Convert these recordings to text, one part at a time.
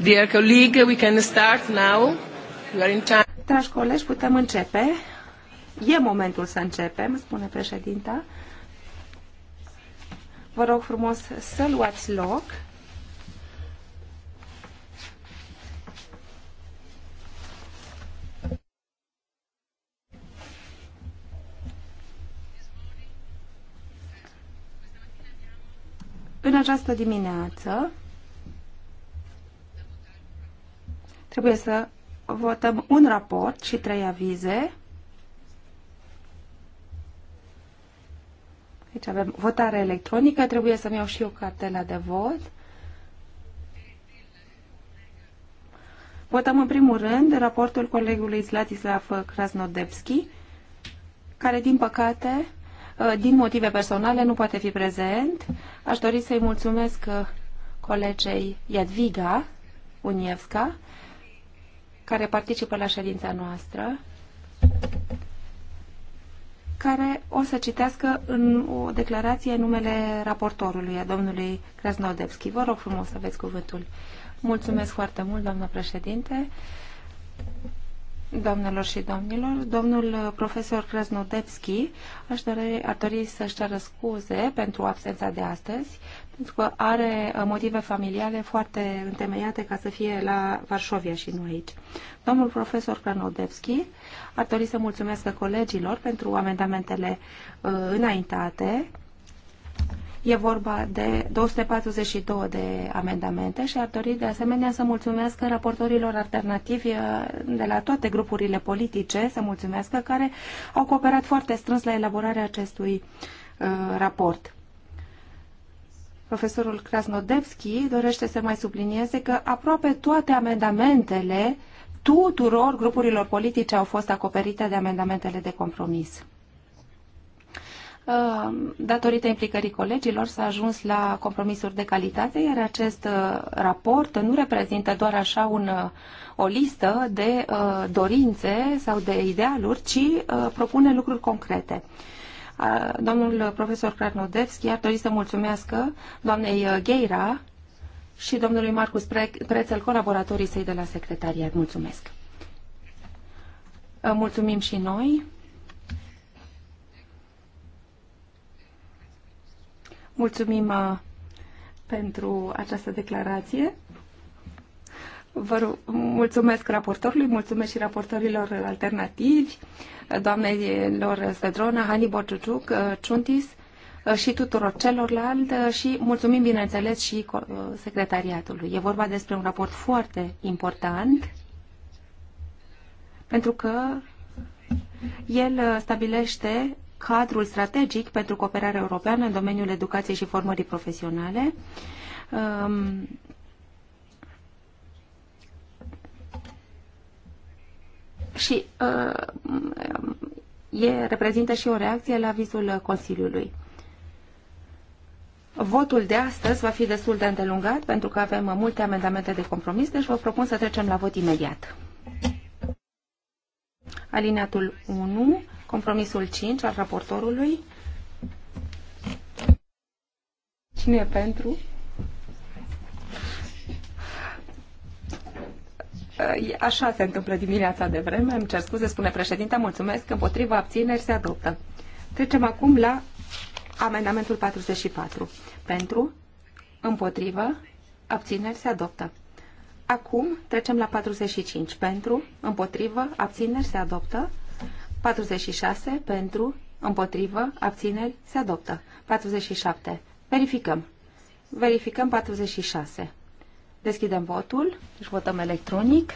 Dear colleague, we can start now. You are in time. Dragi colegi, putem începe. E momentul să începem, spune președinta. Vă rog frumos să luați loc. În această dimineață Trebuie să votăm un raport și trei avize. Aici deci avem votare electronică. Trebuie să-mi iau și eu cartela de vot. Votăm în primul rând raportul colegului Zlatislav Krasnodebski, care din păcate, din motive personale, nu poate fi prezent. Aș dori să-i mulțumesc colegei Jadwiga Unievska, care participă la ședința noastră, care o să citească în o declarație numele raportorului, a domnului Krasnodebski. Vă rog frumos să aveți cuvântul. Mulțumesc foarte mult, doamnă președinte. Doamnelor și domnilor, domnul profesor Krasnodebski aș dori, ar dori să-și ceară scuze pentru absența de astăzi, pentru că are uh, motive familiale foarte întemeiate ca să fie la Varșovia și nu aici. Domnul profesor Krasnodebski ar dori să mulțumesc colegilor pentru amendamentele uh, înaintate E vorba de 242 de amendamente și ar dori de asemenea să mulțumesc raportorilor alternativi eh, de la toate grupurile politice, să mulțumesc care au cooperat foarte strâns la elaborarea acestui uh, raport. Profesorul Krasnodevski dorește să mai sublinieze că aproape toate amendamentele tuturor grupurilor politice au fost acoperite de amendamentele de compromis. Uh, datorită implicării colegilor s-a ajuns la compromisuri de calitate, iar acest uh, raport nu reprezintă doar așa un, uh, o listă de dorințe sau de idealuri, ci propune lucruri concrete. Domnul profesor Kratnodevski ar dori să mulțumească doamnei Gheira și domnului Marcus Pre Prețel, colaboratorii săi de la secretariat. Mulțumesc! Mulțumim și noi! Mulțumim uh, pentru această declarație. Vă mulțumesc raportorului, mulțumesc și raportorilor alternativi, uh, doamnelor Sădrona, Hani Borciuciuc, uh, Ciuntis și tuturor celorlalți și mulțumim, bineînțeles, și secretariatului. E vorba despre un raport foarte important pentru că el stabilește cadrul strategic pentru cooperarea europeană în domeniul educației și formării profesionale. Um, și uh, e, reprezintă și o reacție la vizul Consiliului. Votul de astăzi va fi destul de îndelungat pentru că avem multe amendamente de compromis, deci vă propun să trecem la vot imediat. Alineatul 1 Compromisul 5 al raportorului. Cine e pentru? Așa se întâmplă dimineața de vreme. Îmi cer scuze, spune președinte, mulțumesc. Împotriva abțineri se adoptă. Trecem acum la amendamentul 44. Pentru, împotrivă, abțineri se adoptă. Acum trecem la 45. Pentru, împotrivă, abțineri se adoptă. 46 pentru, împotrivă, abțineri, se adoptă. 47. Verificăm. Verificăm 46. Deschidem votul, deci votăm electronic.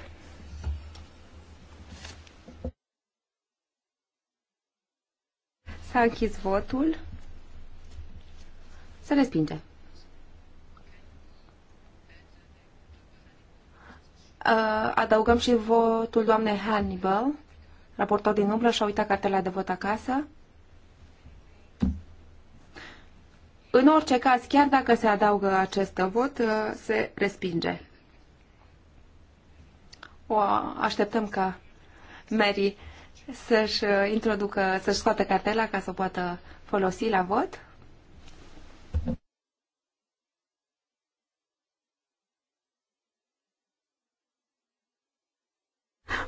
S-a închis votul. Se respinge. Uh, adăugăm și votul doamnei Hannibal Raportor din umbră și-a uitat cartela de vot acasă. În orice caz, chiar dacă se adaugă acest vot, uh, se respinge. O așteptăm ca Mary să-și uh, introducă, să-și scoată cartela ca să o poată folosi la vot.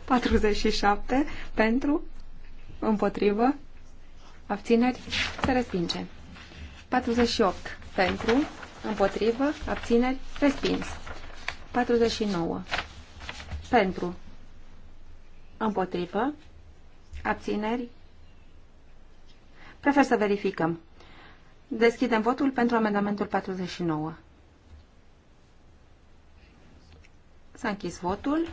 47 pentru, împotrivă, abțineri, se respinge. 48 pentru, împotrivă, abțineri, respins. 49 pentru, împotrivă, abțineri, prefer să verificăm. Deschidem votul pentru amendamentul 49. S-a închis votul.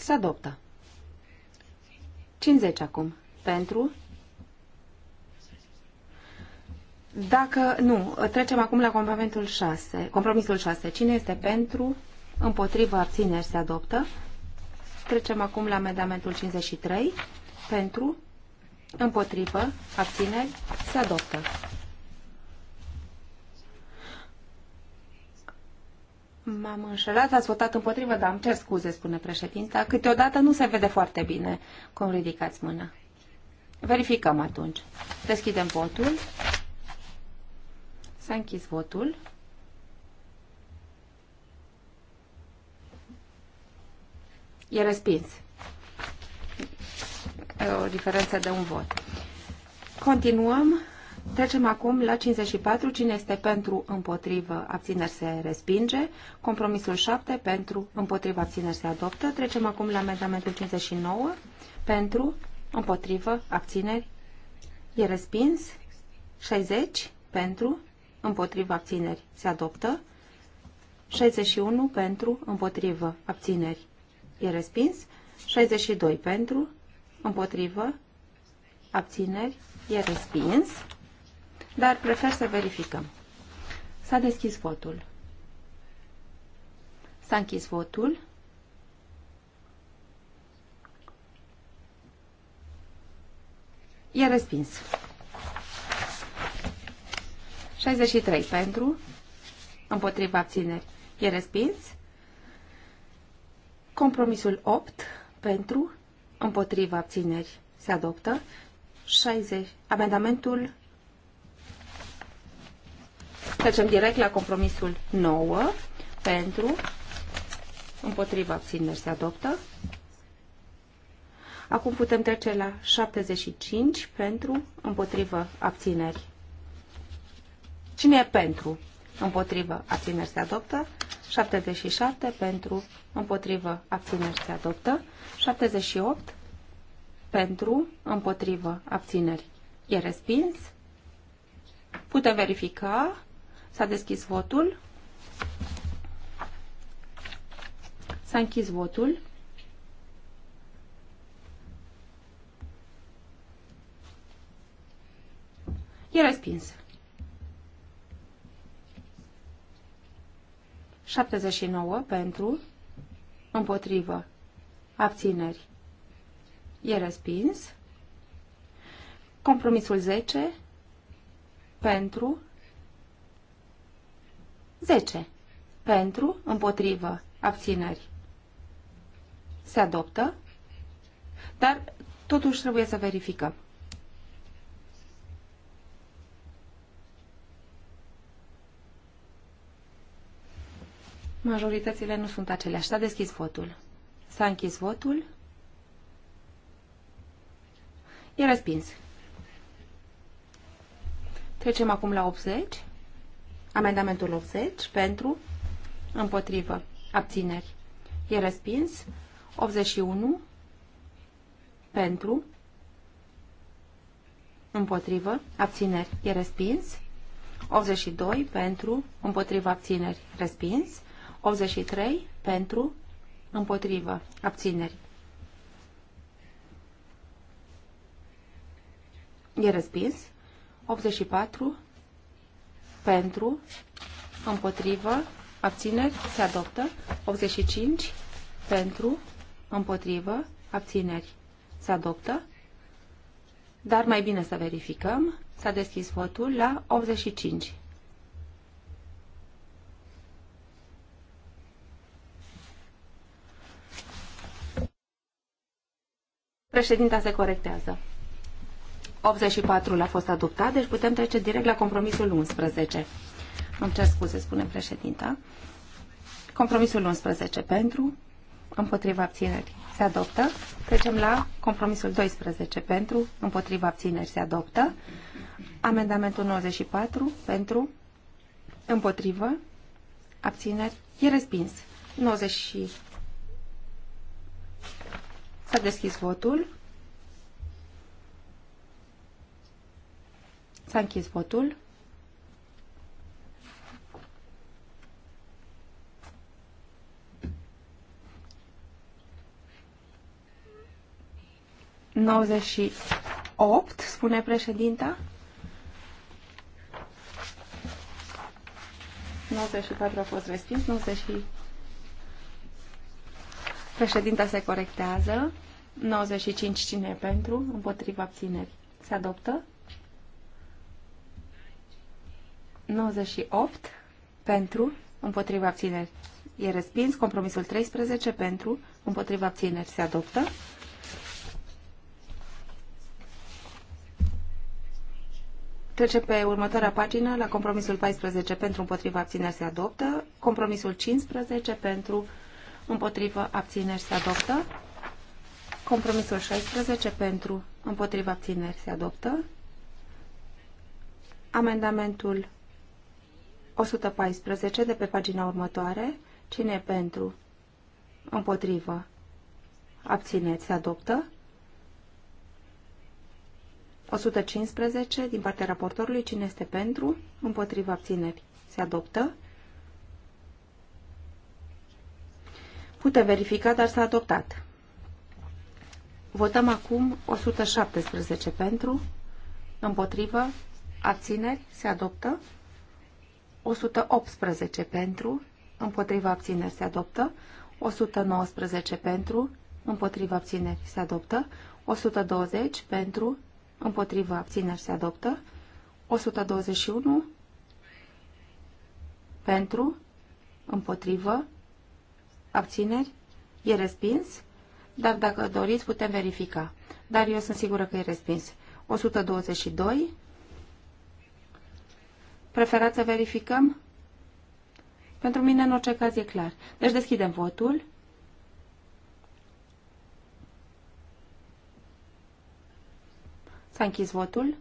Se adoptă. 50 acum. Pentru. Dacă nu, trecem acum la compromisul 6. Compromisul 6. Cine este pentru? Împotrivă abțineri se adoptă. Trecem acum la amendamentul 53. Pentru. Împotrivă abțineri se adoptă. M-am înșelat, ați votat împotrivă, dar îmi cer scuze, spune președinta. Câteodată nu se vede foarte bine cum ridicați mâna. Verificăm atunci. Deschidem votul. S-a închis votul. E respins. E o diferență de un vot. Continuăm Trecem acum la 54. Cine este pentru, împotrivă, abțineri se respinge. Compromisul 7, pentru, împotrivă, abțineri se adoptă. Trecem acum la amendamentul 59, pentru, împotrivă, abțineri, e respins. 60, pentru, împotrivă, abțineri se adoptă. 61, pentru, împotrivă, abțineri, e respins. 62, pentru, împotrivă, abțineri, e respins dar prefer să verificăm. S-a deschis votul. S-a închis votul. E respins. 63 pentru, împotriva abțineri, e respins. Compromisul 8 pentru, împotriva abțineri, se adoptă. 60, amendamentul Trecem direct la compromisul 9 pentru, împotriva abțineri se adoptă. Acum putem trece la 75 pentru, împotriva abțineri. Cine e pentru? împotriva abțineri se adoptă. 77 pentru, împotriva abțineri se adoptă. 78 pentru, împotriva abțineri. E respins. Putem verifica S-a deschis votul. S-a închis votul. E respins. 79 pentru, împotrivă, abțineri. E respins. Compromisul 10 pentru, 10. Pentru, împotrivă, abțineri. Se adoptă, dar totuși trebuie să verificăm. Majoritățile nu sunt aceleași. S-a deschis votul. S-a închis votul. E respins. Trecem acum la 80. Amendamentul 80 pentru, împotrivă, abțineri. E respins. 81 pentru, împotrivă, abțineri. E respins. 82 pentru, împotrivă, abțineri. Respins. 83 pentru, împotrivă, abțineri. E respins. 84 pentru, împotrivă, abțineri, se adoptă. 85 pentru, împotrivă, abțineri, se adoptă. Dar mai bine să verificăm. S-a deschis votul la 85. Președinta se corectează. 84 l-a fost adoptat, deci putem trece direct la compromisul 11. Îmi cer scuze, spune președinta. Compromisul 11 pentru, împotriva abținerii se adoptă. Trecem la compromisul 12 pentru, împotriva abținerii, se adoptă. Amendamentul 94 pentru, împotriva abțineri, e respins. 90 S-a deschis votul. S-a spune președinta. 94 a fost respins, 90 Președinta se corectează. 95 cine e pentru, împotriva abțineri. Se adoptă. 98 pentru, împotriva abțineri e respins. Compromisul 13 pentru, împotriva abțineri se adoptă. Trece pe următoarea pagină la compromisul 14 pentru împotriva abțineri se adoptă, compromisul 15 pentru împotriva abțineri se adoptă, compromisul 16 pentru împotriva abțineri se adoptă, amendamentul 114 de pe pagina următoare. Cine e pentru? Împotrivă. Abțineți. Se adoptă. 115 din partea raportorului. Cine este pentru? Împotrivă. Abțineri. Se adoptă. Putem verifica, dar s-a adoptat. Votăm acum 117 pentru, împotrivă, abțineri, se adoptă. 118 pentru, împotriva abțineri se adoptă, 119 pentru, împotriva abțineri se adoptă, 120 pentru, împotriva abțineri se adoptă, 121 pentru, împotrivă, abțineri, e respins, dar dacă doriți putem verifica. Dar eu sunt sigură că e respins. 122 Preferați să verificăm? Pentru mine, în orice caz, e clar. Deci deschidem votul. S-a închis votul.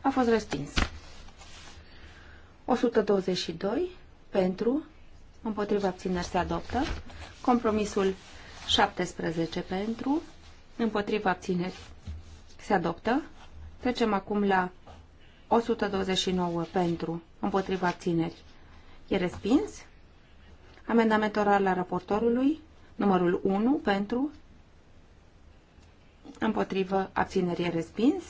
A fost respins. 122 pentru, împotriva abțineri se adoptă. Compromisul 17 pentru, împotriva abțineri se adoptă. Trecem acum la 129 pentru, împotriva abțineri. E respins. Amendament oral la raportorului, numărul 1 pentru, împotrivă, abțineri e respins.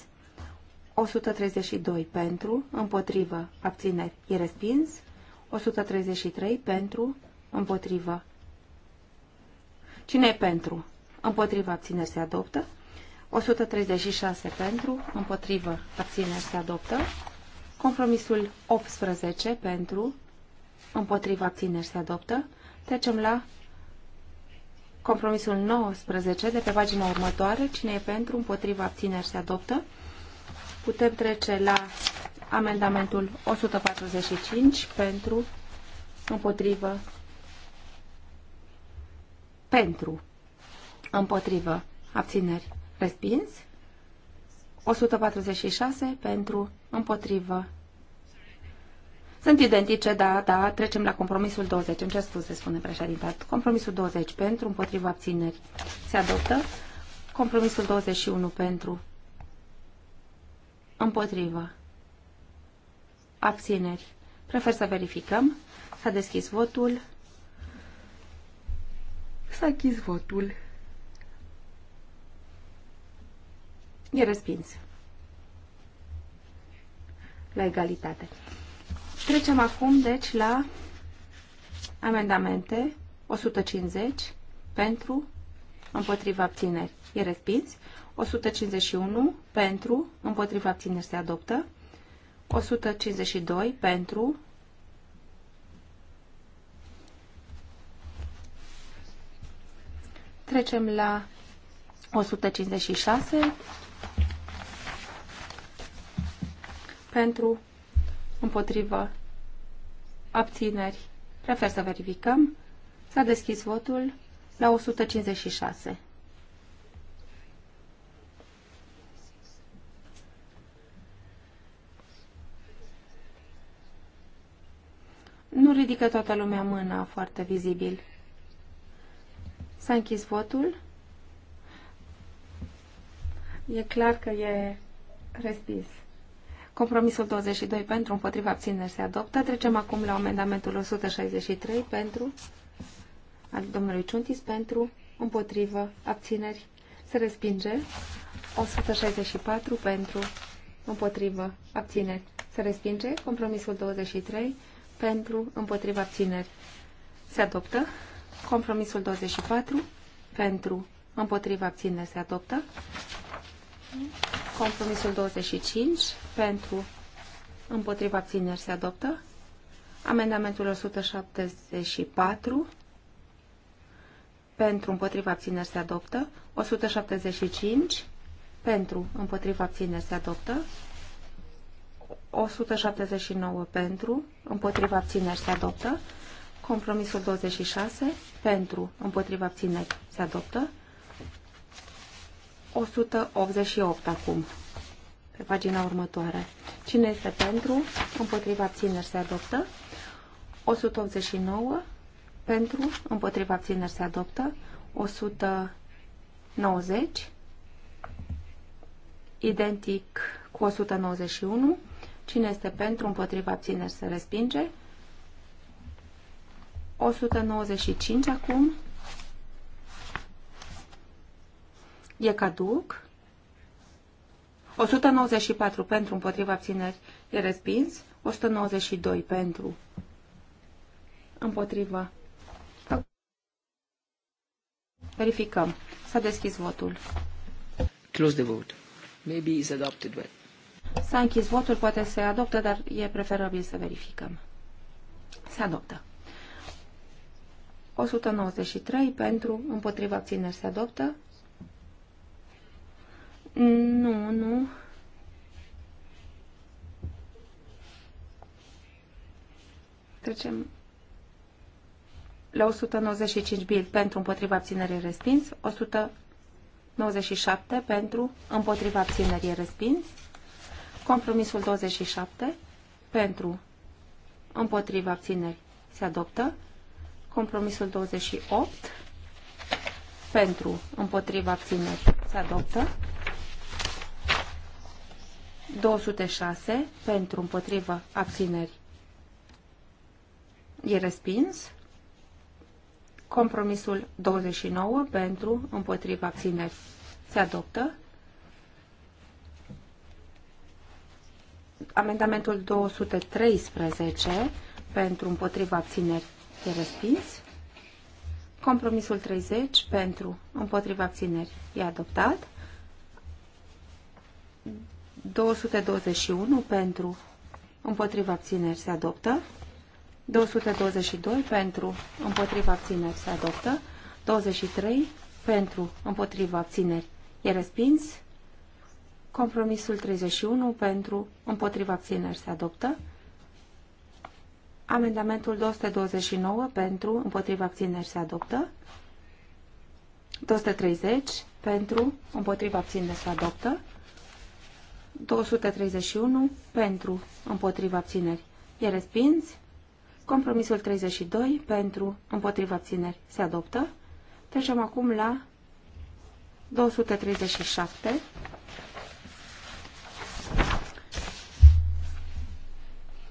132 pentru, împotrivă, abțineri e respins. 133 pentru, împotrivă. Cine e pentru? Împotriva abțineri se adoptă. 136 pentru, împotrivă, abțineri se adoptă. Compromisul 18 pentru, împotrivă, abțineri se adoptă. Trecem la compromisul 19 de pe pagina următoare. Cine e pentru, împotrivă, abțineri se adoptă. Putem trece la amendamentul 145 pentru, împotrivă, pentru, împotrivă, abțineri Respins. 146 pentru împotrivă. Sunt identice, da, da, trecem la compromisul 20. În ce scuze, spune președinta. Compromisul 20 pentru, împotriva abțineri. Se adoptă. Compromisul 21 pentru, împotriva abțineri. Prefer să verificăm. S-a deschis votul. S-a închis votul. E respins. La egalitate. Trecem acum, deci, la amendamente 150 pentru împotriva abțineri. E respins. 151 pentru împotriva abțineri se adoptă. 152 pentru Trecem la 156 pentru, împotrivă, abțineri. Prefer să verificăm. S-a deschis votul la 156. Nu ridică toată lumea mâna foarte vizibil. S-a închis votul. E clar că e respins. Compromisul 22 pentru, împotriva abțineri se adoptă. Trecem acum la amendamentul 163 pentru, al domnului Ciuntis, pentru, împotrivă, abțineri, se respinge. 164 pentru, împotrivă, abțineri, se respinge. Compromisul 23 pentru, împotriva abțineri, se adoptă. Compromisul 24 pentru, împotriva abțineri, se adoptă. Compromisul 25 pentru împotriva abțineri se adoptă. Amendamentul 174 pentru împotriva abțineri se adoptă. 175 pentru împotriva abțineri se adoptă. 179 pentru împotriva abțineri se adoptă. Compromisul 26 pentru împotriva abțineri se adoptă. 188 acum, pe pagina următoare. Cine este pentru? Împotriva abțineri se adoptă. 189 pentru, împotriva abțineri se adoptă. 190 identic cu 191. Cine este pentru, împotriva abțineri se respinge. 195 acum e caduc. 194 pentru, împotriva abțineri e respins. 192 pentru, împotriva. Verificăm. S-a deschis votul. Close the vote. Maybe is adopted well. S-a închis votul, poate se adoptă, dar e preferabil să verificăm. Se adoptă. 193 pentru, împotriva abțineri se adoptă, nu, nu. Trecem la 195 bil pentru împotriva abținerii respins, 197 pentru împotriva abținerii respins, compromisul 27 pentru împotriva abținerii se adoptă, compromisul 28 pentru împotriva abținerii se adoptă, 206 pentru împotrivă abțineri e respins. Compromisul 29 pentru împotriva abțineri se adoptă. Amendamentul 213 pentru împotriva abțineri e respins. Compromisul 30 pentru împotriva abțineri e adoptat. 221 pentru împotriva abțineri se adoptă. 222 pentru împotriva abțineri se adoptă. 23 pentru împotriva abțineri e respins. Compromisul 31 pentru împotriva abțineri se adoptă. Amendamentul 229 pentru împotriva abțineri se adoptă. 230 pentru împotriva abțineri se adoptă. 231 pentru, împotriva abțineri. E respins. Compromisul 32 pentru, împotriva abțineri. Se adoptă. Trecem acum la 237.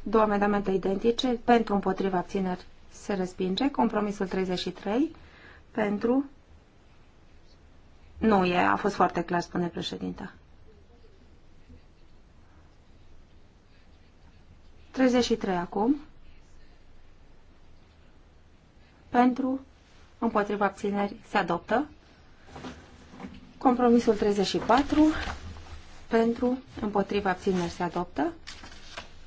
Două amendamente identice pentru împotriva abțineri se respinge. Compromisul 33 pentru... Nu e, a fost foarte clar, spune președinta. 33 acum. Pentru, împotriva abțineri, se adoptă. Compromisul 34. Pentru, împotriva abțineri, se adoptă.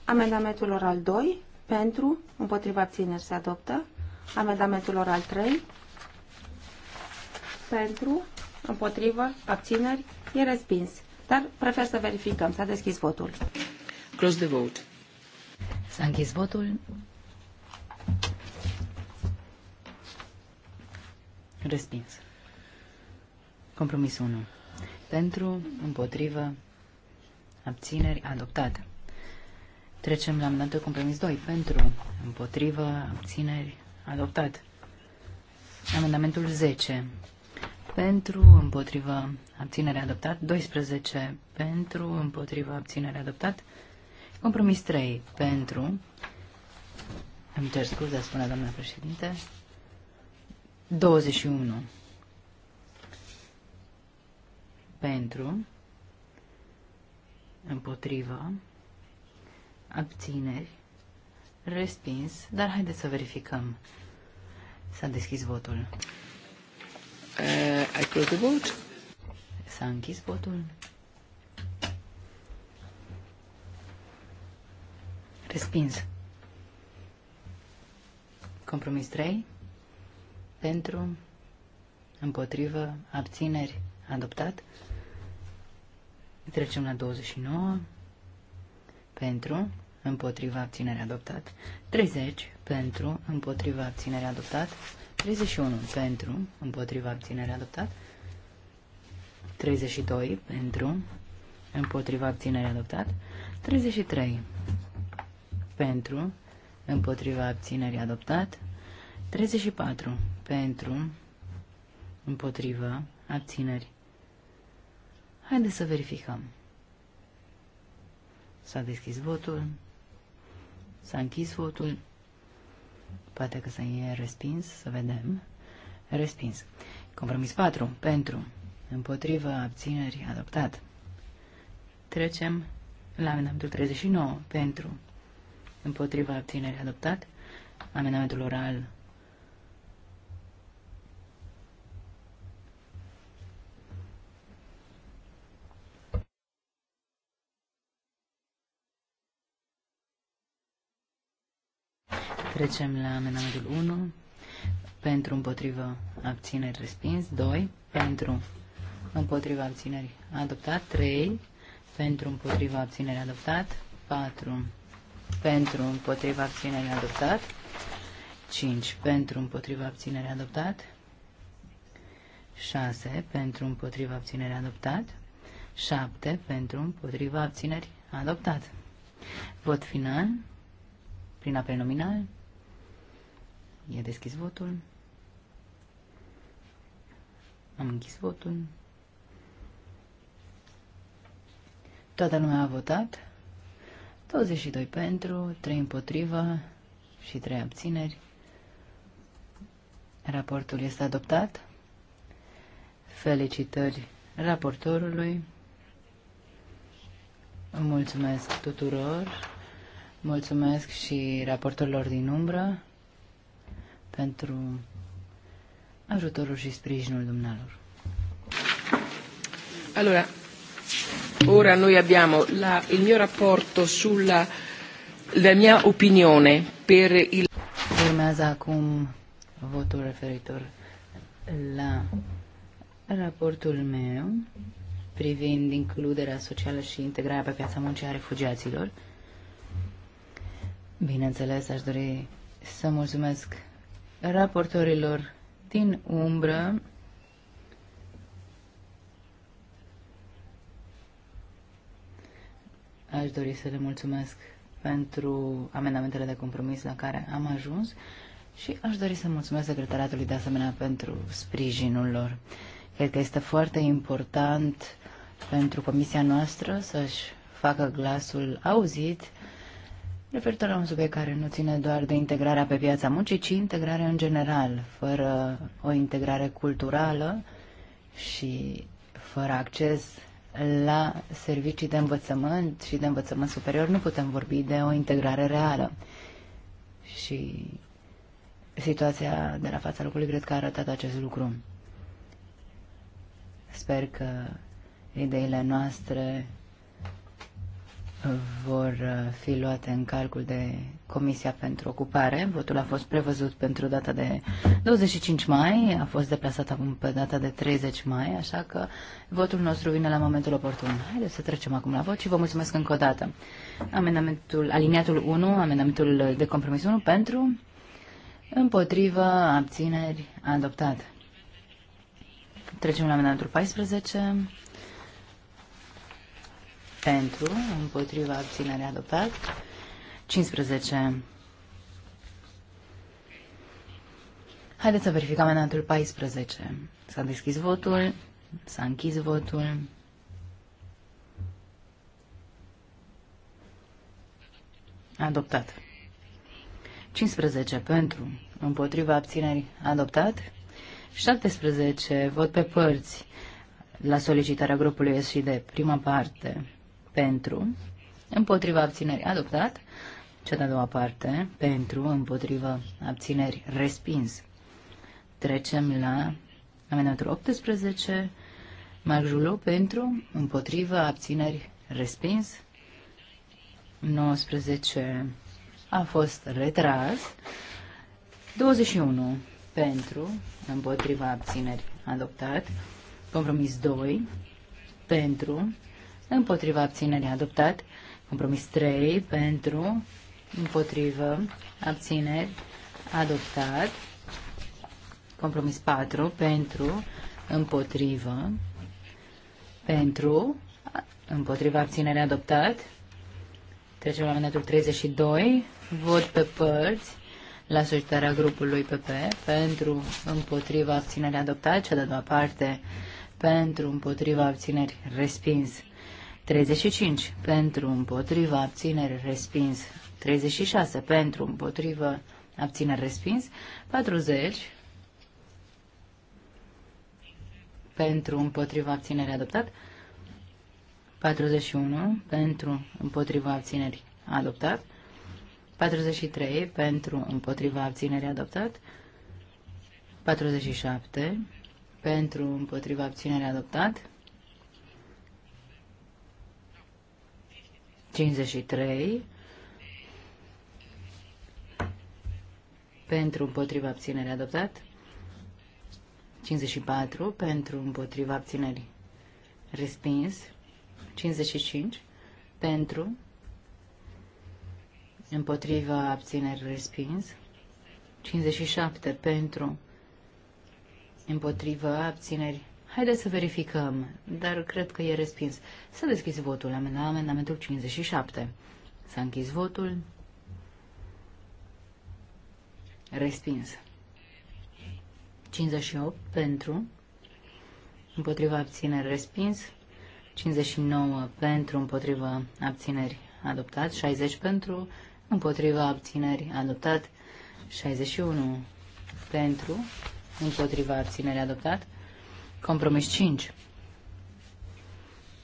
Amendamentul oral 2. Pentru, împotriva abțineri, se adoptă. Amendamentul oral 3. Pentru, împotrivă, abțineri, e respins. Dar prefer să verificăm. S-a deschis votul. Close the vote. S-a închis votul. Respins. Compromisul 1. Pentru, împotrivă, abțineri, adoptată. Trecem la amendamentul compromis 2. Pentru, împotrivă, abțineri, adoptat. Amendamentul 10. Pentru, împotrivă, abținere adoptat. 12. Pentru, împotrivă, abținere adoptat. Compromis 3 pentru. Îmi cer scuze, spune doamna președinte. 21 pentru. Împotrivă. Abțineri. Respins, dar haideți să verificăm. S-a deschis votul. Uh, I close the vote. S-a închis votul. Respins. Compromis 3. Pentru, împotrivă, abțineri, adoptat. Trecem la 29. Pentru, împotrivă, abținere adoptat, 30 pentru, împotrivă, abținere adoptat, 31 pentru, împotrivă, abținere adoptat, 32 pentru, împotrivă, abținere adoptat, 33 pentru, împotriva abținerii adoptat, 34 pentru, împotriva abținerii. Haideți să verificăm. S-a deschis votul, s-a închis votul, poate că s-a respins, să vedem. Respins. Compromis 4. Pentru. împotriva abținerii adoptat. Trecem la amendamentul 39. Pentru împotriva abținerii adoptat. Amendamentul oral Trecem la amendamentul 1. Pentru împotrivă abțineri respins. 2. Pentru împotriva abțineri adoptat. 3. Pentru împotriva abțineri adoptat. 4 pentru împotriva abținerea adoptat. 5 pentru împotriva abținerea adoptat. 6 pentru împotriva abținerea adoptat. 7 pentru împotriva abțineri adoptat. Vot final prin apel nominal. E deschis votul. Am închis votul. Toată lumea a votat. 22 pentru, 3 împotrivă și 3 abțineri. Raportul este adoptat. Felicitări raportorului. Mulțumesc tuturor. Mulțumesc și raportorilor din umbră pentru ajutorul și sprijinul dumnealor. Allora, Ora noi abbiamo la, il mio rapporto sulla la mia opinione per il... Urmează acum votul referitor la raportul meu privind includerea socială și integrarea pe piața muncii a refugiaților. Bineînțeles, aș dori să mulțumesc raportorilor din umbră Aș dori să le mulțumesc pentru amendamentele de compromis la care am ajuns și aș dori să mulțumesc secretariatului de asemenea pentru sprijinul lor. Cred că este foarte important pentru comisia noastră să-și facă glasul auzit referitor la un subiect care nu ține doar de integrarea pe piața muncii, ci integrarea în general, fără o integrare culturală și fără acces la servicii de învățământ și de învățământ superior nu putem vorbi de o integrare reală. Și situația de la fața locului cred că a arătat acest lucru. Sper că ideile noastre vor uh, fi luate în calcul de Comisia pentru Ocupare. Votul a fost prevăzut pentru data de 25 mai, a fost deplasat acum pe data de 30 mai, așa că votul nostru vine la momentul oportun. Haideți să trecem acum la vot și vă mulțumesc încă o dată. Amendamentul, aliniatul 1, amendamentul de compromis 1 pentru, împotrivă, abțineri, adoptat. Trecem la amendamentul 14 pentru, împotriva abținere adoptat, 15. Haideți să verificăm amendamentul 14. S-a deschis votul, s-a închis votul. Adoptat. 15 pentru, împotriva abținerii, adoptat. 17, vot pe părți, la solicitarea grupului SD, prima parte, pentru, împotriva abțineri adoptat, cea de-a doua parte, pentru, împotriva abțineri respins. Trecem la amendamentul 18, Marc pentru, împotriva abțineri respins, 19 a fost retras, 21 pentru, împotriva abțineri adoptat, compromis 2 pentru, împotriva abținerii adoptat, compromis 3 pentru, împotrivă, abțineri adoptat, compromis 4 pentru, împotrivă, pentru, împotriva abținerii adoptat, trecem la amendatul 32, vot pe părți, la solicitarea grupului PP pentru împotriva abținerii adoptat, cea de-a doua parte pentru împotriva abțineri respins. 35 pentru împotrivă abțineri respins, 36 pentru împotrivă abțineri respins, 40 pentru împotriva abținere adoptat, 41 pentru împotriva abținerii adoptat, 43 pentru împotriva abținerii adoptat, 47 pentru împotriva abținerii adoptat, 53 pentru împotriva abținerii adoptat, 54 pentru împotriva abținerii respins, 55 pentru împotriva abținerii respins, 57 pentru împotriva abținerii Haideți să verificăm, dar cred că e respins. S-a deschis votul la amendamentul 57. S-a închis votul. Respins. 58 pentru. Împotriva abțineri respins. 59 pentru împotriva abțineri adoptat. 60 pentru împotriva abțineri adoptat. 61 pentru împotriva abțineri adoptat. Compromis 5.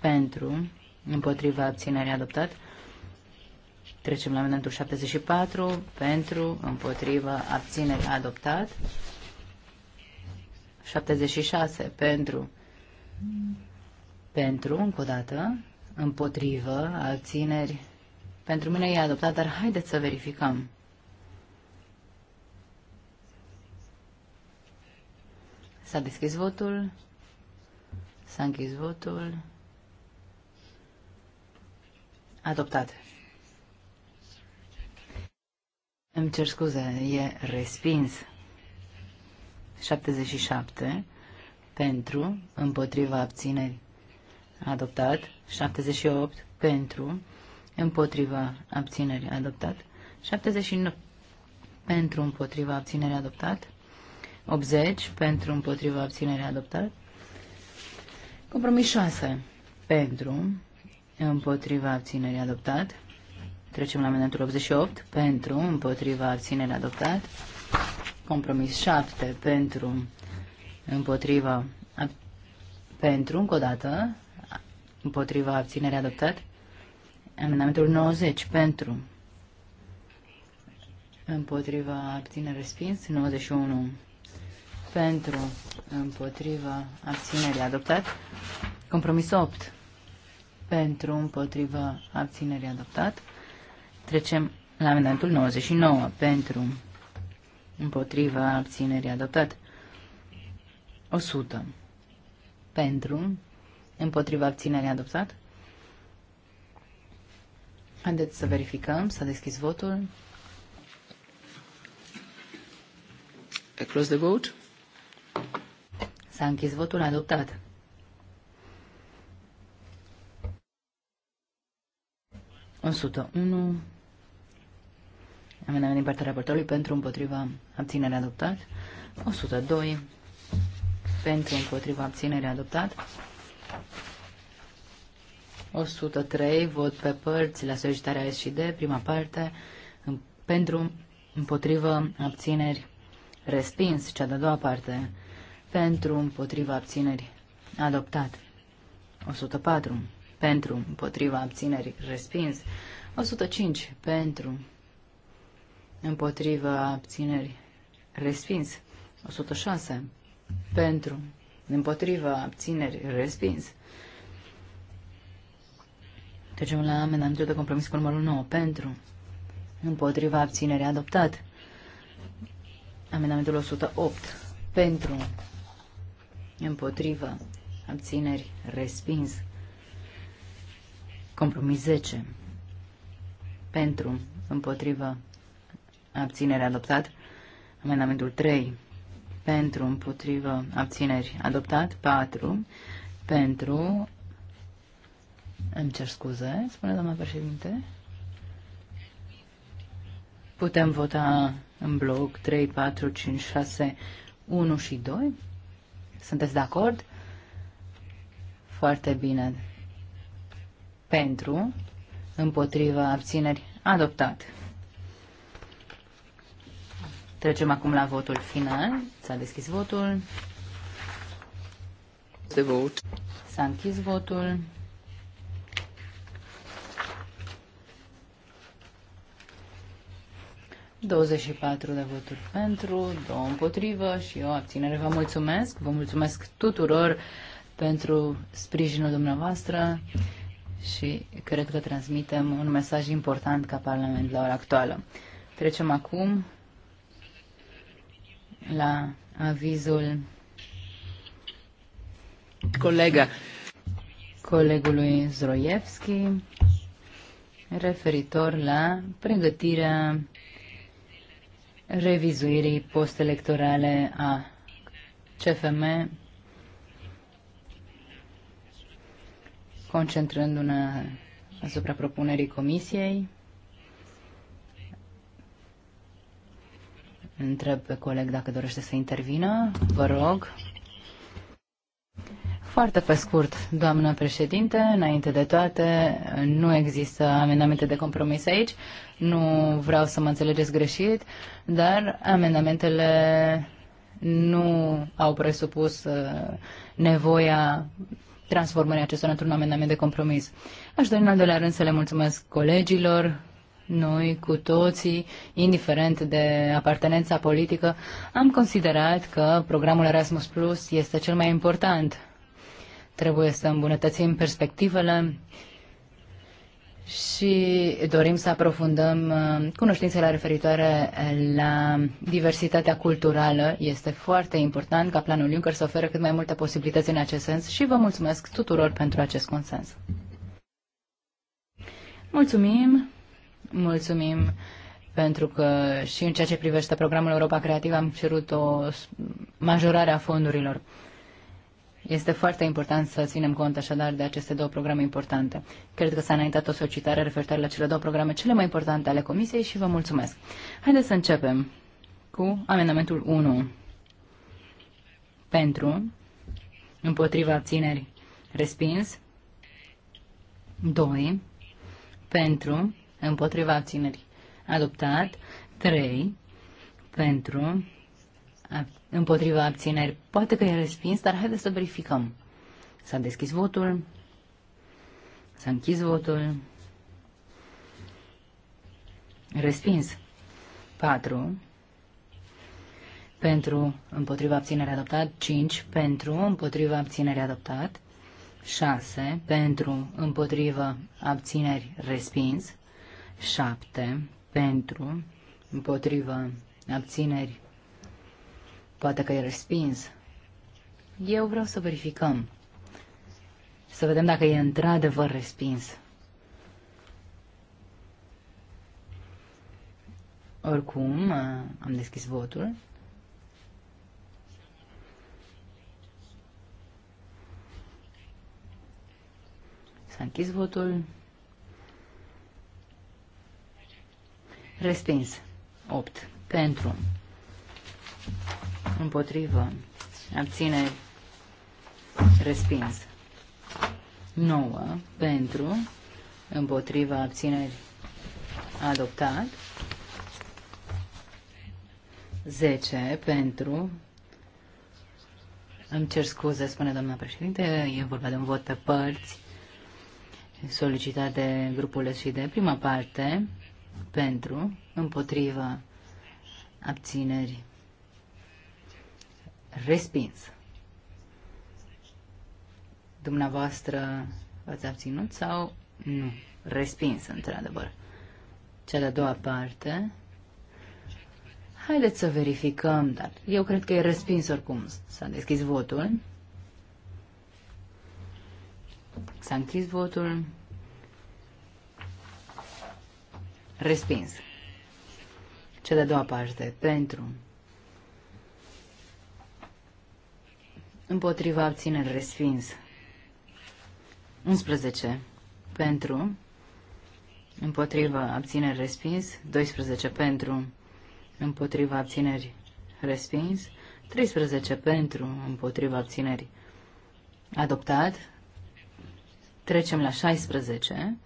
Pentru, împotriva abținerii adoptat. Trecem la amendamentul 74. Pentru, împotriva abținerii adoptat. 76. Pentru, pentru, încă o dată, împotriva abțineri. Pentru mine e adoptat, dar haideți să verificăm. S-a deschis votul. S-a închis votul. Adoptat. Îmi cer scuze, e respins. 77 pentru, împotriva abțineri. Adoptat. 78 pentru, împotriva abținerii adoptat, 79 pentru împotriva abținerii adoptat, 80 pentru împotriva abținere adoptat. Compromis 6 pentru împotriva abținere adoptat. Trecem la amendamentul 88 pentru împotriva abținere adoptat. Compromis 7 pentru împotriva pentru încă o dată împotriva abținere adoptat. Amendamentul 90 pentru Împotriva abține respins. 91 pentru, împotriva, abținere adoptat. compromis 8 pentru, împotriva, abținere adoptat. Trecem la amendamentul 99 pentru, împotriva, abținere adoptat. 100 pentru, împotriva, abținere adoptat. Haideți să verificăm, s-a deschis votul. A close the vote. S-a închis votul adoptat. unu. Amendament din partea raportorului pentru împotriva abținere adoptat. 102 pentru împotriva abținere adoptat. 103 vot pe părți la solicitarea S și D, prima parte, pentru împotriva abțineri respins, cea de-a doua parte pentru împotriva abținerii. adoptat. 104 pentru împotriva abținerii. respins. 105 pentru împotriva abținerii. respins. 106 pentru împotriva abținerii. respins. Trecem la amendamentul de compromis cu numărul 9 pentru împotriva abținerii adoptat. Amenamentul 108 pentru împotrivă, abțineri, respins. Compromis 10, pentru, împotrivă, Abținere. adoptat. Amendamentul 3, pentru, împotrivă, abțineri, adoptat. 4, pentru, îmi cer scuze, spune doamna președinte. Putem vota în bloc 3, 4, 5, 6, 1 și 2? Sunteți de acord? Foarte bine. Pentru, împotriva, abțineri, adoptat. Trecem acum la votul final. S-a deschis votul. Se S-a închis votul. 24 de voturi pentru, 2 împotrivă și o abținere. Vă mulțumesc, vă mulțumesc tuturor pentru sprijinul dumneavoastră și cred că transmitem un mesaj important ca Parlament la ora actuală. Trecem acum la avizul colega colegului Zroievski referitor la pregătirea revizuirii postelectorale a CFM, concentrându-ne asupra propunerii comisiei. Întreb pe coleg dacă dorește să intervină. Vă rog. Foarte pe scurt, doamnă președinte, înainte de toate, nu există amendamente de compromis aici, nu vreau să mă înțelegeți greșit, dar amendamentele nu au presupus uh, nevoia transformării acestora într-un amendament de compromis. Aș dori în al doilea rând să le mulțumesc colegilor, noi cu toții, indiferent de apartenența politică, am considerat că programul Erasmus Plus este cel mai important Trebuie să îmbunătățim perspectivele și dorim să aprofundăm uh, cunoștințele referitoare la diversitatea culturală. Este foarte important ca planul Juncker să oferă cât mai multe posibilități în acest sens și vă mulțumesc tuturor pentru acest consens. Mulțumim, mulțumim pentru că și în ceea ce privește programul Europa Creativă am cerut o majorare a fondurilor. Este foarte important să ținem cont așadar de aceste două programe importante. Cred că s-a înaintat o solicitare referitoare la cele două programe cele mai importante ale Comisiei și vă mulțumesc. Haideți să începem cu amendamentul 1. Pentru, împotriva abțineri, respins. 2. Pentru, împotriva abțineri, adoptat. 3. Pentru, împotriva abțineri. Poate că e respins, dar haideți să verificăm. S-a deschis votul. S-a închis votul. Respins. 4. Pentru împotriva abținere adoptat. 5. Pentru împotriva abținere adoptat. 6. Pentru împotriva abțineri respins. 7. Pentru împotriva abțineri Poate că e respins. Eu vreau să verificăm. Să vedem dacă e într-adevăr respins. Oricum, am deschis votul. S-a închis votul. Respins. 8. Pentru. Împotrivă. Abține. Respins. 9. Pentru. Împotriva abțineri. Adoptat. 10. Pentru. Îmi cer scuze, spune doamna președinte, e vorba de un vot pe părți solicitat de grupul SID. Prima parte, pentru, împotriva, abțineri, respins. Dumneavoastră v-ați abținut sau nu? Respins, într-adevăr. Cea de-a doua parte. Haideți să verificăm, dar eu cred că e respins oricum. S-a deschis votul. S-a închis votul. Respins. Cea de-a doua parte. Pentru. Împotriva abțineri respins. 11 pentru. Împotriva abțineri respins. 12 pentru. Împotriva abțineri respins. 13 pentru. Împotriva abțineri adoptat. Trecem la 16.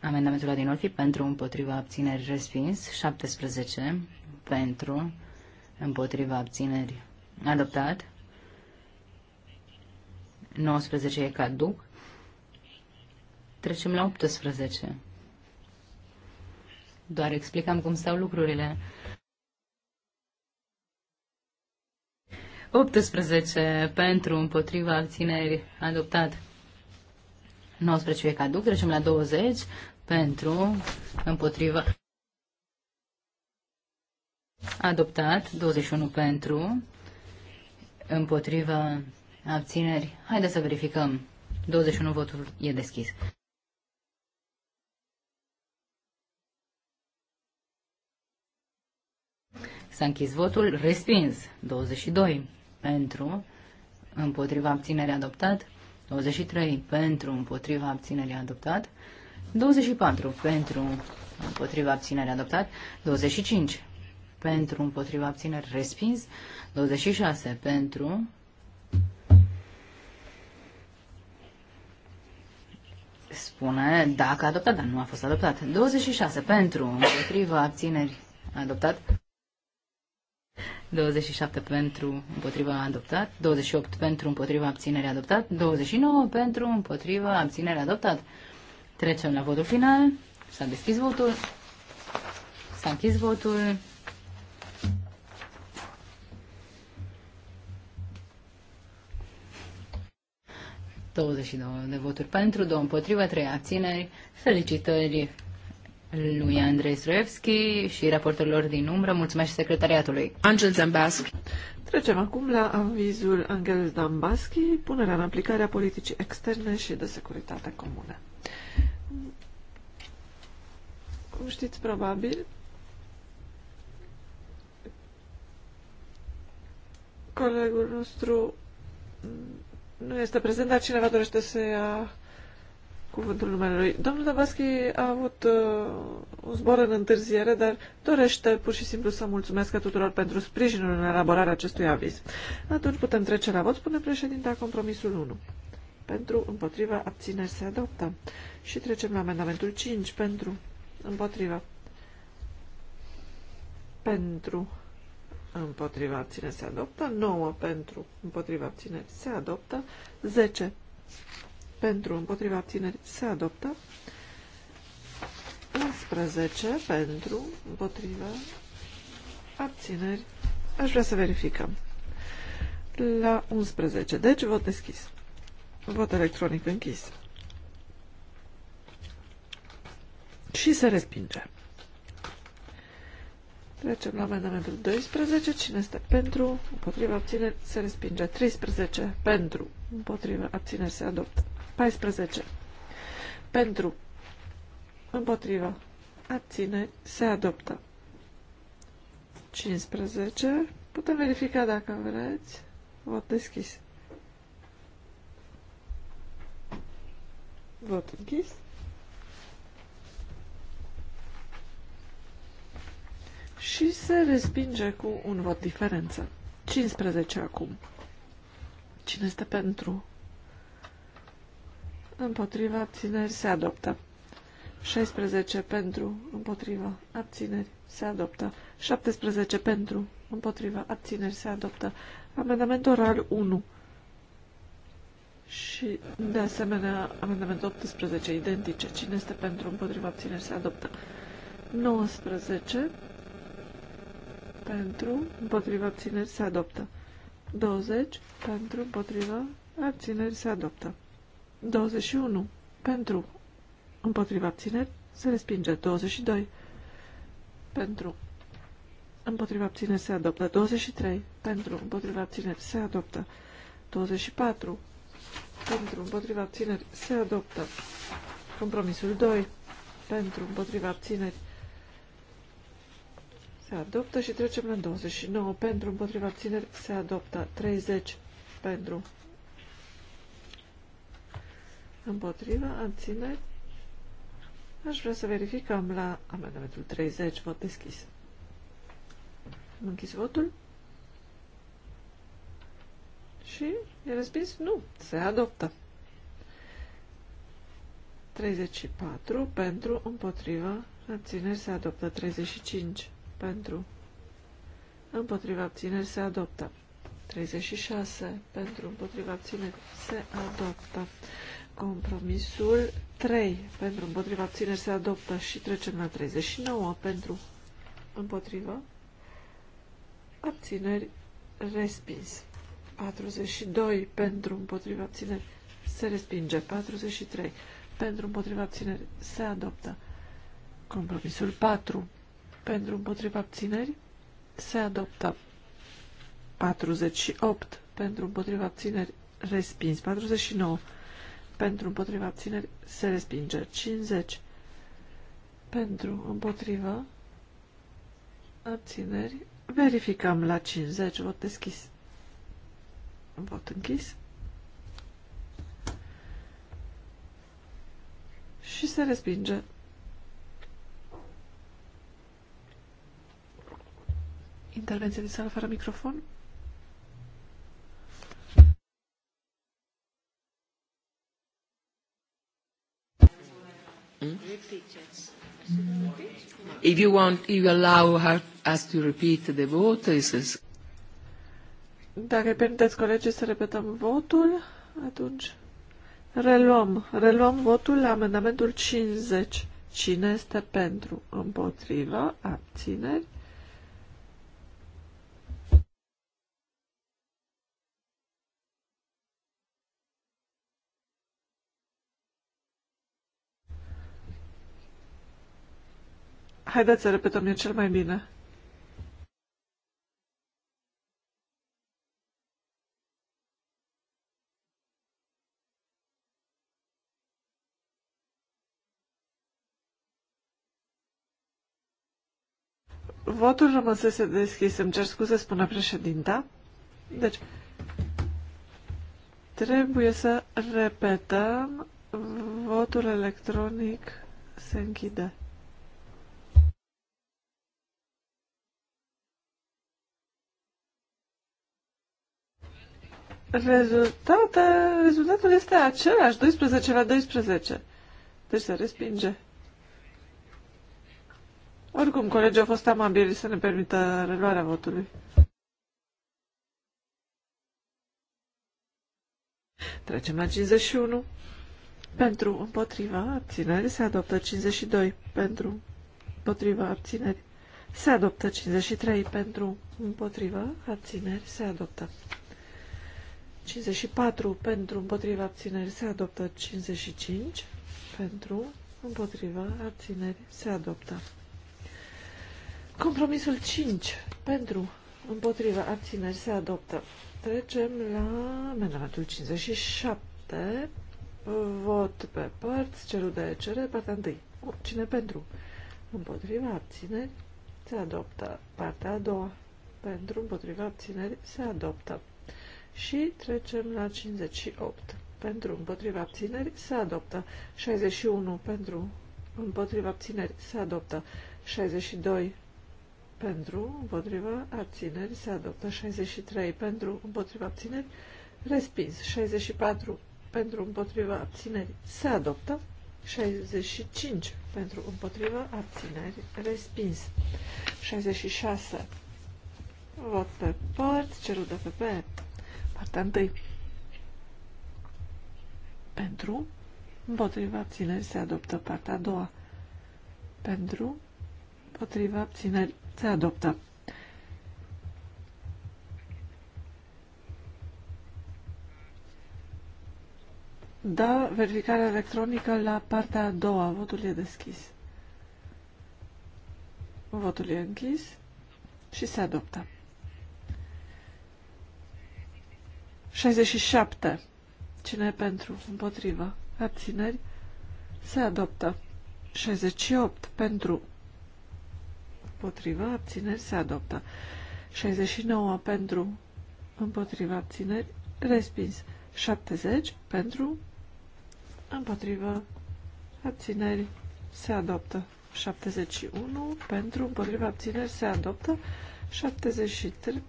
Amendamentul Adinolfi pentru împotriva abțineri respins, 17 pentru împotriva abțineri adoptat. 19 e caduc. Trecem la 18. Doar explicam cum stau lucrurile. 18 pentru împotriva abțineri adoptat. 19 e caduc, trecem la 20 pentru împotriva adoptat, 21 pentru împotriva, abțineri. Haideți să verificăm. 21 votul e deschis. S-a închis votul, respins. 22 pentru, împotriva abținerii adoptat. 23 pentru, împotriva abținerii adoptat. 24 pentru, împotriva abținerii adoptat. 25 pentru, împotriva abțineri, respins. 26 pentru, spune dacă adoptat, dar nu a fost adoptat. 26 pentru, împotriva abțineri, adoptat. 27 pentru împotriva adoptat, 28 pentru împotriva abținere adoptat, 29 pentru împotriva abținere adoptat. Trecem la votul final. S-a deschis votul. S-a închis votul. 29 de voturi pentru, 2 împotriva, 3 abțineri. Felicitări lui Andrei Zrevski și raportorilor din umbră. Mulțumesc secretariatului. Angel Zambaschi. Trecem acum la avizul Angel Zambaschi, punerea în aplicare a politicii externe și de securitate comună. Cum știți probabil, colegul nostru nu este prezent, dar cineva dorește să ia cuvântul numelui. Domnul Dabaschi a avut uh, un zbor în întârziere, dar dorește pur și simplu să mulțumesc tuturor pentru sprijinul în elaborarea acestui aviz. Atunci putem trece la vot, spune președinta compromisul 1. Pentru, împotriva, abțineri se adoptă. Și trecem la amendamentul 5. Pentru, împotriva. Pentru împotriva abțineri se adoptă, 9 pentru împotriva abțineri se adoptă, 10 pentru împotriva abțineri se adoptă, 11 pentru împotriva abțineri. Aș vrea să verificăm. La 11. Deci vot deschis. Vot electronic închis. Și se respinge. Trecem la amendamentul 12. Cine este pentru? Împotriva abțineri se respinge. 13. Pentru. Împotriva abțineri se adoptă. 14. Pentru. Împotriva abțineri se adoptă. 15. Putem verifica dacă vreți. Vot deschis. Vot închis. și se respinge cu un vot diferență. 15 acum. Cine este pentru? Împotriva abțineri se adoptă. 16 pentru, împotriva, abțineri, se adoptă. 17 pentru, împotriva, abțineri, se adoptă. Amendament oral 1 și, de asemenea, amendament 18, identice. Cine este pentru, împotriva, abțineri, se adoptă. 19 pentru, împotriva abțineri se adoptă. 20 pentru, împotriva abțineri se adoptă. 21 pentru, împotriva abțineri se respinge. 22 pentru, împotriva abțineri se adoptă. 23 pentru, împotriva abțineri se adoptă. 24 pentru, împotriva abțineri se adoptă. Compromisul 2 pentru, împotriva abțineri se adoptă și trecem la 29 pentru, împotriva țineri, se adoptă 30 pentru, împotriva abțineri. Aș vrea să verificăm la amendamentul 30, vot deschis. Am închis votul și e răspins nu, se adoptă. 34 pentru, împotriva, abțineri se adoptă 35 pentru, împotriva abțineri se adoptă. 36 pentru, împotriva abțineri se adoptă. Compromisul 3 pentru, împotriva abțineri se adoptă și trecem la 39 pentru, împotriva abțineri respins. 42 pentru, împotriva abțineri se respinge. 43 pentru, împotriva abțineri se adoptă. Compromisul 4 pentru împotriva abțineri se adoptă. 48 pentru împotriva abțineri respins. 49 pentru împotriva abțineri se respinge. 50 pentru împotriva abțineri. Verificăm la 50. Vot deschis. Vot închis. Și se respinge. intervenție din sală fără microfon. Hmm? If you want, if you allow her, us to repeat the vote, this is... Dacă permiteți, colegii, să repetăm votul, atunci reluăm. Reluăm votul la amendamentul 50. Cine este pentru? Împotrivă? Abțineri? Haideți să repetăm eu cel mai bine. Votul rămăsese deschis. Îmi cer scuze, spune președinta. Deci, trebuie să repetăm. Votul electronic se închide. Rezultată, rezultatul este același, 12 la 12. Deci se respinge. Oricum, colegii au fost amabili să ne permită reluarea votului. Trecem la 51. Pentru, împotriva, abțineri, se adoptă 52. Pentru, împotriva, abțineri, se adoptă 53. Pentru, împotriva, abțineri, se adoptă 54 pentru împotriva abțineri se adoptă 55 pentru împotriva abțineri se adoptă. Compromisul 5 pentru împotriva abțineri se adoptă. Trecem la amendamentul 57 vot pe părți, cerul de cere partea 1. Cine pentru? Împotriva abțineri se adoptă. Partea a doua. Pentru împotriva abțineri se adoptă. Și trecem la 58. Pentru împotriva abțineri se adoptă. 61 pentru împotriva abțineri se adoptă. 62 pentru împotriva abțineri se adoptă. 63 pentru împotriva abțineri respins. 64 pentru împotriva abțineri se adoptă. 65 pentru împotriva abțineri respins. 66 vot pe părți cerut de pe, PP Partea întâi. Pentru. Împotriva abțineri se adoptă. Partea a doua. Pentru. Împotriva abțineri se adoptă. Da, verificarea electronică la partea a doua. Votul e deschis. Votul e închis și se adoptă. 67. Cine e pentru? Împotrivă. Abțineri. Se adoptă. 68. Pentru. Împotrivă. Abțineri. Se adoptă. 69. Pentru. Împotrivă. Abțineri. Respins. 70. Pentru. Împotrivă. Abțineri. Se adoptă. 71. Pentru. Împotrivă. Abțineri. Se adoptă. 72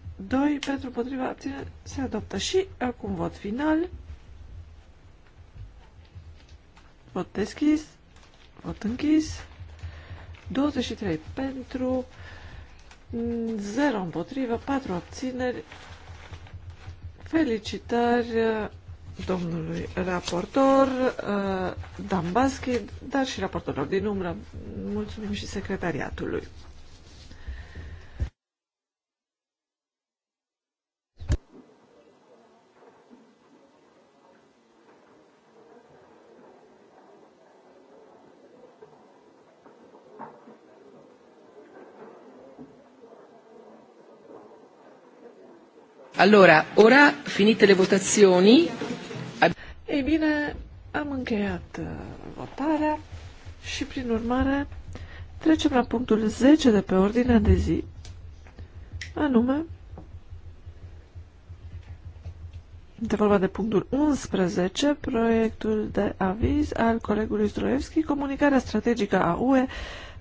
pentru potriva abține se adoptă. Și acum vot final. Vot deschis. Vot închis. 23 pentru, 0 împotrivă, 4 abțineri. Felicitări uh, domnului raportor uh, Dan Baschid, dar și raportorilor din umbră. Mulțumim și secretariatului. Allora, ora finite le votazioni. bine, am încheiat uh, votarea și prin urmare trecem la punctul 10 de pe ordinea de zi, anume De vorba de punctul 11, proiectul de aviz al colegului Zdroevski, comunicarea strategică a UE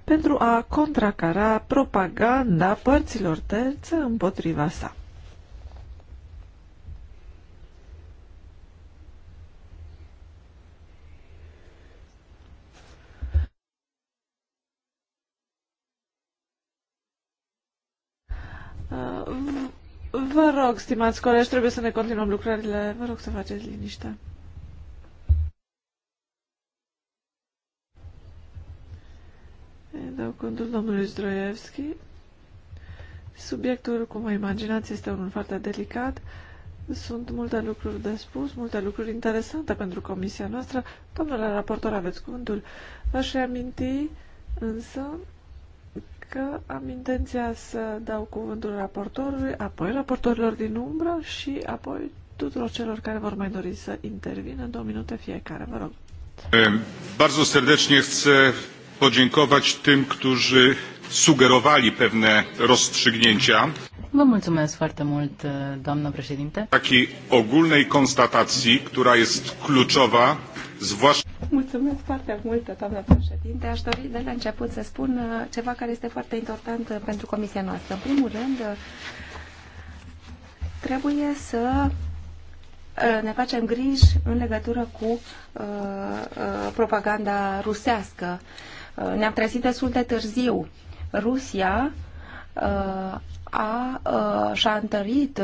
pentru a contracara propaganda părților terțe împotriva sa. Vă rog, stimați colegi, trebuie să ne continuăm lucrările. Vă rog să faceți liniște. Îi dau contul domnului Zdroievski. Subiectul, cum vă imaginați, este unul foarte delicat. Sunt multe lucruri de spus, multe lucruri interesante pentru comisia noastră. Domnule raportor, aveți cuvântul. V-aș reaminti, însă, că am intenția să dau cuvântul raportorului, apoi raportorilor din umbră și apoi tuturor celor care vor mai dori să intervină, două minute fiecare, vă rog. Bardzo serdecznie chcę podziękować tym, którzy sugerowali pewne rozstrzygnięcia. Vă mulțumesc foarte mult, doamnă președinte. Takiej ogólnej konstatacji, która jest kluczowa zwłaszcza... Mulțumesc foarte mult, doamnă președinte. Aș dori de la început să spun uh, ceva care este foarte important uh, pentru comisia noastră. În primul rând, uh, trebuie să ne facem griji în legătură cu propaganda rusească. ne-am trezit destul de târziu. Rusia a, și-a întărit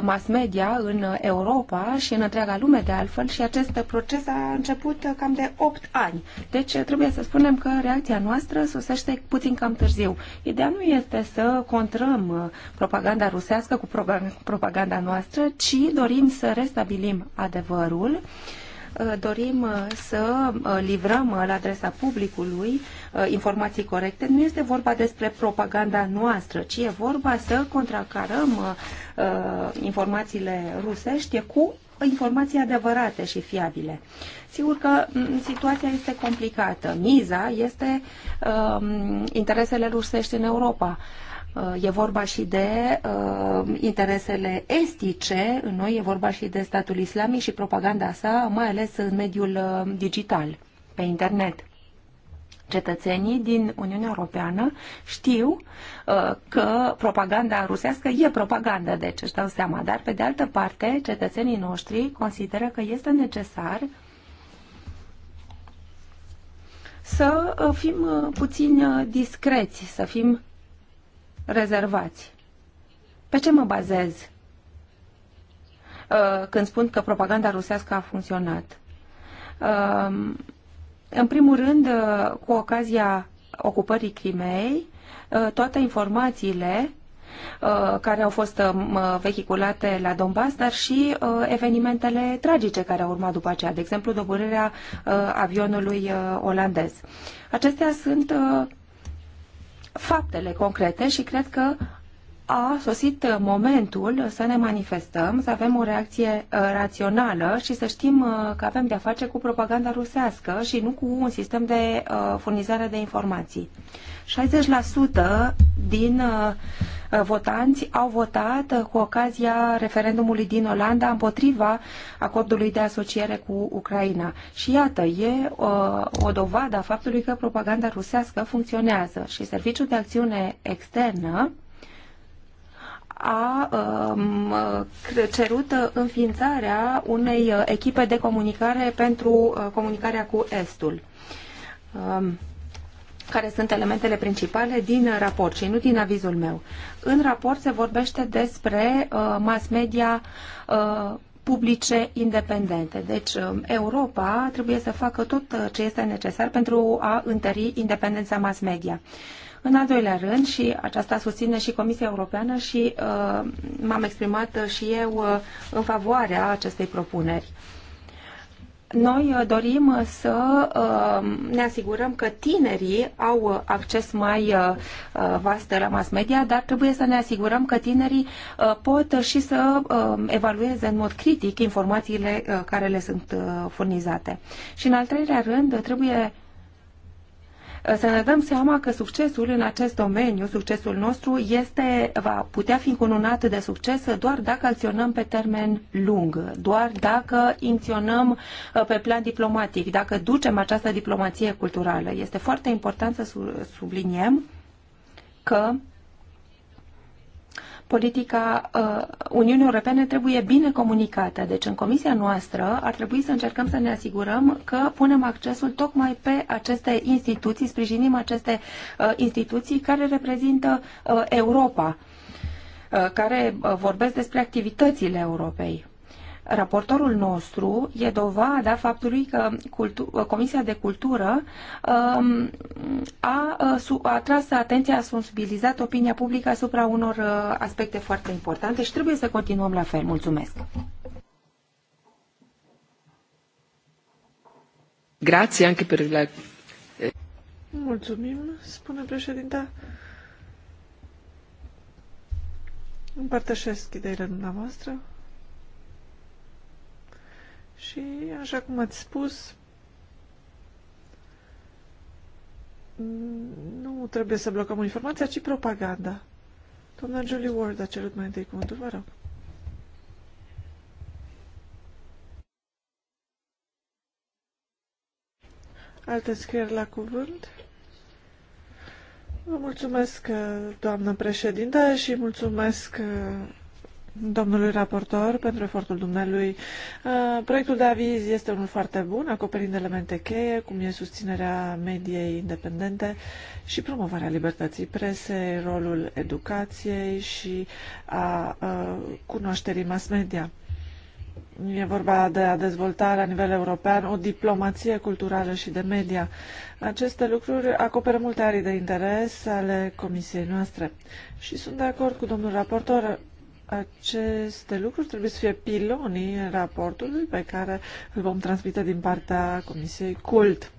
mass media în Europa și în întreaga lume de altfel și acest proces a început cam de 8 ani. Deci trebuie să spunem că reacția noastră sosește puțin cam târziu. Ideea nu este să contrăm propaganda rusească cu propaganda noastră, ci dorim să restabilim adevărul dorim să livrăm la adresa publicului Uh, informații corecte. Nu este vorba despre propaganda noastră, ci e vorba să contracarăm uh, uh, informațiile rusești cu informații adevărate și fiabile. Sigur că situația este complicată. Miza este uh, interesele rusești în Europa. Uh, e vorba și de uh, interesele estice în noi, e vorba și de statul islamic și propaganda sa, mai ales în mediul uh, digital, pe internet cetățenii din Uniunea Europeană știu uh, că propaganda rusească e propagandă, deci își dau seama. Dar, pe de altă parte, cetățenii noștri consideră că este necesar să uh, fim uh, puțin discreți, să fim rezervați. Pe ce mă bazez când spun că propaganda rusească a funcționat? În primul rând, uh, cu ocazia ocupării Crimei, uh, toate informațiile uh, care au fost vehiculate la Donbass, dar și evenimentele tragice care au urmat după aceea, de exemplu, dobărârea avionului olandez. Acestea sunt faptele concrete și cred că a sosit uh, momentul să ne manifestăm, să avem o reacție uh, rațională și să știm uh, că avem de-a face cu propaganda rusească și nu cu un sistem de furnizare de informații. 60% din votanți au votat cu ocazia referendumului din Olanda împotriva acordului de asociere cu Ucraina. Și iată, e o dovadă a faptului că propaganda rusească funcționează și Serviciul de Acțiune Externă a um, uh, cerut înființarea unei uh, echipe de comunicare pentru uh, comunicarea cu Estul. Um, care sunt elementele principale din raport și nu din avizul meu. În raport se vorbește despre uh, mass media uh, publice independente. Deci um, Europa trebuie să facă tot ce este necesar pentru a întări independența mass media. Uh, în al doilea rând, și aceasta susține și Comisia Europeană și uh, m-am exprimat și eu uh, în favoarea acestei propuneri. Noi uh, dorim să uh, ne asigurăm că tinerii au acces mai uh, vast la mass media, dar trebuie să ne asigurăm că tinerii pot și să evalueze în mod critic informațiile care le sunt furnizate. Și în al treilea rând, trebuie să ne dăm seama că succesul în acest domeniu, succesul nostru, este, va putea fi încununat de succes doar dacă acționăm pe termen lung, doar dacă acționăm uh, pe plan diplomatic, dacă ducem această diplomație culturală. Este foarte important să subliniem că politica uh, Uniunii Europene trebuie bine comunicată. Deci în comisia noastră ar trebui să încercăm să ne asigurăm că punem accesul tocmai pe aceste instituții, sprijinim aceste uh, instituții care reprezintă uh, Europa, uh, care uh, vorbesc despre activitățile Europei. Raportorul nostru e dovada faptului că Comisia de Cultură um, a uh, tras atenția, a sensibilizat opinia publică asupra unor uh, aspecte foarte importante și trebuie să continuăm la fel. Mulțumesc! Grazie anche per la... Mulțumim, spune președinta. Împărtășesc ideile dumneavoastră. Și, așa cum ați spus, nu trebuie să blocăm informația, ci propaganda. Doamna Julie Ward a cerut mai întâi cuvântul, vă rog. Alte scrieri la cuvânt? Vă mulțumesc, doamnă președinte, și mulțumesc domnului raportor pentru efortul dumnealui. Uh, proiectul de aviz este unul foarte bun, acoperind elemente cheie, cum e susținerea mediei independente și promovarea libertății presei, rolul educației și a uh, cunoașterii mass media. E vorba de a dezvolta la nivel european o diplomație culturală și de media. Aceste lucruri acoperă multe arii de interes ale comisiei noastre. Și sunt de acord cu domnul raportor aceste lucruri trebuie să fie pilonii raportului pe care îl vom transmite din partea Comisiei CULT.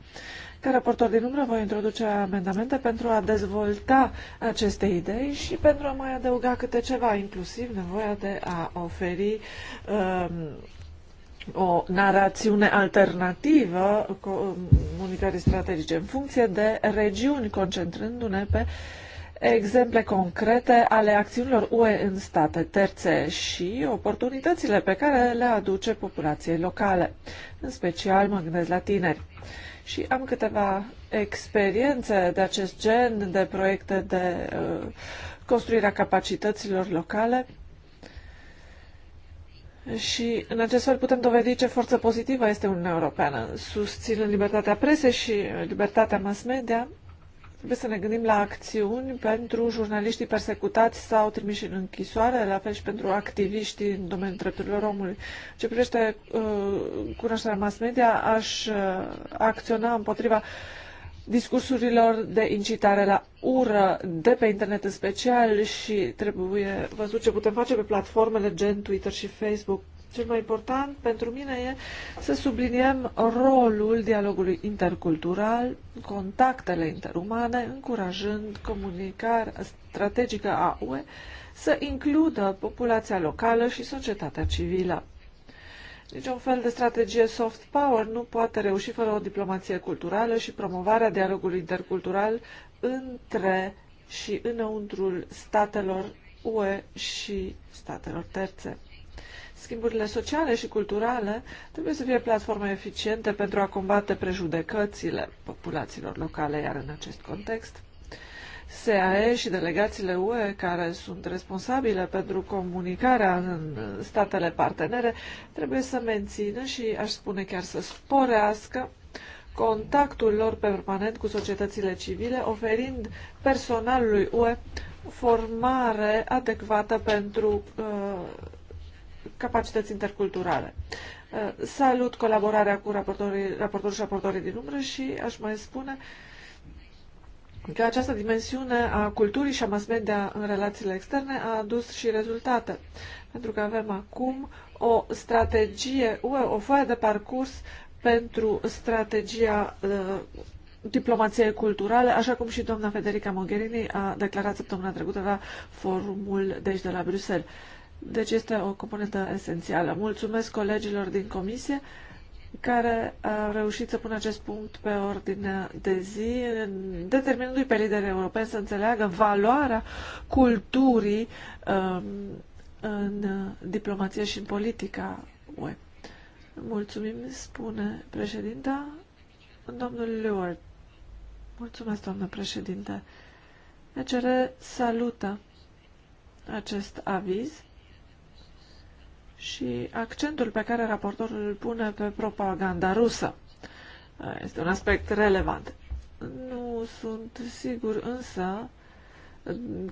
Ca raportor din umbră voi introduce amendamente pentru a dezvolta aceste idei și pentru a mai adăuga câte ceva, inclusiv nevoia de a oferi um, o narațiune alternativă comunicării um, strategice în funcție de regiuni, concentrându-ne pe uh, exemple concrete ale acțiunilor UE în state terțe și oportunitățile pe care le aduce populației locale. În special mă gândesc la tineri. Și am câteva experiențe de acest gen, de proiecte de uh, construirea capacităților locale. Și în acest fel putem dovedi ce forță pozitivă este Uniunea Europeană, Susțin libertatea presei și libertatea mass media, Trebuie să ne gândim la acțiuni pentru jurnaliștii persecutați sau trimiși în închisoare, la fel și pentru activiștii în domeniul drepturilor omului. Ce privește uh, cunoașterea mass media, aș uh, acționa împotriva discursurilor de incitare la ură de pe internet în special și trebuie văzut ce putem face pe platformele gen Twitter și Facebook cel mai important pentru mine e să subliniem rolul dialogului intercultural, contactele interumane, încurajând comunicarea strategică a UE să includă populația locală și societatea civilă. Niciun fel de strategie soft power nu poate reuși fără o diplomație culturală și promovarea dialogului intercultural între și înăuntrul statelor UE și statelor terțe. Schimburile sociale și culturale trebuie să fie platforme eficiente pentru a combate prejudecățile populațiilor locale, iar în acest context, SAE și delegațiile UE care sunt responsabile pentru comunicarea în statele partenere trebuie să mențină și, aș spune chiar, să sporească contactul lor permanent cu societățile civile, oferind personalului UE formare adecvată pentru uh, capacități interculturale. Uh, salut colaborarea cu raportorii, raportorii și raportorii din umbră și aș mai spune că această dimensiune a culturii și a mass media în relațiile externe a adus și rezultate. Pentru că avem acum o strategie o foaie de parcurs pentru strategia uh, diplomației culturale, așa cum și doamna Federica Mogherini a declarat săptămâna trecută la forumul deci de la Bruxelles. Deci este o componentă esențială. Mulțumesc colegilor din comisie care au reușit să pună acest punct pe ordine de zi, determinându-i pe liderii europeni să înțeleagă valoarea culturii um, în diplomație și în politica UE. Mulțumim, spune președinta, domnul Leward. Mulțumesc, doamnă președinte. cere salută acest aviz și accentul pe care raportorul îl pune pe propaganda rusă. Este un aspect relevant. Nu sunt sigur însă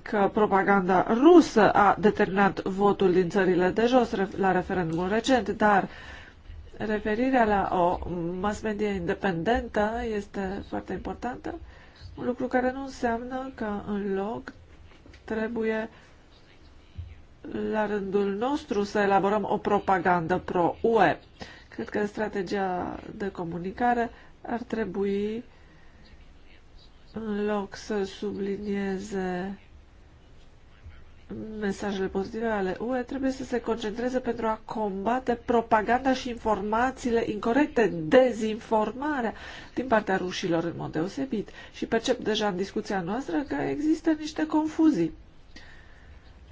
că propaganda rusă a determinat votul din țările de jos la referendumul recent, dar referirea la o mass media independentă este foarte importantă, un lucru care nu înseamnă că în loc trebuie la rândul nostru să elaborăm o propagandă pro-UE. Cred că strategia de comunicare ar trebui, în loc să sublinieze mesajele pozitive ale UE, trebuie să se concentreze pentru a combate propaganda și informațiile incorrecte, dezinformarea din partea rușilor în mod deosebit. Și percep deja în discuția noastră că există niște confuzii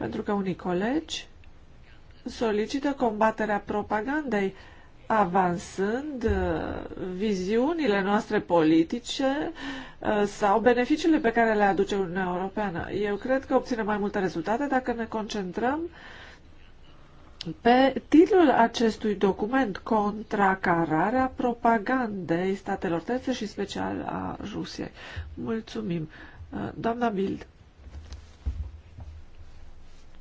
pentru că unii colegi solicită combaterea propagandei, avansând uh, viziunile noastre politice uh, sau beneficiile pe care le aduce Uniunea Europeană. Eu cred că obținem mai multe rezultate dacă ne concentrăm pe titlul acestui document, Contracararea propagandei statelor terțe și special a Rusiei. Mulțumim. Uh, doamna Bild.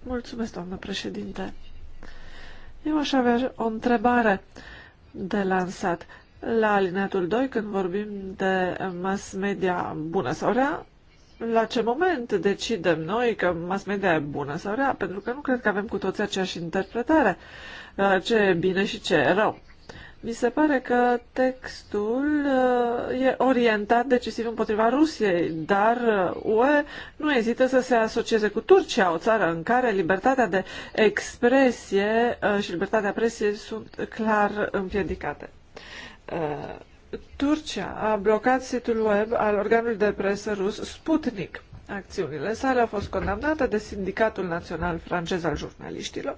Mulțumesc, doamnă președinte. Eu aș avea o întrebare de lansat. La alineatul 2, când vorbim de mass media bună sau rea, la ce moment decidem noi că mass media e bună sau rea? Pentru că nu cred că avem cu toți aceeași interpretare. Uh, ce e bine și ce e rău. Mi se pare că textul uh, e orientat decisiv împotriva Rusiei, dar uh, UE nu ezită să se asocieze cu Turcia, o țară în care libertatea de expresie uh, și libertatea presiei sunt clar împiedicate. Turcia a blocat situl web al organului de presă rus Sputnik acțiunile sale a fost condamnată de Sindicatul Național Francez al Jurnaliștilor,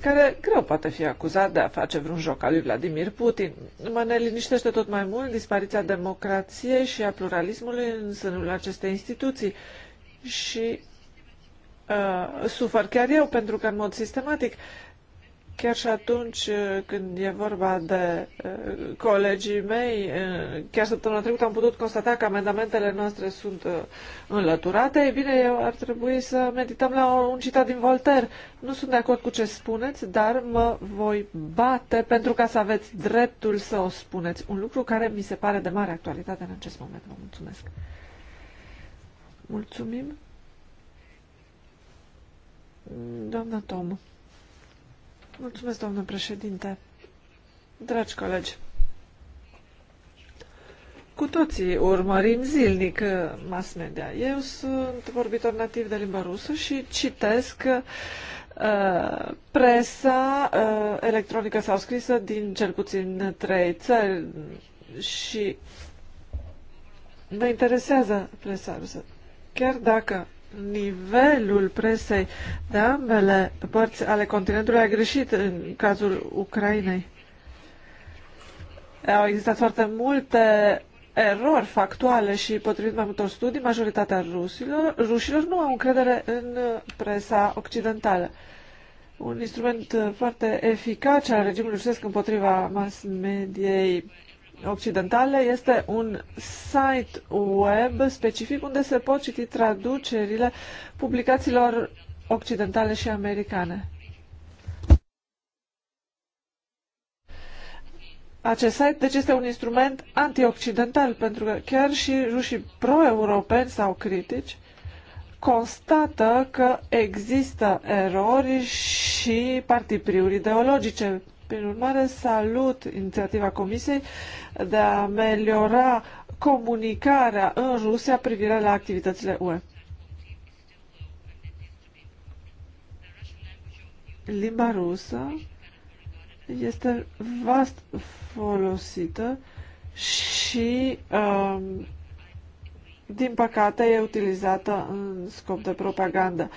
care greu poate fi acuzat de a face vreun joc al lui Vladimir Putin. Mă liniștește tot mai mult dispariția democrației și a pluralismului în sânul acestei instituții și uh, sufăr chiar eu, pentru că în mod sistematic uh, Chiar și atunci uh, când e vorba de uh, colegii mei, uh, chiar săptămâna trecută am putut constata că amendamentele noastre sunt înlăturate, e bine, eu ar trebui să medităm la un citat din Voltaire. Nu sunt de acord cu ce spuneți, dar mă voi bate pentru ca să aveți dreptul să o spuneți. Un lucru care mi se pare de mare actualitate în acest moment. Vă mulțumesc. Mulțumim. Doamna Tom. Mulțumesc, doamnă președinte. Dragi colegi, cu toții urmărim zilnic uh, mass media. Eu sunt vorbitor nativ de limba rusă și citesc uh, presa uh, electronică sau scrisă din cel puțin trei țări și mă interesează presa rusă. Chiar dacă nivelul presei de ambele părți ale continentului a greșit în cazul Ucrainei. Au existat foarte multe erori factuale și, potrivit mai multor studii, majoritatea rusilor, rușilor nu au încredere în presa occidentală. Un instrument foarte eficace al regimului rusesc împotriva mass mediei occidentale este un site web specific unde se pot citi traducerile publicațiilor occidentale și americane. Acest site deci este un instrument antioccidental, pentru că chiar și rușii pro-europeni sau critici constată că există erori și partipriuri ideologice prin urmare, salut inițiativa Comisiei de a ameliora comunicarea în Rusia privire la activitățile UE. Limba rusă este vast folosită și, um, din păcate, e utilizată în scop de propagandă.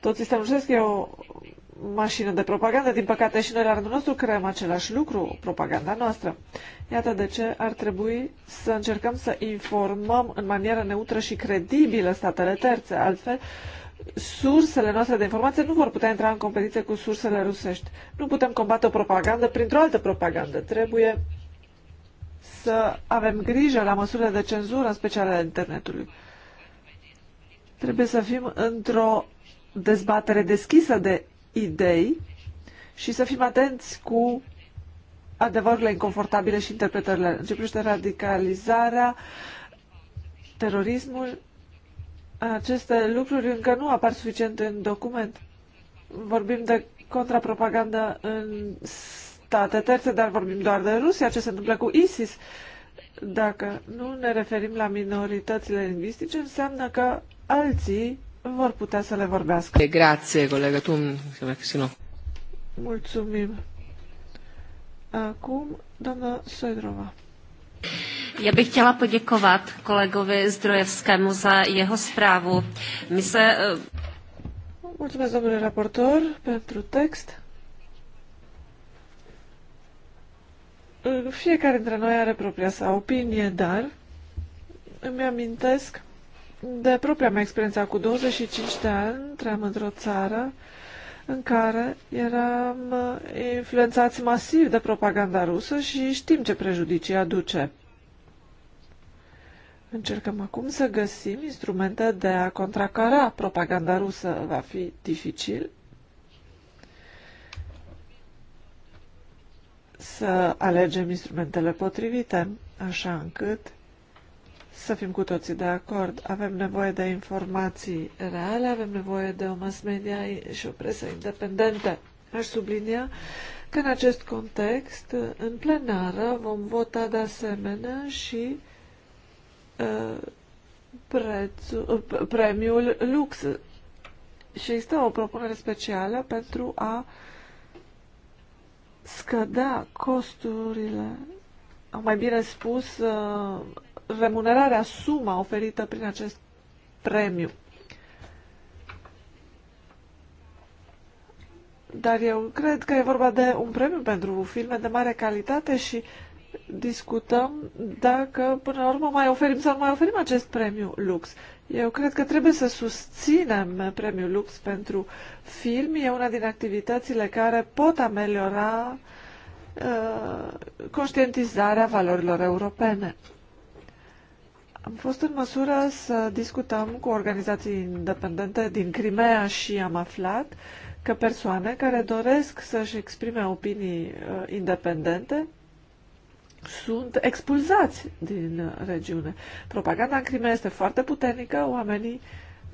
Tot sistemul rusesc e o mașină de propagandă. Din păcate și noi la rândul nostru creăm același lucru, propaganda noastră. Iată de ce ar trebui să încercăm să informăm în manieră neutră și credibilă statele terțe. Altfel, sursele noastre de informație nu vor putea intra în competiție cu sursele rusești. Nu putem combate o propagandă printr-o altă propagandă. Trebuie să avem grijă la măsurile de cenzură, în special ale internetului. Trebuie să fim într-o dezbatere deschisă de idei și să fim atenți cu adevărurile inconfortabile și interpretările. Începește radicalizarea, terorismul, aceste lucruri încă nu apar suficient în document. Vorbim de contrapropagandă în state terțe, dar vorbim doar de Rusia, ce se întâmplă cu ISIS. Dacă nu ne referim la minoritățile lingvistice, înseamnă că alții vor putea să le vorbească. Grație, colegă, tu nu. Mulțumim. Acum, doamna Sojdrova. Já bych chtěla poděkovat kolegovi Zdrojevskému za jeho zprávu. My se... Eh, Mulțumesc, domnule raportor, pentru text. Fiecare dintre noi are propria sa opinie, dar îmi amintesc de propria mea experiență, cu 25 de ani, trăiam într-o țară în care eram uh, influențați masiv de propaganda rusă și știm ce prejudicii aduce. Încercăm acum să găsim instrumente de a contracara propaganda rusă. Va fi dificil să alegem instrumentele potrivite, așa încât să fim cu toții de acord. Avem nevoie de informații reale, avem nevoie de o mass media și o presă independentă. Aș sublinia că în acest context, în plenară, vom vota de asemenea și uh, prețul, uh, premiul Lux. Și există o propunere specială pentru a scădea costurile, mai bine spus, uh, remunerarea, suma oferită prin acest premiu. Dar eu cred că e vorba de un premiu pentru filme de mare calitate și discutăm dacă până la urmă mai oferim sau nu mai oferim acest premiu Lux. Eu cred că trebuie să susținem premiul Lux pentru film. E una din activitățile care pot ameliora uh, conștientizarea valorilor europene. Am fost în măsură să discutăm cu organizații independente din Crimea și am aflat că persoane care doresc să-și exprime opinii uh, independente sunt expulzați din regiune. Propaganda în Crimea este foarte puternică, oamenii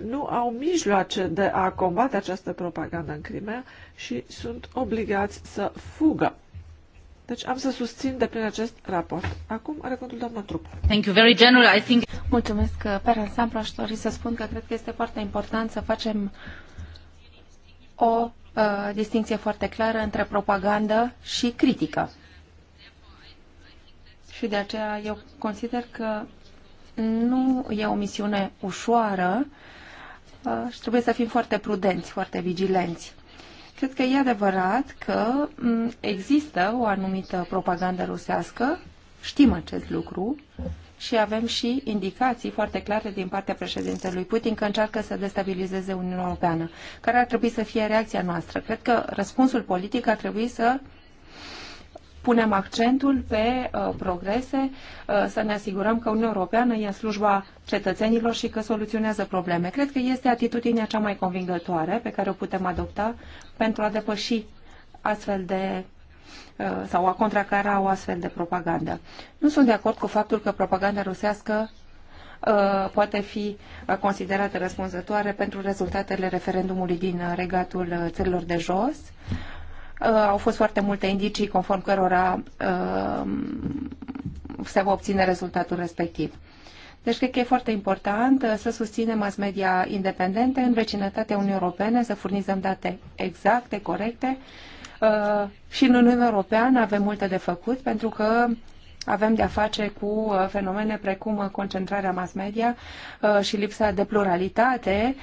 nu au mijloace de a combate această propagandă în Crimea și sunt obligați să fugă. Deci am să susțin de plin acest raport. Acum are cuvântul doamna Trup. Thank you very general. I think... Mulțumesc. Per ansamblu aș dori să spun că cred că este foarte important să facem o uh, distinție foarte clară între propagandă și critică. Și de aceea eu consider că nu e o misiune ușoară uh, și trebuie să fim foarte prudenți, foarte vigilenți. Cred că e adevărat că există o anumită propagandă rusească, știm acest lucru și avem și indicații foarte clare din partea președintelui Putin că încearcă să destabilizeze Uniunea Europeană. Care ar trebui să fie reacția noastră? Cred că răspunsul politic ar trebui să punem accentul pe uh, progrese, uh, să ne asigurăm că Uniunea Europeană e în slujba cetățenilor și că soluționează probleme. Cred că este atitudinea cea mai convingătoare pe care o putem adopta pentru a depăși astfel de uh, sau a contracara o astfel de propagandă. Nu sunt de acord cu faptul că propaganda rusească uh, poate fi considerată răspunzătoare pentru rezultatele referendumului din regatul uh, țărilor de jos. Uh, au fost foarte multe indicii conform cărora uh, se va obține rezultatul respectiv. Deci cred că e foarte important uh, să susținem mass media independente în vecinătatea Uniunii Europene, să furnizăm date exacte, corecte. Și în Uniunea Europeană avem multe de făcut pentru că avem de-a face cu uh, fenomene precum uh, concentrarea mass media uh, și lipsa de pluralitate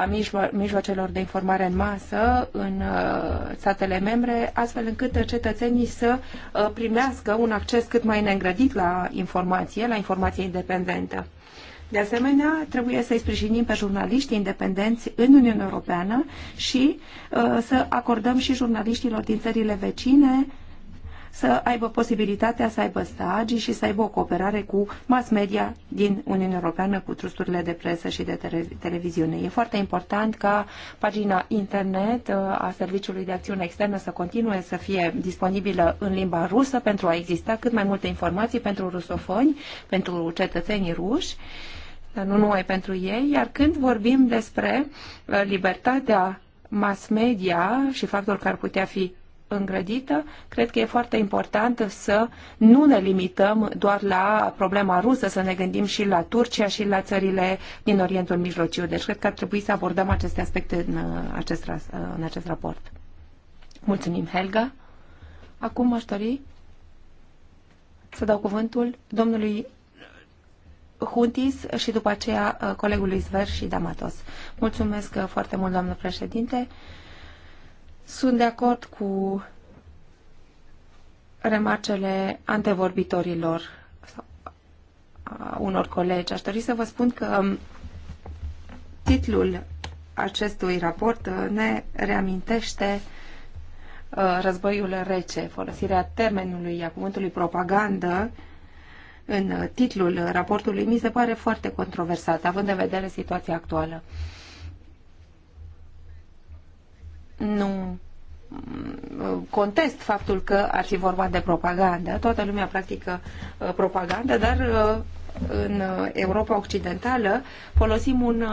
a mijloacelor de informare în masă în statele membre, astfel încât cetățenii să primească un acces cât mai neîngrădit la informație, la informație independentă. De asemenea, trebuie să-i sprijinim pe jurnaliștii independenți în Uniunea Europeană și să acordăm și jurnaliștilor din țările vecine să aibă posibilitatea să aibă stagii și să aibă o cooperare cu mass media din Uniunea Europeană, cu trusturile de presă și de televiziune. E foarte important ca pagina internet uh, a Serviciului de Acțiune Externă să continue să fie disponibilă în limba rusă pentru a exista cât mai multe informații pentru rusofoni, pentru cetățenii ruși dar nu numai pentru ei, iar când vorbim despre uh, libertatea mass media și faptul că ar putea fi îngrădită, cred că e foarte important să nu ne limităm doar la problema rusă, să ne gândim și la Turcia și la țările din Orientul Mijlociu. Deci cred că ar trebui să abordăm aceste aspecte în uh, acest, uh, în acest raport. Mulțumim, Helga. Acum aș dori să dau cuvântul domnului Huntis și după aceea uh, colegului Zver și Damatos. Mulțumesc foarte mult, doamnă președinte. Sunt de acord cu remarcele antevorbitorilor sau a unor colegi. Aș dori să vă spun că um, titlul acestui raport uh, ne reamintește uh, războiul rece, folosirea termenului, a cuvântului propagandă în uh, titlul raportului mi se pare foarte controversat, având în vedere situația actuală nu mm, contest faptul că ar fi vorba de propagandă. Toată lumea practică uh, propagandă, dar uh, în uh, Europa Occidentală folosim un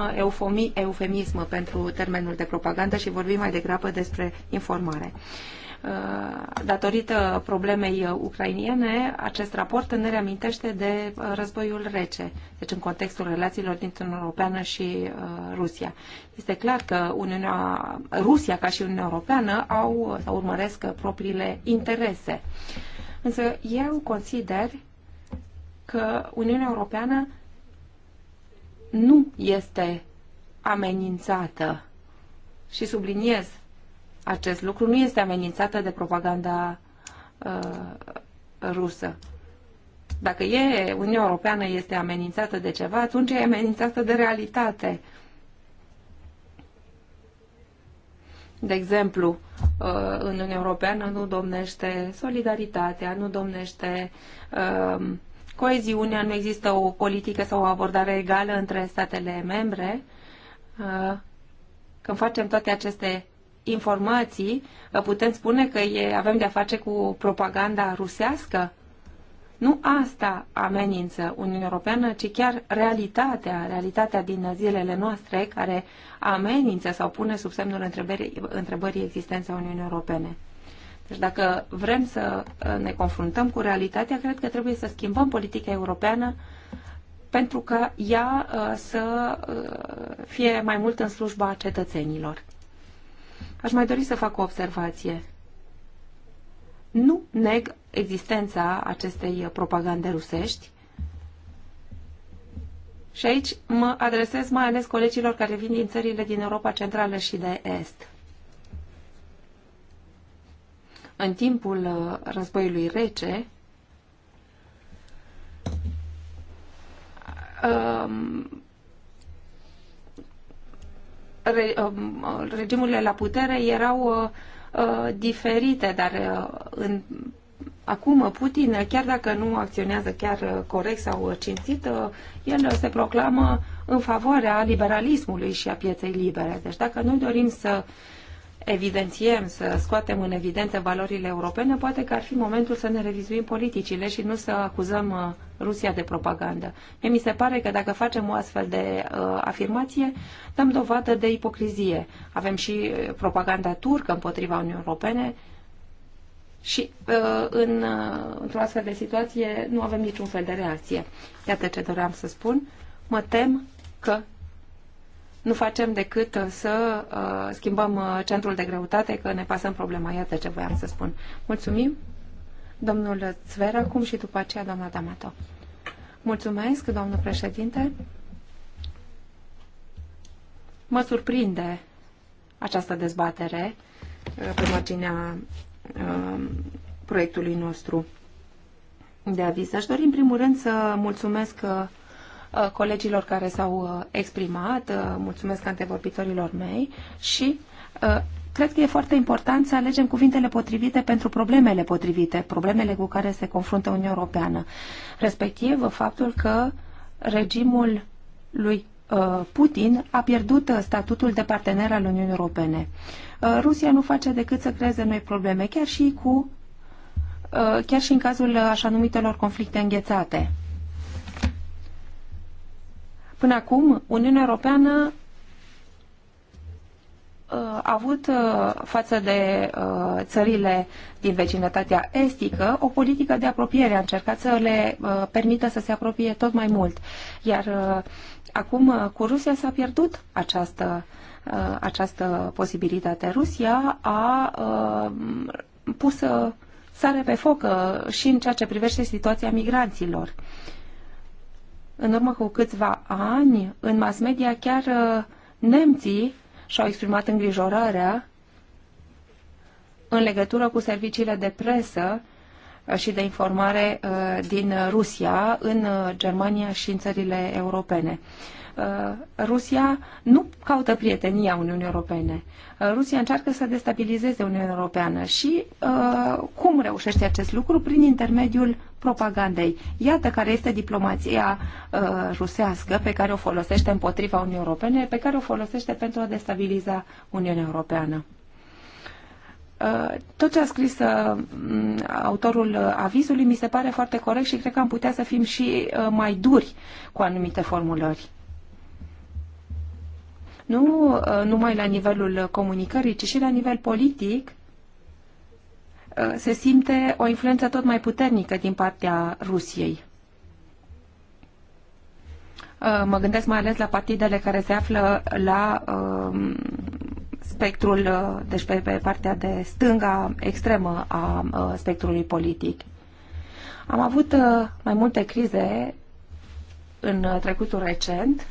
eufemism pentru termenul de propagandă și vorbim mai degrabă despre informare. Uh, datorită problemei ucrainiene, acest raport ne reamintește de uh, războiul rece, deci în contextul relațiilor dintre Uniunea Europeană și uh, Rusia. Este clar că Uniunea, Rusia ca și Uniunea Europeană au sau urmăresc propriile interese. Însă eu consider că Uniunea Europeană nu este amenințată și subliniez acest lucru nu este amenințată de propaganda uh, rusă. Dacă e, Uniunea Europeană este amenințată de ceva, atunci e amenințată de realitate. De exemplu, uh, în Uniunea Europeană nu domnește solidaritatea, nu domnește uh, coeziunea, nu există o politică sau o abordare egală între statele membre. Uh, când facem toate aceste informații, putem spune că e, avem de-a face cu propaganda rusească? Nu asta amenință Uniunea Europeană, ci chiar realitatea, realitatea din zilele noastre care amenință sau pune sub semnul întrebării, întrebării existența Uniunii Europene. Deci dacă vrem să uh, ne confruntăm cu realitatea, cred că trebuie să schimbăm politica europeană pentru ca ea uh, să uh, fie mai mult în slujba cetățenilor. Aș mai dori să fac o observație. Nu neg existența acestei propagande rusești. Și aici mă adresez mai ales colegilor care vin din țările din Europa Centrală și de Est. În timpul uh, războiului rece, um, re, um, regimurile la putere erau uh, uh, diferite, dar uh, în, acum Putin, chiar dacă nu acționează chiar corect sau cinstit, el se proclamă în favoarea liberalismului și a pieței libere. Deci dacă noi dorim să uh, evidențiem, să scoatem în evidență valorile europene, poate că ar fi momentul să ne revizuim politicile și nu să acuzăm uh, Rusia de propagandă. Mie mi se pare că dacă facem o astfel de uh, afirmație, dăm dovadă de ipocrizie. Avem și uh, propaganda turcă împotriva Uniunii Europene și uh, în, uh, într-o astfel de situație nu avem niciun fel de reacție. Iată ce doream să spun. Mă tem că nu facem decât uh, să uh, schimbăm uh, centrul de greutate, că ne pasăm problema. Iată ce voiam să spun. Mulțumim, domnul Țver, acum și după aceea doamna Damato. Mulțumesc, domnul președinte. Mă surprinde această dezbatere pe marginea proiectului nostru de aviz. Aș dori, în primul rând, să mulțumesc Uh, colegilor care s-au uh, exprimat, uh, mulțumesc antevorbitorilor mei și cred că e foarte important să alegem cuvintele potrivite pentru problemele potrivite, problemele cu care se confruntă Uniunea Europeană, respectiv faptul că regimul lui Putin a pierdut statutul de partener al Uniunii Europene. Rusia nu face decât să creeze noi probleme, chiar și cu chiar și în cazul așa numitelor conflicte înghețate. Până acum, Uniunea Europeană uh, a avut uh, față de uh, țările din vecinătatea estică o politică de apropiere, a încercat să le permită să se apropie tot mai mult. Iar acum cu Rusia s-a pierdut această, această posibilitate. Rusia a pus sare pe foc și în ceea ce privește situația migranților în urmă cu câțiva ani, în mass media, chiar uh, nemții și-au exprimat îngrijorarea în legătură cu serviciile de presă uh, și de informare uh, din Rusia, în Germania și în țările europene. Uh, Rusia nu caută prietenia Uniunii Europene. Uh, Rusia încearcă să destabilizeze Uniunea Europeană și uh, cum reușește acest lucru? Prin intermediul propagandei. Iată care este diplomația rusească pe care o folosește împotriva Uniunii Europene, pe care o folosește pentru a destabiliza Uniunea Europeană tot ce a scris autorul avizului mi se pare foarte corect și cred că am putea să fim și mai duri cu anumite formulări nu uh, numai la nivelul comunicării, ci și la nivel politic, uh, se simte o influență tot mai puternică din partea Rusiei. Uh, mă gândesc mai ales la partidele care se află la um, spectrul, deci pe, pe partea de stânga extremă a spectrului politic. Am avut mai multe crize în trecutul recent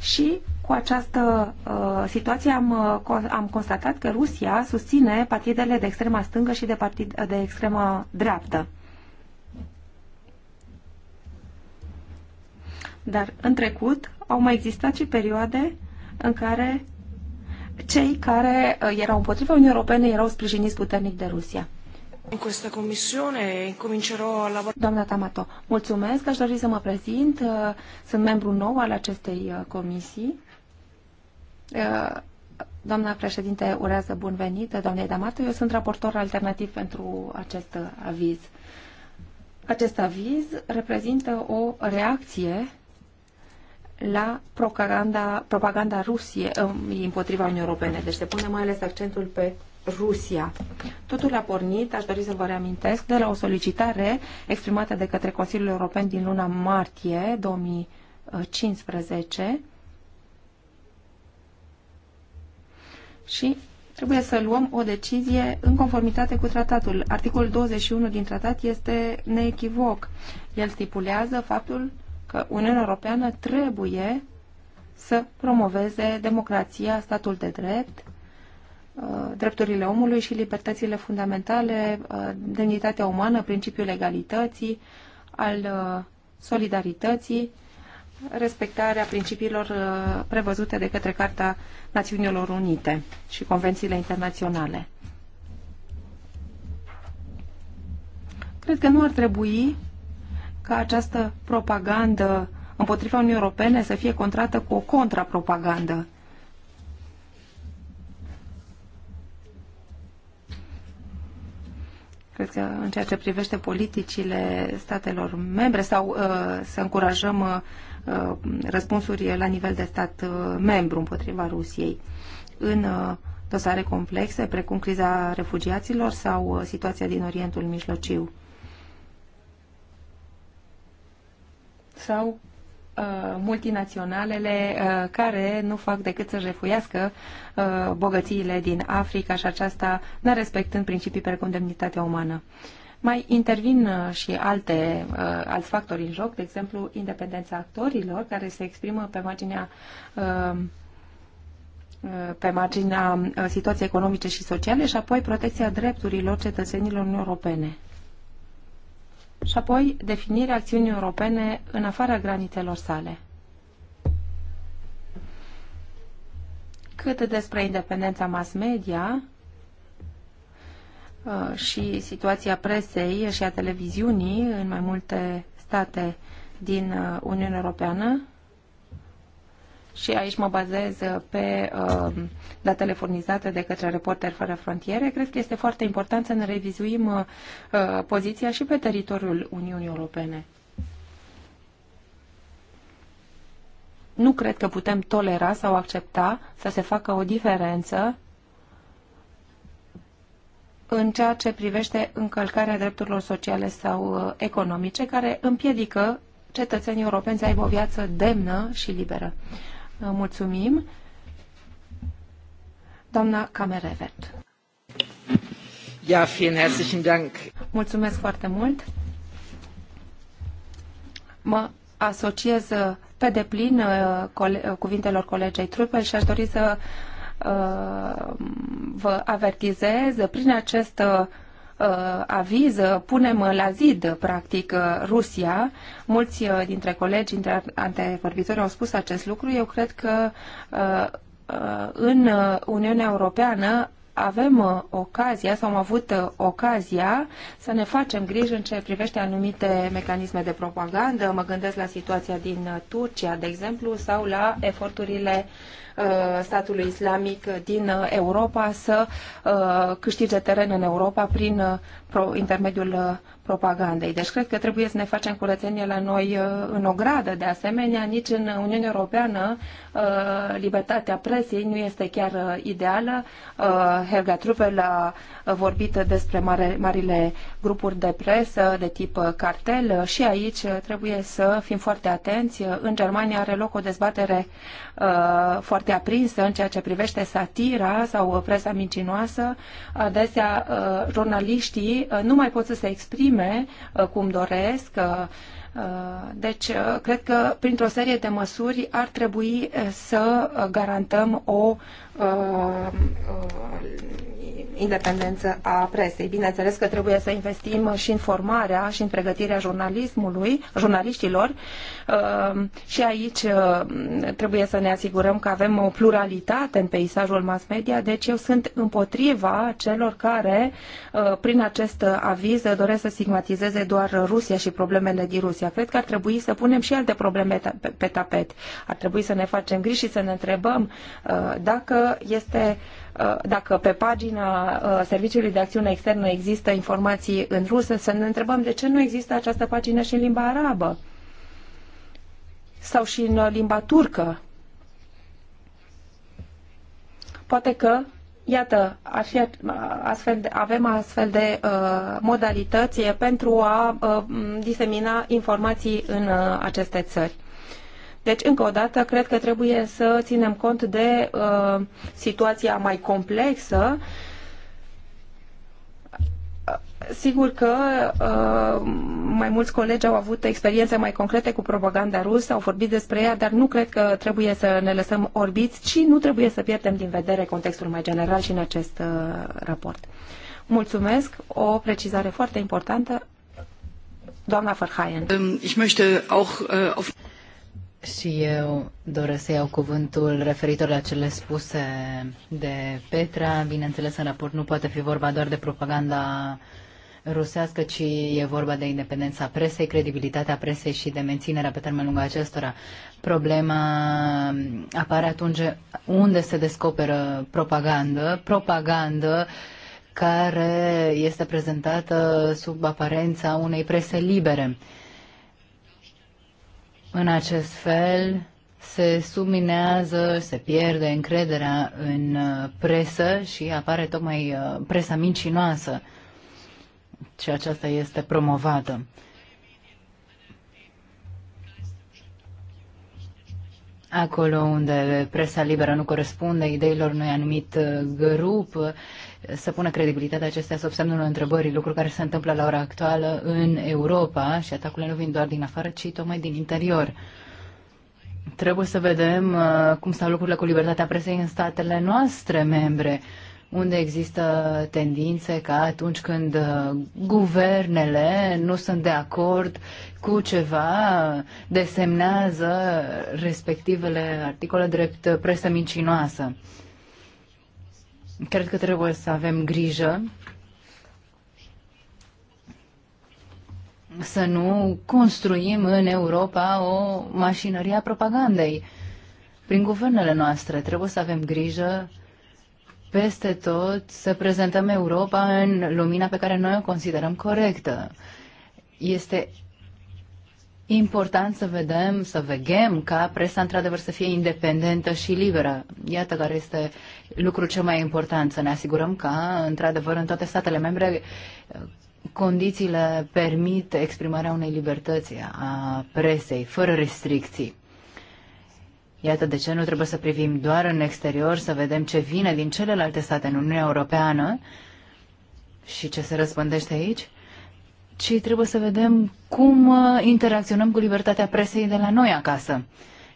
și cu această uh, situație am, uh, am constatat că Rusia susține partidele de extrema stângă și de, partid, de extrema dreaptă. Dar în trecut au mai existat și perioade în care cei care uh, erau împotriva Uniunii Europene erau sprijiniți puternic de Rusia. În această comisiune incomincerò a lavora... Doamna Tamato, mulțumesc, aș dori să mă prezint. Uh, sunt membru nou al acestei uh, comisii. Uh, doamna președinte, urează bun venit, doamnei Damatu. Eu sunt raportor alternativ pentru acest aviz. Acest aviz reprezintă o reacție la propaganda, propaganda Rusie um, împotriva Uniunii Europene. Deci se pune mai ales accentul pe Rusia. Totul a pornit, aș dori să vă reamintesc, de la o solicitare exprimată de către Consiliul European din luna martie 2015 și trebuie să luăm o decizie în conformitate cu tratatul. Articolul 21 din tratat este neechivoc. El stipulează faptul că Uniunea Europeană trebuie să promoveze democrația, statul de drept, uh, drepturile omului și libertățile fundamentale, uh, demnitatea umană, principiul legalității, al uh, solidarității respectarea principiilor uh, prevăzute de către Carta Națiunilor Unite și convențiile internaționale. Cred că nu ar trebui ca această propagandă împotriva Uniunii Europene să fie contrată cu o contrapropagandă în ceea ce privește politicile statelor membre sau uh, să încurajăm uh, răspunsuri la nivel de stat uh, membru împotriva Rusiei în dosare complexe, precum criza refugiaților sau situația din Orientul Mijlociu. Sau Uh, multinaționalele uh, care nu fac decât să jefuiască uh, bogățiile din Africa și aceasta nerespectând principii precum demnitatea umană. Mai intervin și alte, alți factori în joc, de exemplu independența actorilor care se exprimă pe marginea pe marginea situației economice și sociale și apoi protecția drepturilor cetățenilor europene și apoi definirea acțiunii europene în afara granițelor sale. Cât despre independența mass media uh, și situația presei și a televiziunii în mai multe state din uh, Uniunea Europeană, și aici mă bazez uh, pe uh, datele furnizate de către Reporter Fără Frontiere, cred că este foarte important să ne revizuim uh, uh, poziția și pe teritoriul Uniunii Europene. Nu cred că putem tolera sau accepta să se facă o diferență în ceea ce privește încălcarea drepturilor sociale sau uh, economice, care împiedică cetățenii europeni să aibă o viață demnă și liberă. Mulțumim. Doamna Camerevert. Ja, vielen herzlichen Dank. Mulțumesc foarte mult. Mă asociez pe deplin uh, uh, cuvintelor colegei Trupel și aș dori să uh, vă avertizez prin acest Uh, aviză, uh, punem uh, la zid, practic, Rusia. Mulți dintre colegi, dintre antevorbitori au spus acest lucru. Eu cred că în Uniunea Europeană avem ocazia sau am avut ocazia să ne facem griji în ce privește anumite mecanisme de propagandă. Mă gândesc la situația din Turcia, de exemplu, sau la eforturile uh, Uh, statului islamic din uh, Europa să uh, câștige teren în Europa prin intermediul propagandei. Deci cred că trebuie să ne facem curățenie la noi în ogradă. De asemenea, nici în Uniunea Europeană libertatea presiei nu este chiar ideală. Helga Trupel a vorbit despre mare, marile grupuri de presă de tip cartel și aici trebuie să fim foarte atenți. În Germania are loc o dezbatere uh, foarte aprinsă în ceea ce privește satira sau presa mincinoasă. Adesea uh, jurnaliștii uh, nu mai pot să se exprime uh, cum doresc. Uh, uh, deci, cred că printr-o serie de măsuri ar trebui să garantăm o Uh, uh, independență a presei. Bineînțeles că trebuie să investim și în formarea și în pregătirea jurnalismului, jurnaliștilor uh, și aici trebuie să ne asigurăm că avem o pluralitate în peisajul mass media, deci eu sunt împotriva celor care prin acest aviz doresc să stigmatizeze doar Rusia și problemele din Rusia. Cred că ar trebui să punem și alte probleme pe tapet. Ar trebui să ne facem griji și să ne întrebăm dacă dacă este uh, dacă pe pagina uh, Serviciului de Acțiune Externă există informații în rusă, să ne întrebăm de ce nu există această pagină și în limba arabă sau și în uh, limba turcă. Poate că, iată, ar fi astfel de, avem astfel de uh, modalități pentru a uh, disemina informații în uh, aceste țări. Deci, încă o dată, cred că trebuie să ținem cont de uh, situația mai complexă. Sigur că uh, mai mulți colegi au avut experiențe mai concrete cu propaganda rusă, au vorbit despre ea, dar nu cred că trebuie să ne lăsăm orbiți și nu trebuie să pierdem din vedere contextul mai general și în acest uh, raport. Mulțumesc. O precizare foarte importantă. Doamna Um, Ich möchte auch uh, auf și eu doresc să iau cuvântul referitor la cele spuse de Petra. Bineînțeles, în raport nu poate fi vorba doar de propaganda rusească, ci e vorba de independența presei, credibilitatea presei și de menținerea pe termen lung a acestora. Problema apare atunci unde se descoperă propagandă, propagandă care este prezentată sub aparența unei prese libere în acest fel se subminează, se pierde încrederea în uh, presă și apare tocmai uh, presa mincinoasă și aceasta este promovată. Acolo unde presa liberă nu corespunde ideilor unui anumit uh, grup, să pună credibilitatea acestea sub semnul întrebării, lucru care se întâmplă la ora actuală în Europa și atacurile nu vin doar din afară, ci tocmai din interior. Trebuie să vedem uh, cum stau lucrurile cu libertatea presei în statele noastre membre, unde există tendințe ca atunci când uh, guvernele nu sunt de acord cu ceva, desemnează respectivele articole drept presă mincinoasă. Cred că trebuie să avem grijă să nu construim în Europa o mașinărie a propagandei. Prin guvernele noastre trebuie să avem grijă peste tot să prezentăm Europa în lumina pe care noi o considerăm corectă. Este important să vedem, să vegem ca presa într-adevăr să fie independentă și liberă. Iată care este lucrul cel mai important, să ne asigurăm că, într-adevăr, în toate statele membre, condițiile permit exprimarea unei libertăți a presei, fără restricții. Iată de ce nu trebuie să privim doar în exterior, să vedem ce vine din celelalte state în Uniunea Europeană și ce se răspândește aici, ci trebuie să vedem cum uh, interacționăm cu libertatea presei de la noi acasă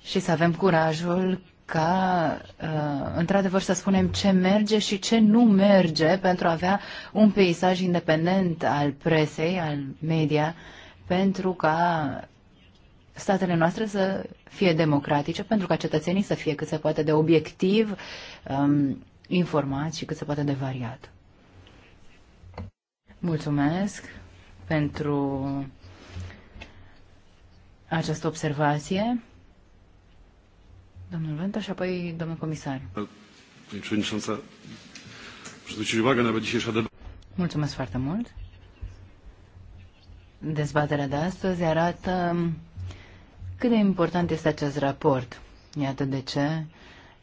și să avem curajul ca, uh, într-adevăr, să spunem ce merge și ce nu merge pentru a avea un peisaj independent al presei, al media, pentru ca statele noastre să fie democratice, pentru ca cetățenii să fie cât se poate de obiectiv um, informați și cât se poate de variat. Mulțumesc! pentru această observație. Domnul Venta și apoi domnul comisar. Mulțumesc foarte mult. Dezbaterea de astăzi arată cât de important este acest raport. Iată de ce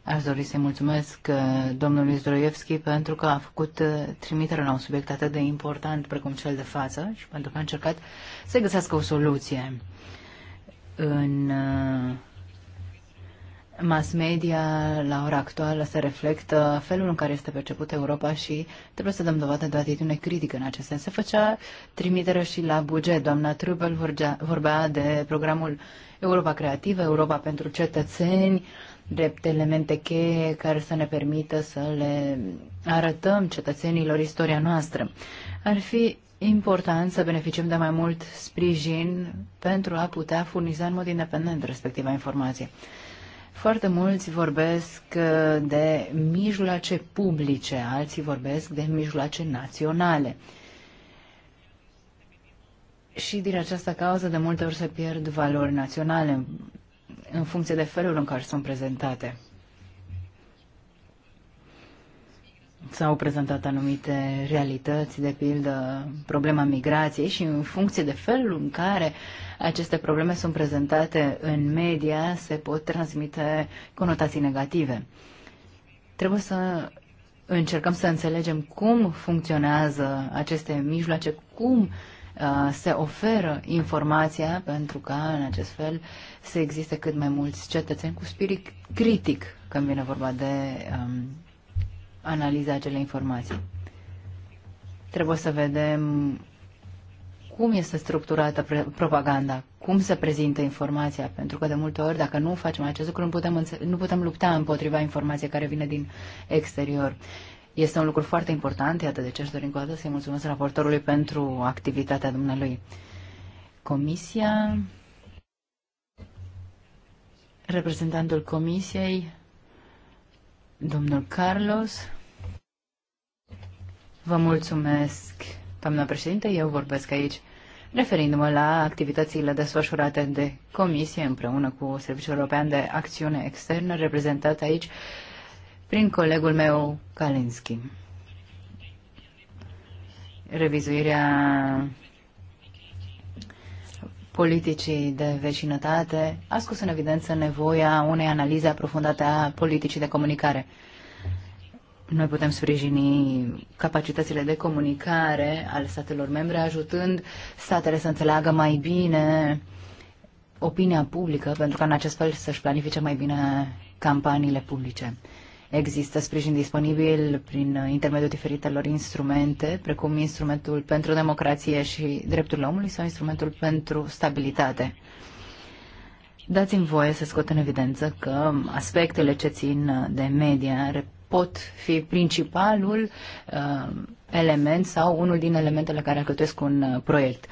Aș dori să-i mulțumesc uh, domnului Zdroievski pentru că a făcut uh, trimiterea la un subiect atât de important precum cel de față și pentru că a încercat să găsească o soluție. În uh, mass media la ora actuală se reflectă felul în care este percepută Europa și trebuie să dăm dovadă de o atitudine critică în acest sens. Se făcea trimitere și la buget. Doamna Trubel vorbea de programul Europa Creativă, Europa pentru cetățeni, uh, drept elemente cheie care să ne permită să le arătăm cetățenilor istoria noastră. Ar fi important să beneficiem de mai mult sprijin pentru a putea furniza în mod independent respectiva informație. Foarte mulți vorbesc uh, de mijloace publice, alții vorbesc de mijloace naționale. Și din această cauză de multe ori se pierd valori naționale în funcție de felul în care sunt prezentate. S-au prezentat anumite realități, de pildă problema migrației și în funcție de felul în care aceste probleme sunt prezentate în media, se pot transmite conotații negative. Trebuie să încercăm să înțelegem cum funcționează aceste mijloace, cum uh, Uh, se oferă informația pentru ca în acest fel să existe cât mai mulți cetățeni cu spirit critic când vine vorba de um, analiza acelei informații. Trebuie să vedem cum este structurată propaganda, cum se prezintă informația, pentru că de multe ori, dacă nu facem acest lucru, nu putem, nu putem lupta împotriva informației care vine din exterior. Este un lucru foarte important, iată de ce își dorim cu atât să-i mulțumesc raportorului pentru activitatea dumnealui. Comisia, reprezentantul comisiei, domnul Carlos, vă mulțumesc, doamna președinte, eu vorbesc aici referindu-mă la activitățile desfășurate de comisie împreună cu Serviciul European de Acțiune Externă, reprezentat aici prin colegul meu Kalinski. Revizuirea politicii de vecinătate a scos în evidență nevoia unei analize aprofundate a politicii de comunicare. Noi putem sprijini capacitățile de comunicare ale statelor membre, ajutând statele să înțeleagă mai bine opinia publică, pentru ca în acest fel să-și planifice mai bine campaniile publice. Există sprijin disponibil prin intermediul diferitelor instrumente, precum instrumentul pentru democrație și drepturile omului sau instrumentul pentru stabilitate. Dați-mi voie să scot în evidență că aspectele ce țin de media pot fi principalul uh, element sau unul din elementele care alcătuiesc un uh, proiect.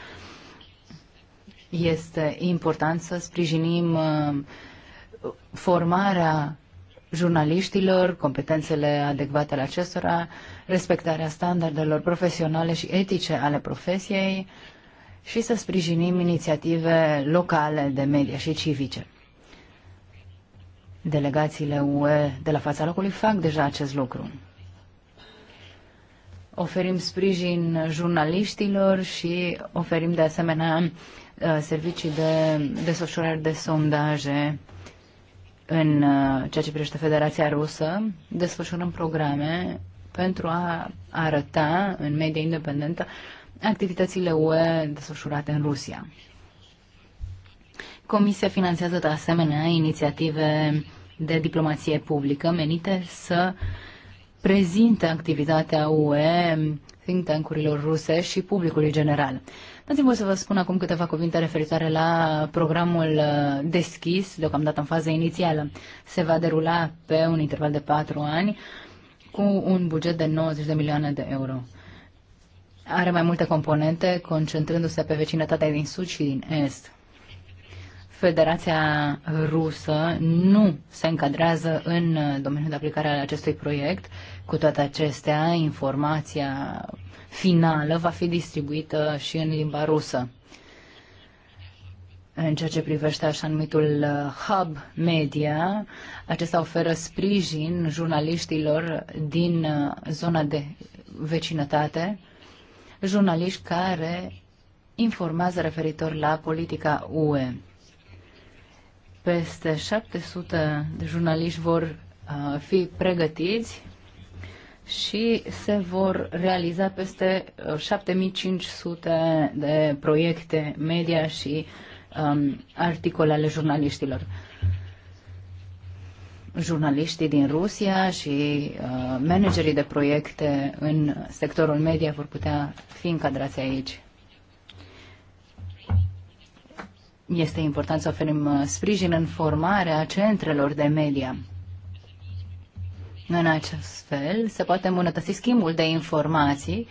Este important să sprijinim uh, formarea jurnaliștilor, competențele adecvate ale acestora, respectarea standardelor profesionale și etice ale profesiei și să sprijinim inițiative locale de media și civice. Delegațiile UE de la fața locului fac deja acest lucru. Oferim sprijin jurnaliștilor și oferim de asemenea uh, servicii de desfășurare de sondaje în uh, ceea ce privește Federația Rusă, desfășurăm programe pentru a arăta în media independentă activitățile UE desfășurate în Rusia. Comisia finanțează de asemenea inițiative de diplomație publică menite să prezinte activitatea UE think tank-urilor ruse și publicului general. Dați-mi să vă spun acum câteva cuvinte referitoare la programul uh, deschis, deocamdată în fază inițială. Se va derula pe un interval de patru ani cu un buget de 90 de milioane de euro. Are mai multe componente, concentrându-se pe vecinătatea din sud și din est. Federația Rusă nu se încadrează în uh, domeniul de aplicare al acestui proiect. Cu toate acestea, informația finală va fi distribuită și în limba rusă. În ceea ce privește așa numitul uh, Hub Media, acesta oferă sprijin jurnaliștilor din uh, zona de vecinătate, jurnaliști care informează referitor la politica UE. Peste 700 de jurnaliști vor uh, fi pregătiți și se vor realiza peste 7500 uh, de proiecte media și um, articole ale jurnaliștilor. Jurnaliștii din Rusia și uh, managerii de proiecte în sectorul media vor putea fi încadrați aici. Este important să oferim uh, sprijin în formarea centrelor de media. În acest fel se poate îmbunătăți schimbul de informații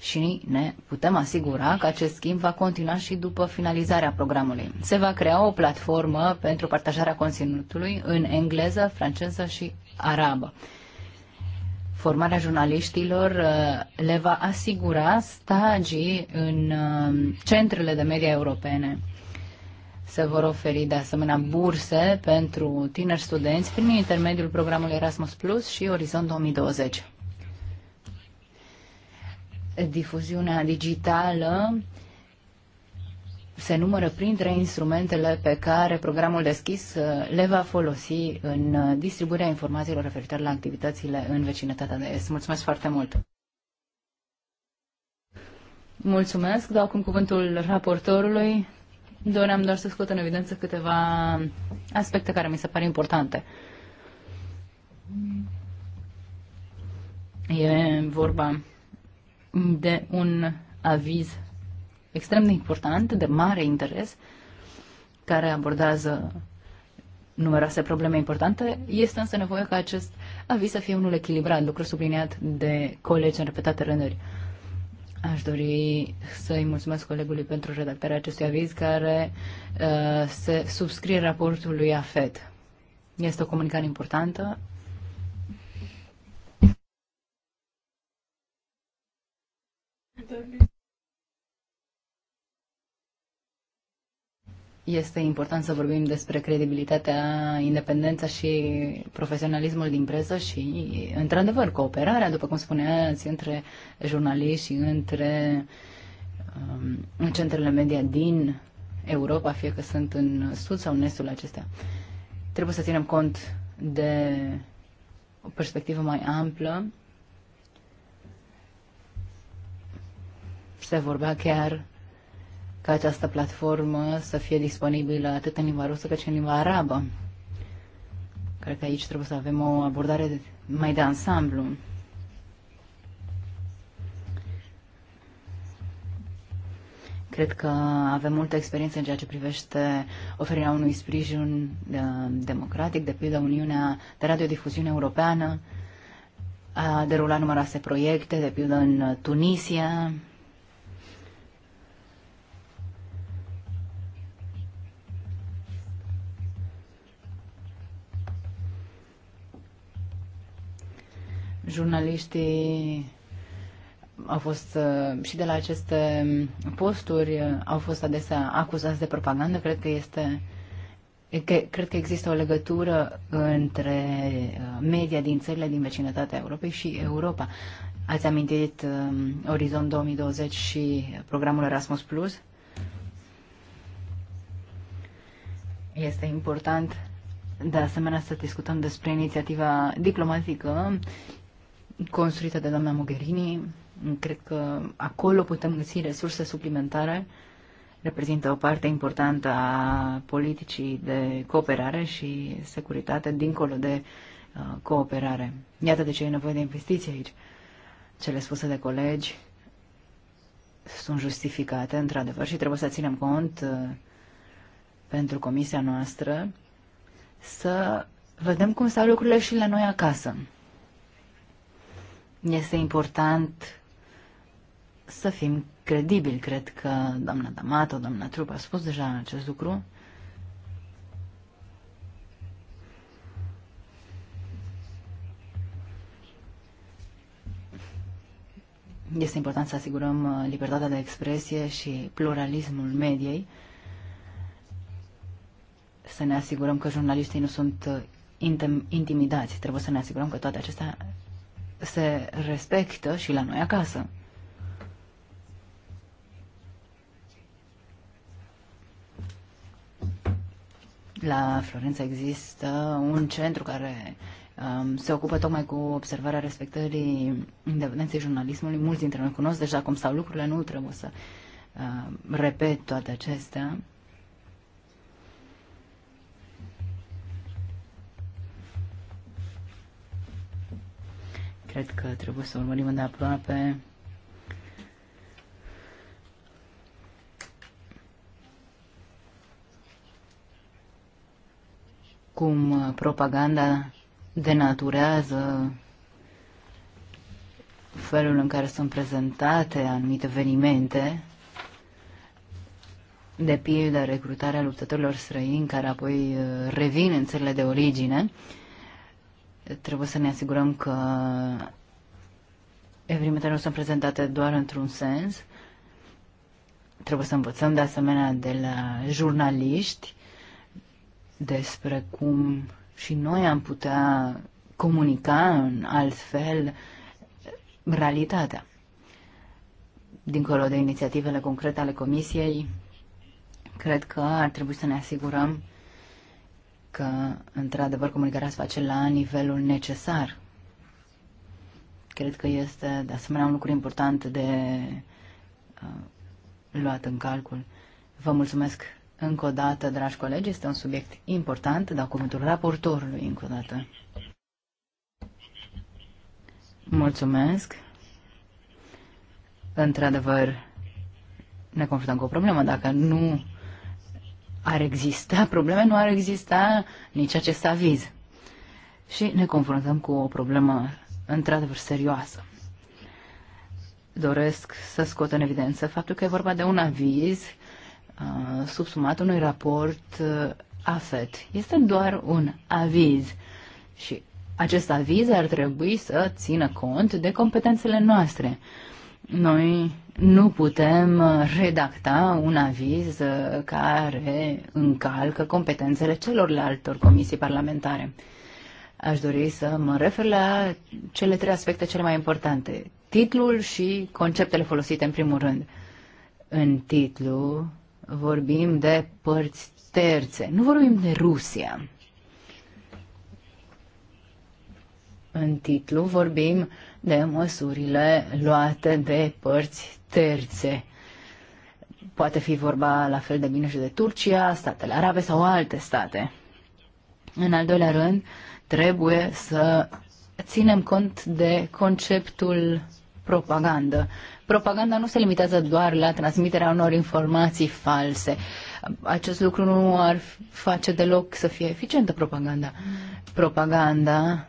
și ne putem asigura că acest schimb va continua și după finalizarea programului. Se va crea o platformă pentru partajarea conținutului în engleză, franceză și arabă. Formarea jurnaliștilor uh, le va asigura stagii în uh, centrele de media europene. Se vor oferi de asemenea burse pentru tineri studenți prin intermediul programului Erasmus Plus și Orizont 2020. Difuziunea digitală se numără printre instrumentele pe care programul deschis uh, le va folosi în uh, distribuirea informațiilor referitoare la activitățile în vecinătatea de est. Mulțumesc foarte mult! Mulțumesc. Dau acum cuvântul raportorului, Doream doar să scot în evidență câteva aspecte care mi se par importante. E vorba de un aviz extrem de important, de mare interes, care abordează numeroase probleme importante. Este însă nevoie ca acest aviz să fie unul echilibrat, lucru subliniat de colegi în repetate rânduri. Uh, Aș dori să-i mulțumesc colegului pentru redactarea acestui aviz care uh, se subscrie raportului AFET. Este o comunicare importantă. Doamne. este important să vorbim despre credibilitatea, independența și profesionalismul din presă și, într-adevăr, cooperarea, după cum spuneați, între jurnaliști și între um, centrele media din Europa, fie că sunt în sud sau în estul acestea. Trebuie să ținem cont de o perspectivă mai amplă. Se vorbea chiar ca această platformă să fie disponibilă atât în limba rusă cât și în limba arabă. Cred că aici trebuie să avem o abordare mai de ansamblu. Cred că avem multă experiență în ceea ce privește oferirea unui sprijin uh, democratic, de pildă Uniunea de Radiodifuziune Europeană a derulat numeroase proiecte, de pildă în Tunisia, Jurnaliștii au fost uh, și de la aceste posturi uh, au fost adesea acuzați de propagandă. Cred că este cred că există o legătură între uh, media din țările din vecinătatea Europei și Europa. Ați amintit um, Orizont 2020 și programul Erasmus Plus? Este important de asemenea să discutăm despre inițiativa diplomatică construită de doamna Mogherini. Cred că acolo putem găsi resurse suplimentare. Reprezintă o parte importantă a politicii de cooperare și securitate dincolo de uh, cooperare. Iată de ce e nevoie de investiții aici. Cele spuse de colegi sunt justificate, într-adevăr, și trebuie să ținem cont uh, pentru comisia noastră să vedem cum stau lucrurile și la noi acasă. Este important să fim credibili. Cred că doamna Damato, doamna Trup a spus deja acest lucru. Este important să asigurăm uh, libertatea de expresie și pluralismul mediei, să ne asigurăm că jurnaliștii nu sunt uh, intimidați. Trebuie să ne asigurăm că toate acestea se respectă și la noi acasă. La Florența există un centru care um, se ocupă tocmai cu observarea respectării independenței jurnalismului. Mulți dintre noi cunosc deja cum stau lucrurile, nu trebuie să uh, repet toate acestea. Cred că trebuie să urmărim îndeaproape cum propaganda denaturează felul în care sunt prezentate anumite evenimente, de pildă recrutarea luptătorilor străini care apoi uh, revin în țările de origine, Trebuie să ne asigurăm că evenimentele nu sunt prezentate doar într-un sens. Trebuie să învățăm de asemenea de la jurnaliști despre cum și noi am putea comunica în alt fel realitatea. Dincolo de inițiativele concrete ale Comisiei, cred că ar trebui să ne asigurăm că, într-adevăr, comunicarea se face la nivelul necesar. Cred că este, de asemenea, un lucru important de uh, luat în calcul. Vă mulțumesc încă o dată, dragi colegi, este un subiect important, dar cuvântul raportorului încă o dată. Mulțumesc. Într-adevăr, ne confruntăm cu o problemă. Dacă nu ar exista probleme, nu ar exista nici acest aviz. Și ne confruntăm cu o problemă într-adevăr serioasă. Doresc să scot în evidență faptul că e vorba de un aviz uh, subsumat unui raport uh, AFET. Este doar un aviz și acest aviz ar trebui să țină cont de competențele noastre. Noi nu putem uh, redacta un aviz uh, care încalcă competențele celorlalte comisii parlamentare. Aș dori să mă refer la cele trei aspecte cele mai importante. Titlul și conceptele folosite în primul rând. În titlu vorbim de părți terțe, nu vorbim de Rusia. În titlu vorbim uh, de măsurile luate de părți terțe. Poate fi vorba la fel de bine și de Turcia, statele arabe sau alte state. În al doilea rând, trebuie să ținem cont de conceptul propagandă. Propaganda nu se limitează doar la transmiterea unor informații false. Acest lucru nu ar face deloc să fie eficientă propaganda. Propaganda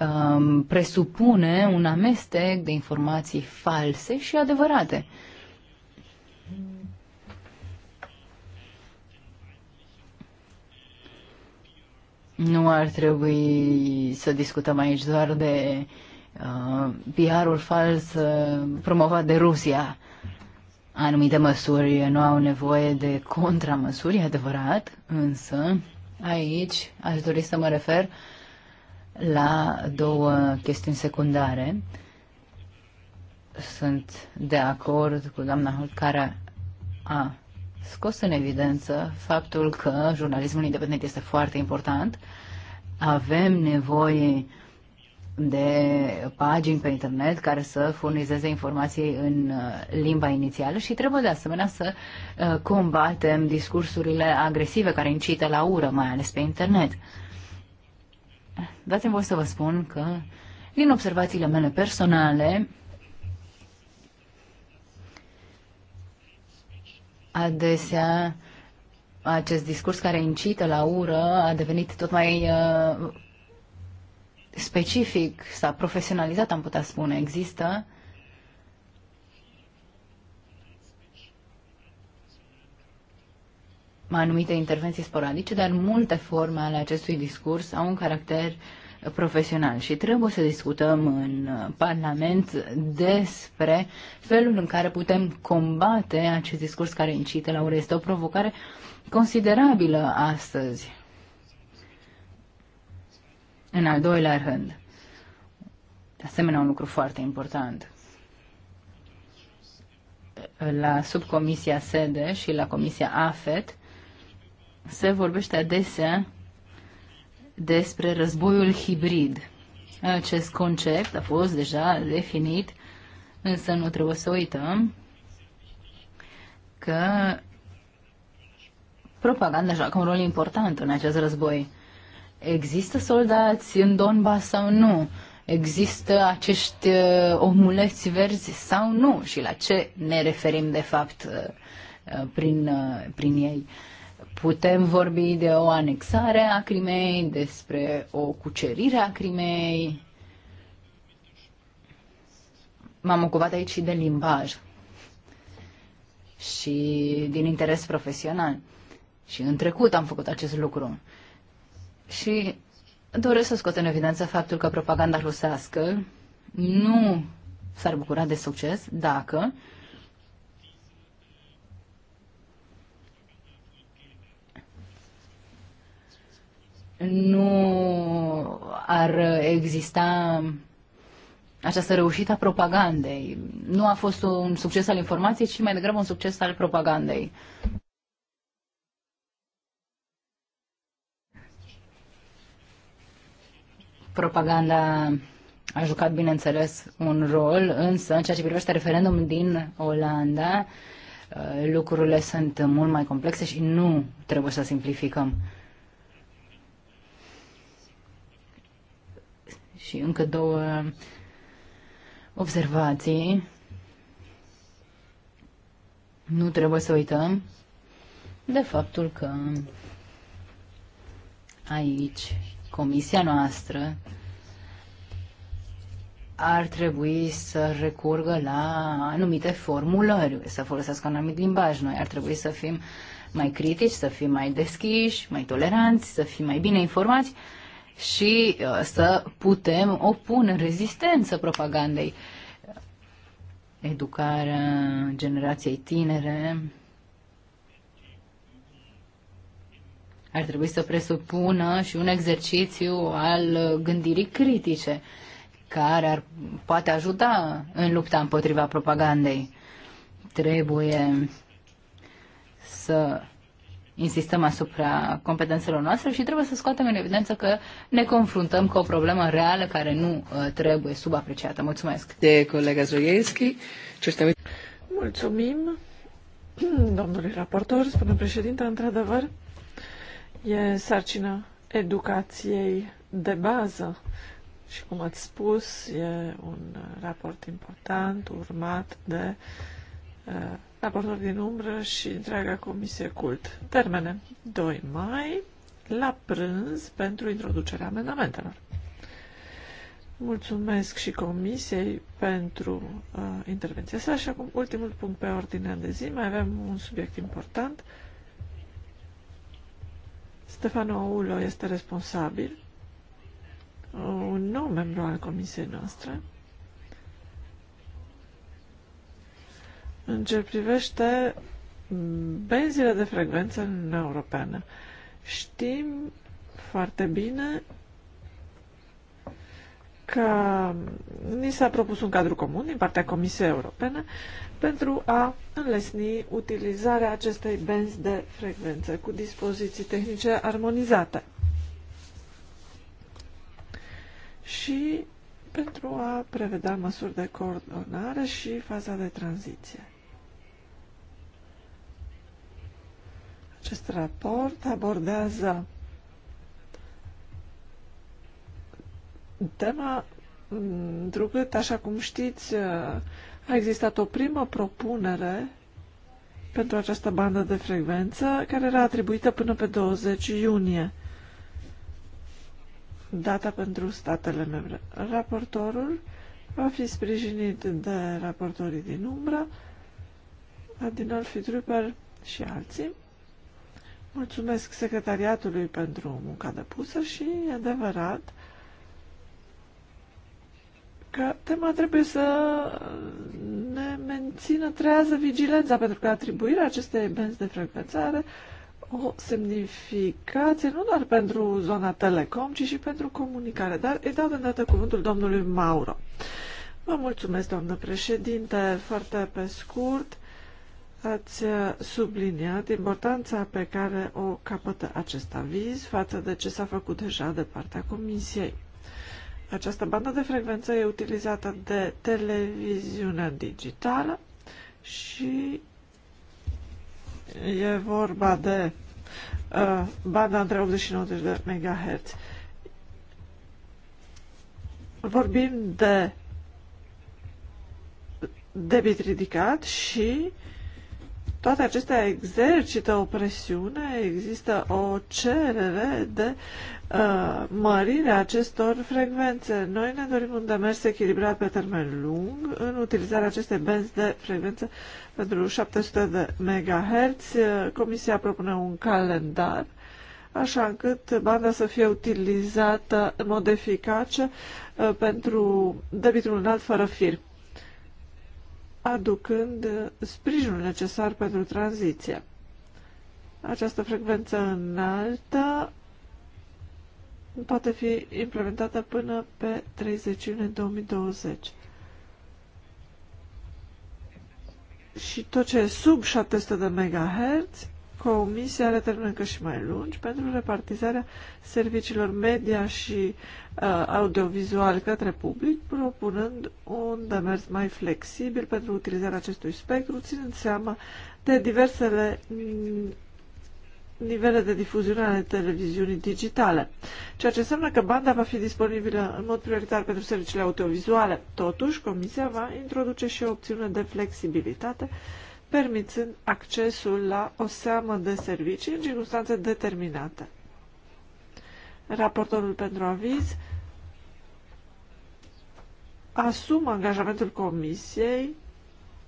um, presupune un amestec de informații false și adevărate. Nu ar trebui să discutăm aici doar de uh, fals uh, promovat de Rusia. Anumite măsuri nu au nevoie de contramăsuri, adevărat, însă aici aș dori să mă refer uh, la două chestiuni secundare. Sunt de acord cu doamna Holt care a scos în evidență faptul că jurnalismul independent este foarte important. Avem nevoie de pagini pe internet care să furnizeze informații în uh, limba inițială și trebuie de asemenea să uh, combatem discursurile agresive care incită la ură, mai ales pe internet dați-mi voi să vă spun că, din observațiile mele personale, adesea acest discurs care incită la ură a devenit tot mai uh, specific, s-a profesionalizat, am putea spune. Există anumite intervenții sporadice, dar multe forme ale acestui discurs au un caracter profesional și trebuie să discutăm în Parlament despre felul în care putem combate acest discurs care incite la ură. Este o provocare considerabilă astăzi. În al doilea rând, de asemenea un lucru foarte important, la subcomisia SEDE și la comisia AFET, se vorbește adesea despre războiul hibrid. Acest concept a fost deja definit, însă nu trebuie să uităm că propaganda joacă un rol important în acest război. Există soldați în Donbass sau nu? Există acești uh, omuleți verzi sau nu? Și la ce ne referim de fapt uh, uh, prin, prin ei? Putem vorbi de o anexare a crimei, despre o cucerire a crimei. M-am ocupat aici și de limbaj și din interes profesional. Și în trecut am făcut acest lucru. Și doresc să scot în evidență faptul că propaganda rusească nu s-ar bucura de succes dacă nu ar exista această reușită a propagandei. Nu a fost un succes al informației, ci mai degrabă un succes al propagandei. Propaganda a jucat, bineînțeles, un rol, însă în ceea ce privește referendumul din Olanda, uh, lucrurile sunt mult mai complexe și nu trebuie să simplificăm. și încă două observații. Nu trebuie să uităm de faptul că aici comisia noastră ar trebui să recurgă la anumite formulări, să folosească un anumit limbaj. Noi ar trebui să fim mai critici, să fim mai deschiși, mai toleranți, să fim mai bine informați și uh, să putem opune rezistență propagandei. Educarea generației tinere ar trebui să presupună și un exercițiu al gândirii critice care ar poate ajuta în lupta împotriva propagandei. Trebuie să insistăm asupra competențelor noastre și trebuie să scoatem în evidență că ne confruntăm cu o problemă reală care nu uh, trebuie subapreciată. Mulțumesc! De colega Zoieschi, certamente... Mulțumim, domnului raportor, spune președinte, într-adevăr, e sarcina educației de bază și cum ați spus, e un raport important urmat de uh, raportor din umbră și întreaga comisie cult. Termene 2 mai la prânz pentru introducerea amendamentelor. Mulțumesc și Comisiei pentru uh, intervenția sa și acum ultimul punct pe ordinea de zi. Mai avem un subiect important. Stefano Aulo este responsabil, uh, un nou membru al Comisiei noastre. în ce privește benzile de frecvență în Uniunea Europeană. Știm foarte bine că ni s-a propus un cadru comun din partea Comisiei Europene pentru a înlesni utilizarea acestei benzi de frecvență cu dispoziții tehnice armonizate și pentru a prevedea măsuri de coordonare și faza de tranziție. Acest raport abordează tema, întrucât, așa cum știți, a existat o primă propunere pentru această bandă de frecvență, care era atribuită până pe 20 iunie, data pentru statele membre. Raportorul va fi sprijinit de raportorii din umbră, Adinolfi Trupper și alții, Mulțumesc secretariatului pentru munca depusă și e adevărat că tema trebuie să ne mențină trează vigilența, pentru că atribuirea acestei benzi de frecvență are o semnificație nu doar pentru zona telecom, ci și pentru comunicare. Dar îi dau de îndată cuvântul domnului Mauro. Vă mulțumesc, doamnă președinte, foarte pe scurt ați uh, subliniat importanța pe care o capătă acest aviz față de ce s-a făcut deja de partea Comisiei. Această bandă de frecvență e utilizată de televiziunea digitală și e vorba de uh, banda între 80 și 90 de MHz. Vorbim de debit ridicat și uh, toate acestea exercită o presiune, există o cerere de uh, mărire a acestor frecvențe. Noi ne dorim un demers echilibrat pe termen lung în utilizarea acestei benzi de frecvențe pentru 700 de MHz. Comisia propune un calendar așa încât banda să fie utilizată în mod eficace uh, pentru debitul înalt fără fir aducând uh, sprijinul necesar pentru tranziție. Această frecvență înaltă poate fi implementată până pe 30 iunie 2020. Și tot ce e sub 700 de MHz Comisia are termen încă și mai lungi pentru repartizarea serviciilor media și uh, audiovizual către public, propunând un demers mai flexibil pentru utilizarea acestui spectru, ținând seama de diversele nivele de difuziune ale televiziunii digitale, ceea ce înseamnă că banda va fi disponibilă în mod prioritar pentru serviciile audiovizuale. Totuși, Comisia va introduce și o opțiune de flexibilitate permițând accesul la o seamă de servicii în circunstanțe determinate. Raportorul pentru aviz asumă angajamentul Comisiei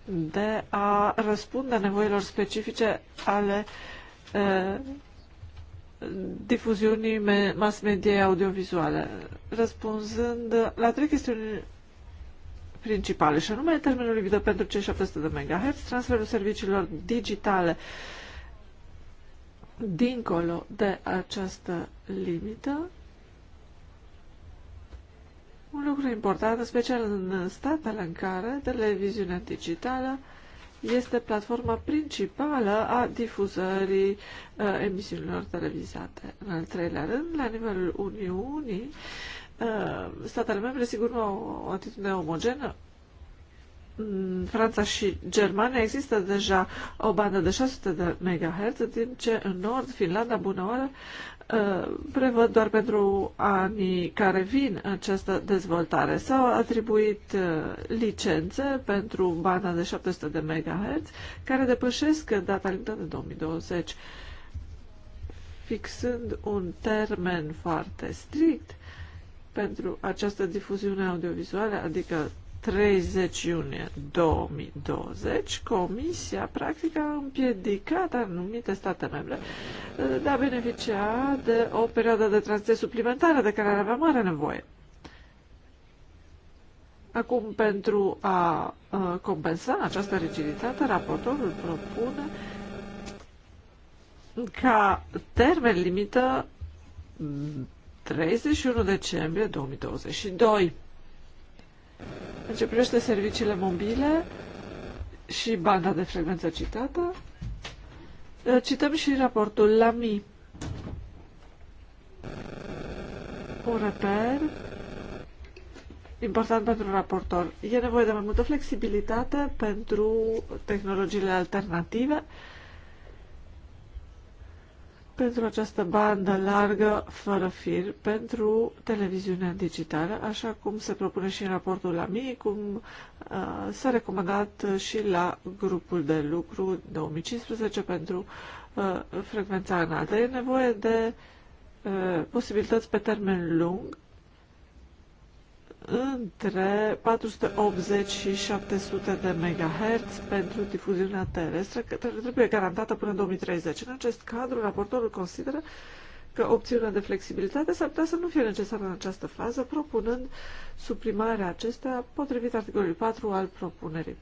de a răspunde nevoilor specifice ale e, difuziunii mass mediei audiovizuale, răspunzând la trei chestiuni principale, și anume termenul limită pentru cei 700 de MHz, transferul serviciilor digitale dincolo de această limită. Un lucru important, special în statele în care televiziunea digitală este platforma principală a difuzării uh, emisiunilor televizate. În al treilea rând, la nivelul Uniunii, Uh, statele membre, sigur, nu au o atitudine omogenă. În Franța și Germania există deja o bandă de 600 de MHz, în timp ce în Nord, Finlanda, bună oară, uh, prevăd doar pentru anii care vin această dezvoltare. S-au atribuit uh, licențe pentru banda de 700 de MHz, care depășesc data limită de 2020, fixând un termen foarte strict pentru această difuziune audiovizuală, adică 30 iunie 2020, Comisia practic a împiedicat anumite state membre eh, de a beneficia de o perioadă de tranziție suplimentară de care ar avea mare nevoie. Acum, pentru a eh, compensa această rigiditate, raportorul propune ca termen limită 31 decembrie 2022. În ce privește serviciile mobile și banda de frecvență citată, eh, cităm și raportul LAMI. Un reper important pentru raportor. E nevoie de mai multă flexibilitate pentru tehnologiile alternative, pentru această bandă largă, fără fir, pentru televiziunea digitală, așa cum se propune și în raportul la mie, cum uh, s-a recomandat și la grupul de lucru 2015 pentru uh, frecvența înaltă. E nevoie de uh, posibilități pe termen lung între 480 și 700 de MHz pentru difuziunea terestră, care trebuie garantată până în 2030. În acest cadru, raportorul consideră că opțiunea de flexibilitate s-ar putea să nu fie necesară în această fază, propunând suprimarea acestea potrivit articolului 4 al propunerii.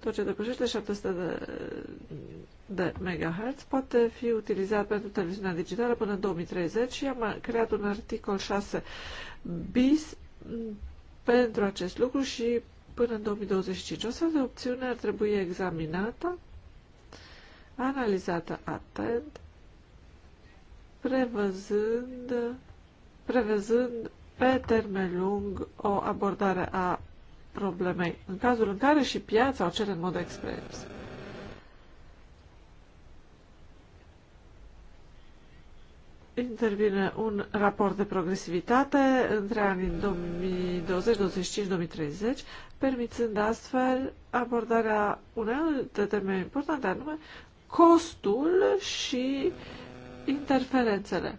Tot ce depășește 700 de, de MHz poate fi utilizat pentru televiziunea digitală până în 2030 și am creat un articol 6 bis pentru acest lucru și până în 2025. O să de opțiune ar trebui examinată, analizată atent, prevăzând, prevăzând pe termen lung o abordare a problemei, în cazul în care și piața o cere în mod expres. intervine un raport de progresivitate între anii 2020, 2025, 2030, permițând astfel abordarea unei alte teme importante, anume costul și interferențele.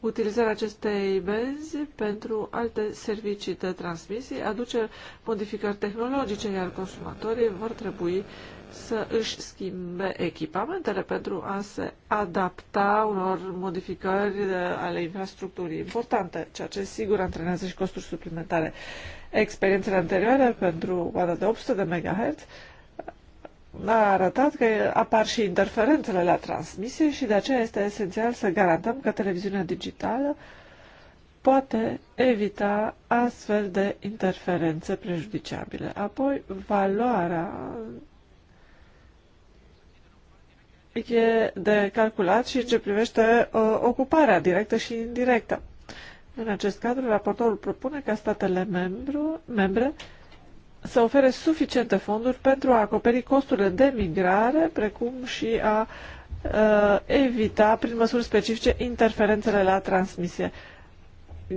Utilizarea acestei benzi pentru alte servicii de transmisie aduce modificări tehnologice, iar consumatorii vor trebui uh, să își schimbe echipamentele pentru a se adapta unor modificări ale infrastructurii importante, ceea ce sigur antrenează și costuri suplimentare. Experiențele anterioare pentru banda de 800 de MHz a arătat că apar și interferențele la transmisie și de aceea este esențial să garantăm că televiziunea digitală poate evita astfel de interferențe prejudiciabile. Apoi, valoarea e de calculat și ce privește uh, ocuparea directă și indirectă. În acest cadru, raportorul propune ca statele membru, membre să ofere suficiente fonduri pentru a acoperi costurile de migrare, precum și a uh, evita, prin măsuri specifice, interferențele la transmisie,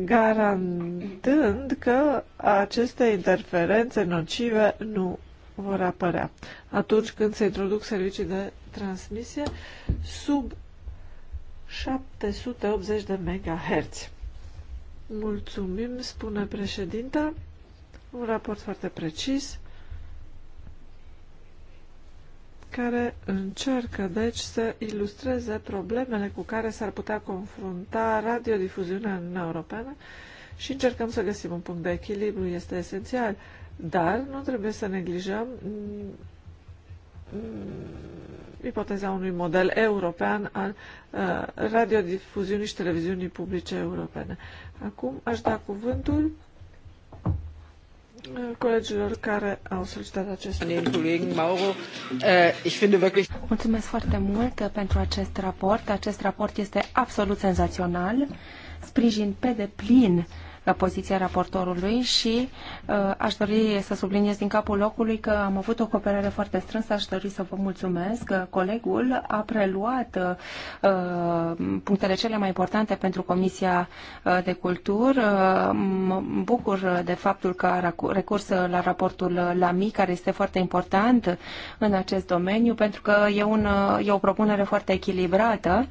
garantând că aceste interferențe nocive nu vor apărea atunci când se introduc servicii de transmisie sub 780 de MHz. Mulțumim, spune președinta. Un raport foarte precis care încearcă, deci, să ilustreze problemele cu care s-ar putea confrunta radiodifuziunea în Europeană și încercăm să găsim un punct de echilibru. Este esențial dar nu trebuie să neglijăm mm, ipoteza unui model european al uh, radiodifuziunii și televiziunii publice europene. Acum aș da cuvântul uh, colegilor care au solicitat acest lucru. Äh, Mulțumesc foarte mult pentru acest raport. Acest raport este absolut senzațional. Sprijin pe deplin poziția raportorului și uh, aș dori să subliniez din capul locului că am avut o cooperare foarte strânsă. Aș dori să vă mulțumesc. Colegul a preluat uh, punctele cele mai importante pentru Comisia uh, de Cultură. Mă bucur de faptul că a recurs la raportul la MI, care este foarte important în acest domeniu, pentru că e, un, e o propunere foarte echilibrată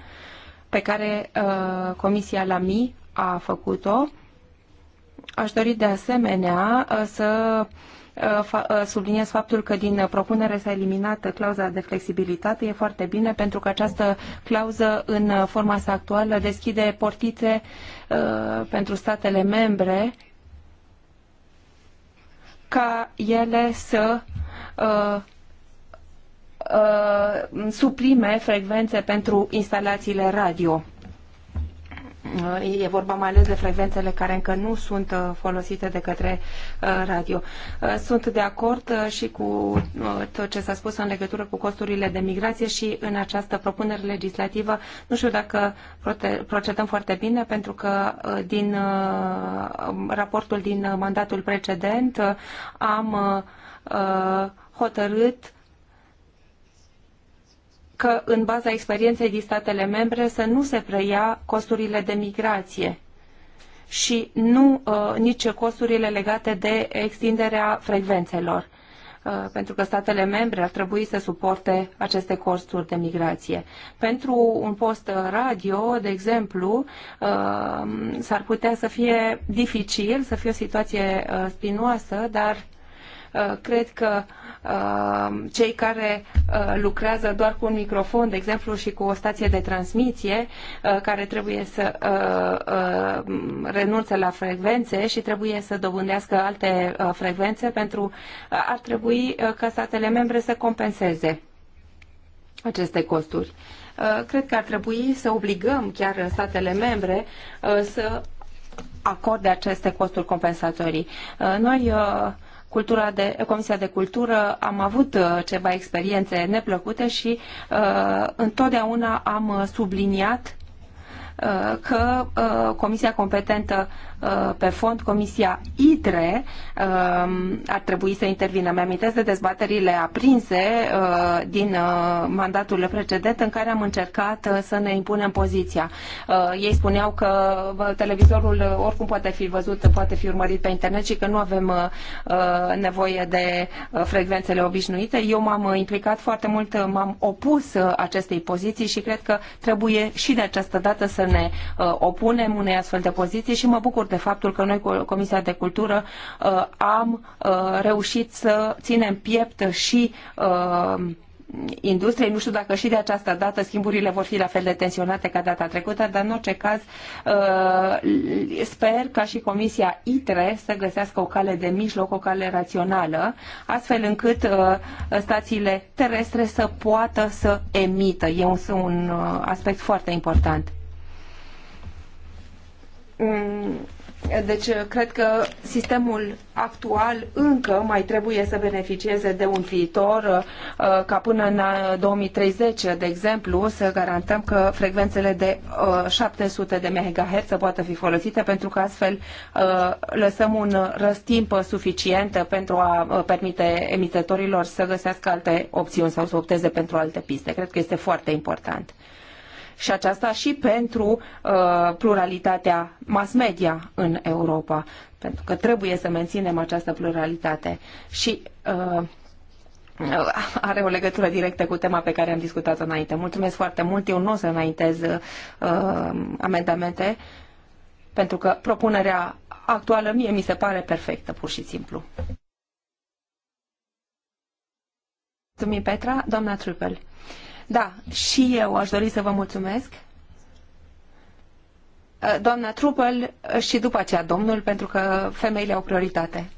pe care uh, Comisia MI a făcut-o Aș dori de asemenea uh, să uh, uh, subliniez faptul că din propunere s-a eliminat clauza de flexibilitate. E foarte bine pentru că această clauză în forma sa actuală deschide portițe pentru statele membre ca ele să suprime frecvențe pentru instalațiile radio. E vorba mai ales de frecvențele care încă nu sunt uh, folosite de către uh, radio. Uh, sunt de acord și cu tot ce s-a spus în legătură cu costurile de migrație și în această propunere legislativă. Nu știu dacă procedăm foarte bine, pentru că din raportul din mandatul precedent am hotărât că în baza experienței din statele membre să nu se preia costurile de migrație și nu uh, nici costurile legate de extinderea frecvențelor, uh, pentru că statele membre ar trebui să suporte aceste costuri de migrație. Pentru un post radio, de exemplu, uh, s-ar putea să fie dificil, să fie o situație uh, spinoasă, dar uh, Uh, cred că uh, cei care uh, lucrează doar cu un microfon, de exemplu, și cu o stație de transmisie, care trebuie să renunțe la frecvențe și trebuie să dobândească alte frecvențe pentru ar trebui ca statele membre să compenseze aceste costuri. Cred că ar trebui să obligăm chiar statele membre să acorde aceste costuri compensatorii. Noi cultura de, Comisia de Cultură am avut uh, ceva experiențe neplăcute și uh, întotdeauna am subliniat uh, că uh, Comisia competentă Uh, pe fond Comisia ITRE um, ar trebui să intervină. Mi-amintesc de dezbaterile aprinse uh, din uh, mandatul precedent în care am încercat să ne impunem poziția. Ei spuneau că televizorul oricum poate fi văzut, poate fi urmărit pe internet și că nu avem nevoie de frecvențele obișnuite. Eu m-am implicat foarte mult, m-am opus acestei poziții și cred că trebuie și de această dată să ne opunem unei astfel de poziții și mă bucur de faptul că noi, Comisia de Cultură, uh, am uh, reușit să ținem piept și uh, industriei. Nu știu dacă și de această dată schimburile vor fi la fel de tensionate ca data trecută, dar în orice caz sper ca și Comisia ITRE să găsească o cale de mijloc, o cale rațională, astfel încât stațiile terestre să poată să emită. E un, un aspect foarte important mm, deci, uh, cred că sistemul actual încă mai trebuie să beneficieze de un viitor, uh, uh, ca până în 2030, de exemplu, să garantăm că frecvențele de 700 de MHz să poată fi folosite, pentru că astfel lăsăm un răstimp suficient pentru a permite emițătorilor să găsească alte opțiuni sau să opteze pentru alte piste. Cred că este foarte important și aceasta și pentru uh, pluralitatea mass media în Europa, pentru că trebuie să menținem această pluralitate și uh, uh, are o legătură directă cu tema pe care am discutat-o înainte. Mulțumesc foarte mult. Eu nu o să înaintez uh, amendamente pentru că propunerea actuală mie mi se pare perfectă, pur și simplu. Mulțumim, Petra. Doamna Trupel. Da, și eu aș dori să vă mulțumesc. Uh, doamna Trupel uh, și după aceea domnul, pentru că femeile au prioritate.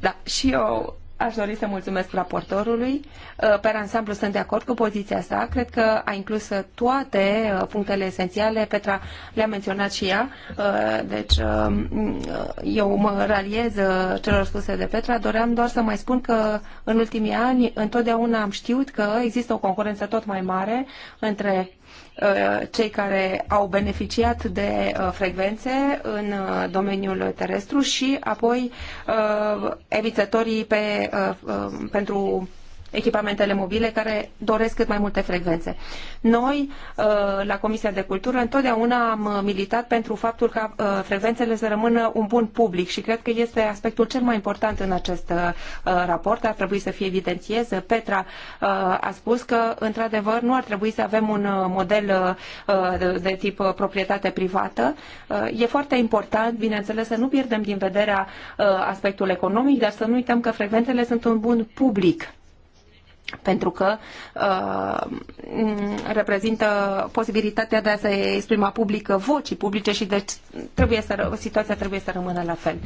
Da, și eu Aș dori să mulțumesc raportorului. Uh, Pe ansamblu sunt de acord cu poziția sa. Cred că a inclus uh, toate uh, punctele esențiale. Petra le-a menționat și ea. Deci mm, eu mă raliez celor spuse de Petra. Doream doar să mai spun că în ultimii ani întotdeauna am știut că există o concurență tot mai mare între Uh, cei care au beneficiat de uh, frecvențe în uh, domeniul terestru și apoi evitătorii pe, pentru echipamentele mobile care doresc cât mai multe frecvențe. Noi, uh, la Comisia de Cultură, întotdeauna am militat pentru faptul ca uh, frecvențele să rămână un bun public și cred că este aspectul cel mai important în acest uh, raport. Ar trebui să fie evidențiez. Petra a spus că, într-adevăr, nu ar trebui să avem un model de tip proprietate privată. E foarte important, bineînțeles, să nu pierdem din vederea aspectul economic, dar să nu uităm că frecvențele sunt un bun public pentru că uh, reprezintă posibilitatea de a se exprima publică vocii publice și deci trebuie să, situația trebuie să rămână la fel.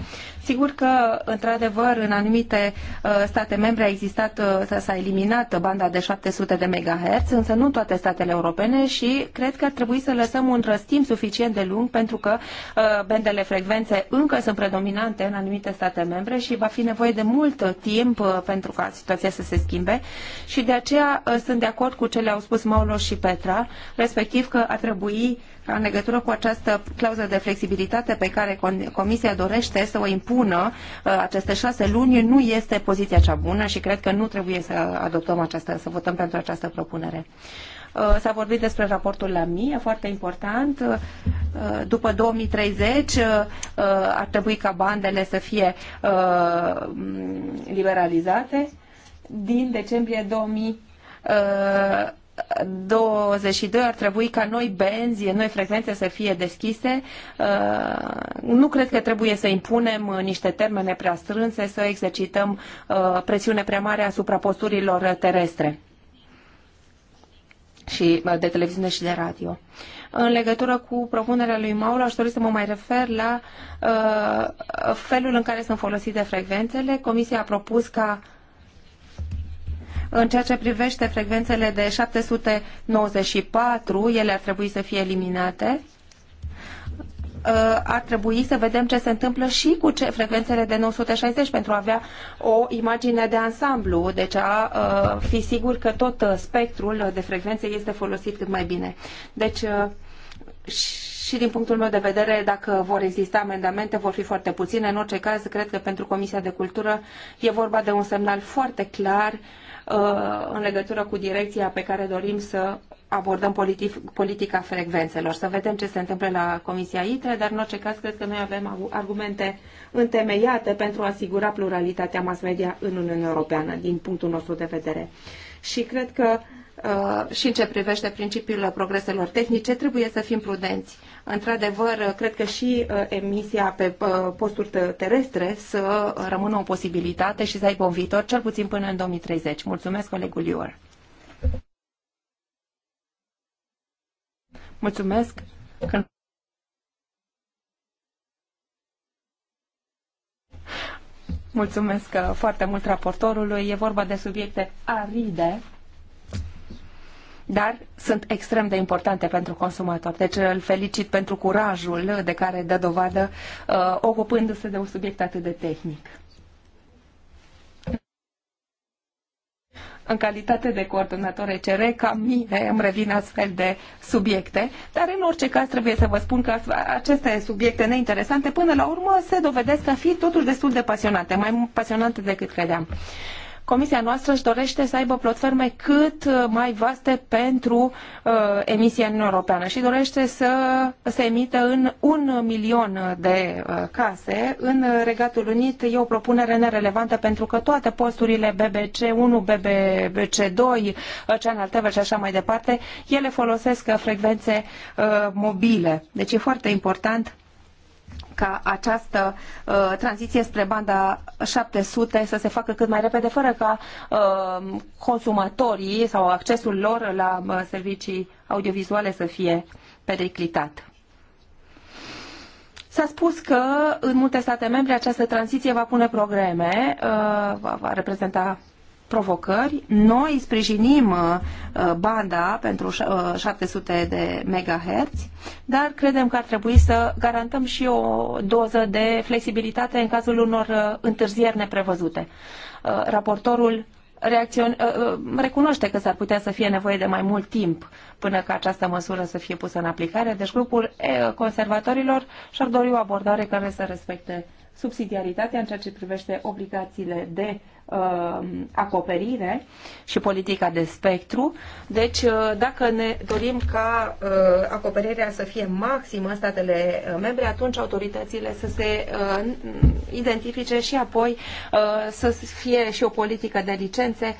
Sigur că, într-adevăr, în anumite uh, state membre a existat, uh, s-a eliminat banda de 700 de MHz, însă nu toate statele europene și cred că ar trebui să lăsăm un răstim suficient de lung pentru că uh, bendele frecvențe încă sunt predominante în anumite state membre și va fi nevoie de mult uh, timp uh, pentru ca situația să se schimbe. Uh, și de aceea uh, sunt de acord cu ce le-au spus Maulo și Petra, respectiv că ar trebui ca în legătură cu această clauză de flexibilitate pe care Comisia dorește să o impună uh, aceste șase luni, nu este poziția cea bună și cred că nu trebuie să adoptăm această, să votăm pentru această propunere. Uh, s-a vorbit despre raportul la mie, foarte important. După 2030 ar trebui ca bandele să fie liberalizate din decembrie 2022 uh, ar trebui ca noi benzi, noi frecvențe să fie deschise. Uh, nu cred că trebuie să impunem uh, niște termene prea strânse, să exercităm presiune prea mare asupra posturilor terestre și de televiziune și de radio. În legătură cu propunerea lui Maul, aș dori să mă mai refer la uh, felul în care sunt folosite frecvențele. Comisia a propus ca uh, în ceea ce privește frecvențele de 794, ele ar trebui să fie eliminate uh, ar trebui să vedem ce se întâmplă și cu ce, frecvențele de 960 pentru a avea o imagine de ansamblu, deci a uh, fi sigur că tot uh, spectrul de frecvențe este folosit cât mai bine. Deci și din punctul meu de vedere, dacă vor exista amendamente, vor fi foarte puține. În orice caz, cred că pentru Comisia de Cultură e vorba de un semnal foarte clar uh, Uh, în legătură cu direcția pe care dorim să abordăm politica frecvențelor. Să vedem ce se întâmplă la Comisia ITRE, dar în orice caz cred că noi avem argumente întemeiate pentru a asigura pluralitatea mass media în Uniunea Europeană, din punctul nostru de vedere. Și cred că uh, Uh, și în ce privește principiul progreselor tehnice, trebuie să fim prudenți. Într-adevăr, uh, cred că și uh, emisia pe posturi terestre să rămână o posibilitate și să aibă un viitor, cel puțin până în 2030. Mulțumesc, colegul Ior. Mulțumesc. Mulțumesc foarte mult raportorului. E vorba de subiecte aride dar sunt extrem de importante pentru consumator. Deci îl felicit pentru curajul de care dă dovadă uh, ocupându-se de un subiect atât de tehnic. În calitate de coordonator ECR, ca mine îmi revin astfel de subiecte, dar în orice caz trebuie să vă spun că aceste subiecte neinteresante până la urmă se dovedesc a fi totuși destul de pasionate, mai pasionante decât credeam. Uh, Comisia noastră își dorește să aibă platforme cât uh, mai vaste pentru uh, emisia în europeană și dorește să se emită în un milion uh, de uh, case. În Regatul Unit e o propunere nerelevantă pentru că toate posturile BBC1, BBC2, Channel TV și așa mai departe, ele folosesc frecvențe uh, mobile. Deci e foarte important ca această uh, tranziție spre banda 700 să se facă cât mai repede, fără ca uh, consumatorii sau accesul lor la uh, servicii audiovizuale să fie periclitat. S-a spus că în multe state membre această tranziție va pune probleme, uh, va reprezenta provocări. Noi sprijinim uh, uh, banda pentru 700 uh, de MHz, dar credem că ar trebui să garantăm și o doză de flexibilitate în cazul unor întârzieri neprevăzute. Raportorul reacțion... recunoaște că s-ar putea să fie nevoie de mai mult timp până ca această măsură să fie pusă în aplicare, deci grupul conservatorilor și-ar dori o abordare care să respecte subsidiaritatea în ceea ce privește obligațiile de Uh, acoperire și politica de spectru. Deci, uh, dacă ne dorim ca uh, acoperirea să fie maximă în statele membre, atunci autoritățile să se identifice și apoi să fie și o politică de licențe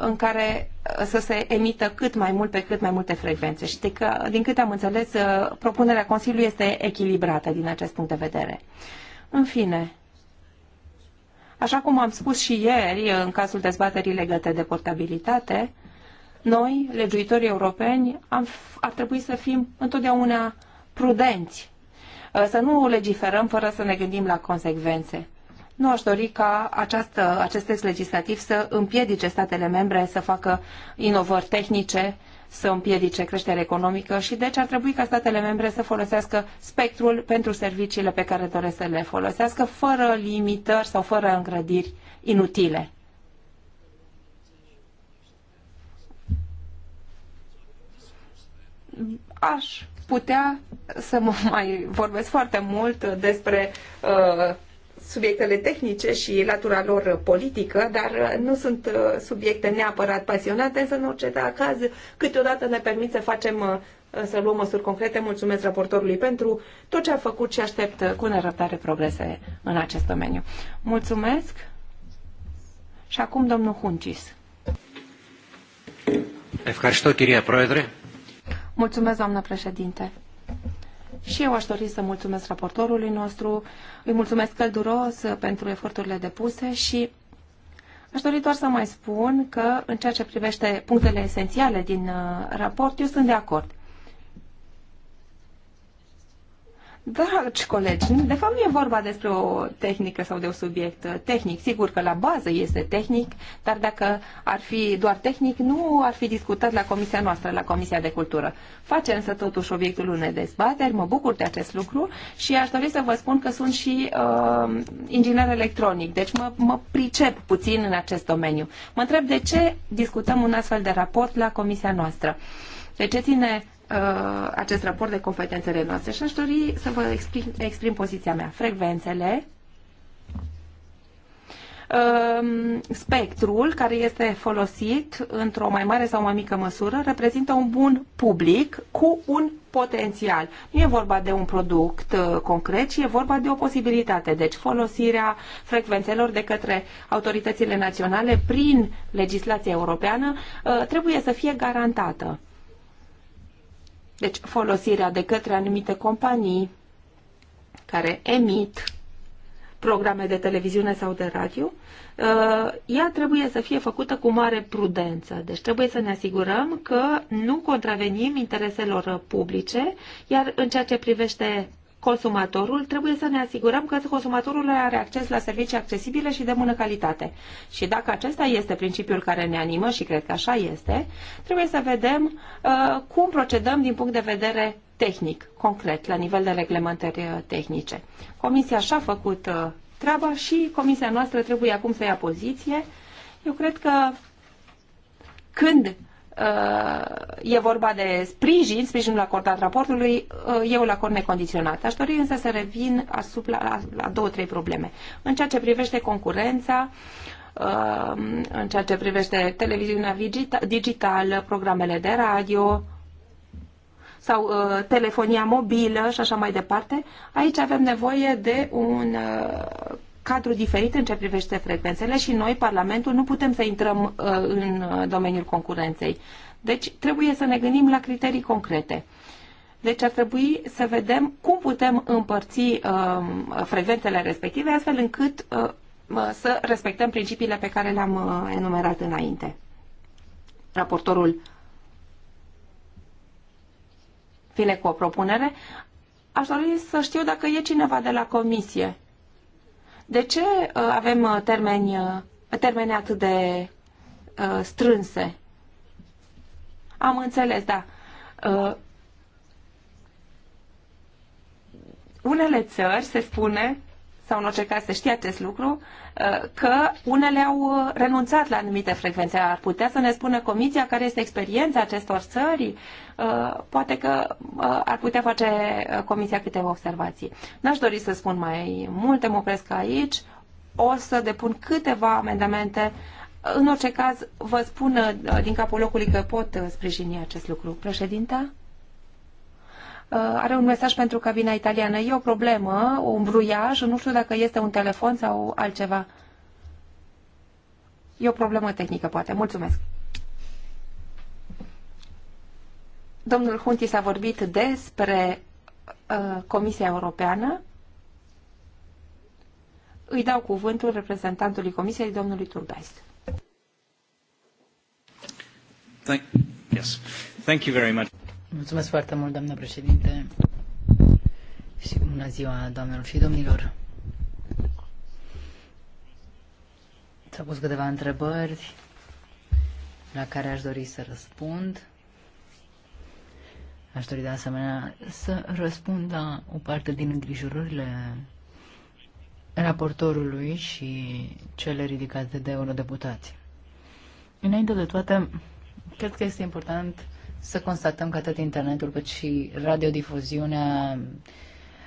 în care să se emită cât mai mult pe cât mai multe frecvențe. Și că, din câte am înțeles, propunerea Consiliului este echilibrată din acest punct de vedere. În fine, Așa cum am spus și ieri, în cazul dezbaterii legate de portabilitate, noi, legiuitorii europeni, am, ar trebui să fim întotdeauna prudenți, ă, să nu legiferăm fără să ne gândim la consecvențe. Nu aș dori ca această, acest text legislativ să împiedice statele membre să facă inovări tehnice să împiedice creșterea economică și deci ar trebui ca statele membre să folosească spectrul pentru serviciile pe care doresc să le folosească fără limitări sau fără îngrădiri inutile. Aș putea să mă mai vorbesc foarte mult despre uh, subiectele tehnice și latura lor politică, dar uh, nu sunt uh, subiecte neapărat pasionate, însă în orice caz câteodată ne permit să facem uh, să luăm măsuri concrete. Mulțumesc raportorului pentru tot ce a făcut și aștept cu nerăbdare progrese în acest domeniu. Mulțumesc și acum domnul Huncis. Mulțumesc, doamnă președinte. Și eu aș dori să mulțumesc raportorului nostru, îi mulțumesc călduros pentru eforturile depuse și Aș dori doar să mai spun că, în ceea ce privește punctele esențiale din uh, raport, eu sunt de acord. Dragi colegi, de fapt nu e vorba despre o tehnică sau de un subiect tehnic. Sigur că la bază este tehnic, dar dacă ar fi doar tehnic, nu ar fi discutat la comisia noastră, la Comisia de Cultură. Face însă totuși obiectul unei dezbateri, mă bucur de acest lucru și aș dori să vă spun că sunt și uh, inginer electronic, deci mă, mă pricep puțin în acest domeniu. Mă întreb de ce discutăm un astfel de raport la comisia noastră. De ce ține Uh, acest raport de competențele noastre și aș dori să vă exprim, exprim poziția mea. Frecvențele, um, spectrul care este folosit într-o mai mare sau mai mică măsură reprezintă un bun public cu un potențial. Nu e vorba de un product uh, concret, ci e vorba de o posibilitate. Deci folosirea frecvențelor de către autoritățile naționale prin legislația europeană uh, trebuie să fie garantată. Deci folosirea de către anumite companii care emit programe de televiziune sau de radio, uh, ea trebuie să fie făcută cu mare prudență. Deci trebuie să ne asigurăm că nu contravenim intereselor publice, iar în ceea ce privește consumatorul, trebuie să ne asigurăm că consumatorul are acces la servicii accesibile și de bună calitate. Și dacă acesta este principiul care ne animă și cred că așa este, trebuie să vedem uh, cum procedăm din punct de vedere tehnic, concret, la nivel de reglementări uh, tehnice. Comisia și-a făcut uh, treaba și comisia noastră trebuie acum să ia poziție. Eu cred că când Uh, e vorba de sprijin, sprijinul acordat raportului, uh, eu la acord necondiționat. Aș dori însă să revin asupra la, la două, trei probleme. În ceea ce privește concurența, uh, în ceea ce privește televiziunea digitală, programele de radio sau telefonia mobilă și așa mai departe, aici avem nevoie de un cadru diferit în ce privește frecvențele și noi, Parlamentul, nu putem să intrăm uh, în uh, domeniul concurenței. Deci trebuie să ne gândim la criterii concrete. Deci ar trebui să vedem cum putem împărți uh, frecvențele respective astfel încât să respectăm principiile pe care le-am enumerat înainte. Raportorul vine cu o propunere. Aș dori să știu dacă e cineva de la comisie de ce uh, avem uh, termeni, uh, termeni atât de strânse? Am înțeles, da. Unele țări, se spune, sau în orice caz se știe acest lucru, că unele au uh, renunțat la anumite frecvențe. Ar putea să ne spună Comisia care este experiența acestor țări? Uh, poate că uh, ar putea face Comisia câteva observații. N-aș dori să spun mai multe, mă opresc aici. O să depun câteva amendamente. În orice caz, vă spun din capul locului că pot sprijini acest lucru. Președinte? Uh, are un mesaj pentru cabina italiană. E o problemă, un bruiaj, nu știu dacă este un telefon sau altceva. E o problemă tehnică, poate. Mulțumesc. Domnul Hunti s-a vorbit despre uh, Comisia Europeană. Îi dau cuvântul reprezentantului Comisiei, domnului Turgais. Thank, yes. Thank you very much. Mulțumesc foarte mult, doamnă președinte. Și bună ziua, doamnelor și domnilor. S-au pus câteva întrebări la care aș dori să răspund. Aș dori de asemenea să răspund la o parte din îngrijorările raportorului și cele ridicate de eurodeputați. Înainte de toate, cred că este important să constatăm că atât internetul cât și radiodifuziunea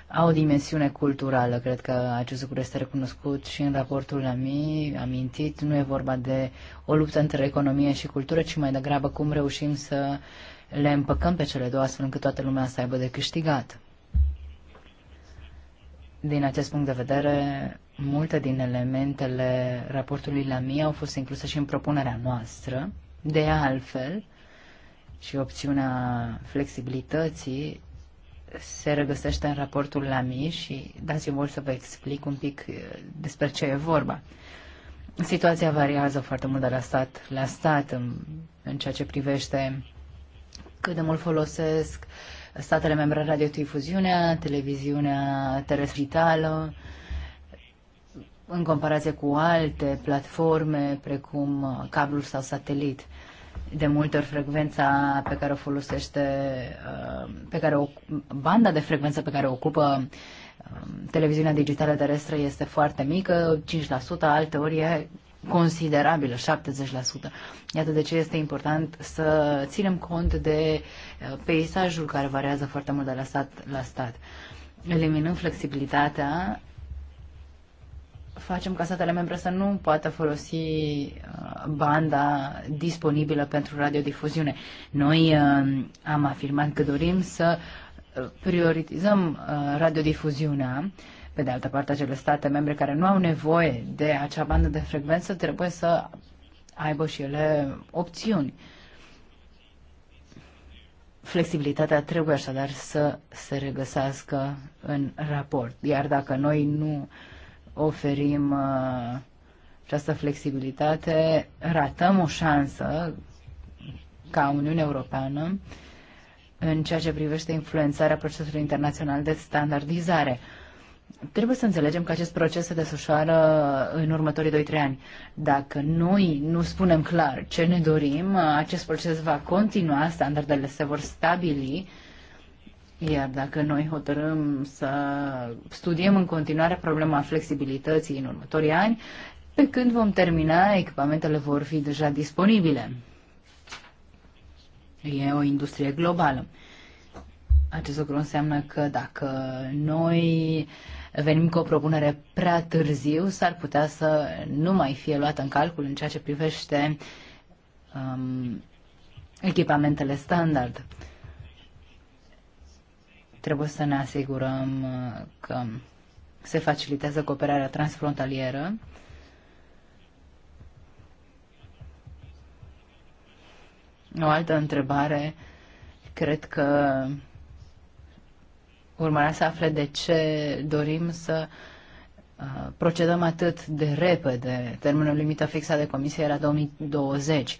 au o dimensiune culturală. Cred că acest lucru este recunoscut și în raportul la mii, amintit. Nu e vorba de o luptă între economie și cultură, ci mai degrabă cum reușim să le împăcăm pe cele două astfel încât toată lumea să aibă de câștigat. Din acest punct de vedere, multe din elementele raportului la mie au fost incluse și în propunerea noastră. De altfel, și opțiunea flexibilității se regăsește în raportul la mi și dați-mi voi să vă explic un pic eh, despre ce e vorba. Situația variază foarte mult de la stat la stat în, în ceea ce privește cât de mult folosesc statele membre radiodifuziunea, televiziunea terestrială în comparație cu alte platforme precum eh, cablul sau satelit de multe ori frecvența pe care o folosește, uh, pe care o, banda de frecvență pe care o ocupă um, televiziunea digitală terestră este foarte mică, 5%, alte ori e considerabilă, 70%. Iată de ce este important să ținem cont de uh, peisajul care variază foarte mult de la stat la stat. Eliminând flexibilitatea, facem ca statele membre să nu poată folosi uh, banda disponibilă pentru radiodifuziune. Noi uh, am afirmat că dorim să uh, prioritizăm radiodifuziunea. Pe de altă parte, acele state membre care nu au nevoie de acea bandă de frecvență trebuie să aibă și ele opțiuni. Flexibilitatea trebuie așadar să se regăsească în raport. Iar dacă noi nu uh, oferim uh, această flexibilitate, ratăm o șansă ca Uniunea Europeană în ceea ce privește influențarea procesului internațional de standardizare. Trebuie să înțelegem că acest proces se desfășoară în următorii 2-3 ani. Dacă noi nu spunem clar ce ne dorim, acest proces va continua, standardele se vor stabili iar dacă noi hotărâm să studiem în continuare problema flexibilității în următorii ani, pe când vom termina, echipamentele vor fi deja disponibile. E o industrie globală. Acest lucru înseamnă că dacă noi venim cu o propunere prea târziu, s-ar putea să nu mai fie luată în calcul în ceea ce privește um, echipamentele standard. Trebuie să ne asigurăm uh, că se facilitează cooperarea transfrontalieră. O altă întrebare, cred că urmărea să afle de ce dorim să uh, procedăm atât de repede. Termenul limită fixat de comisie era 2020.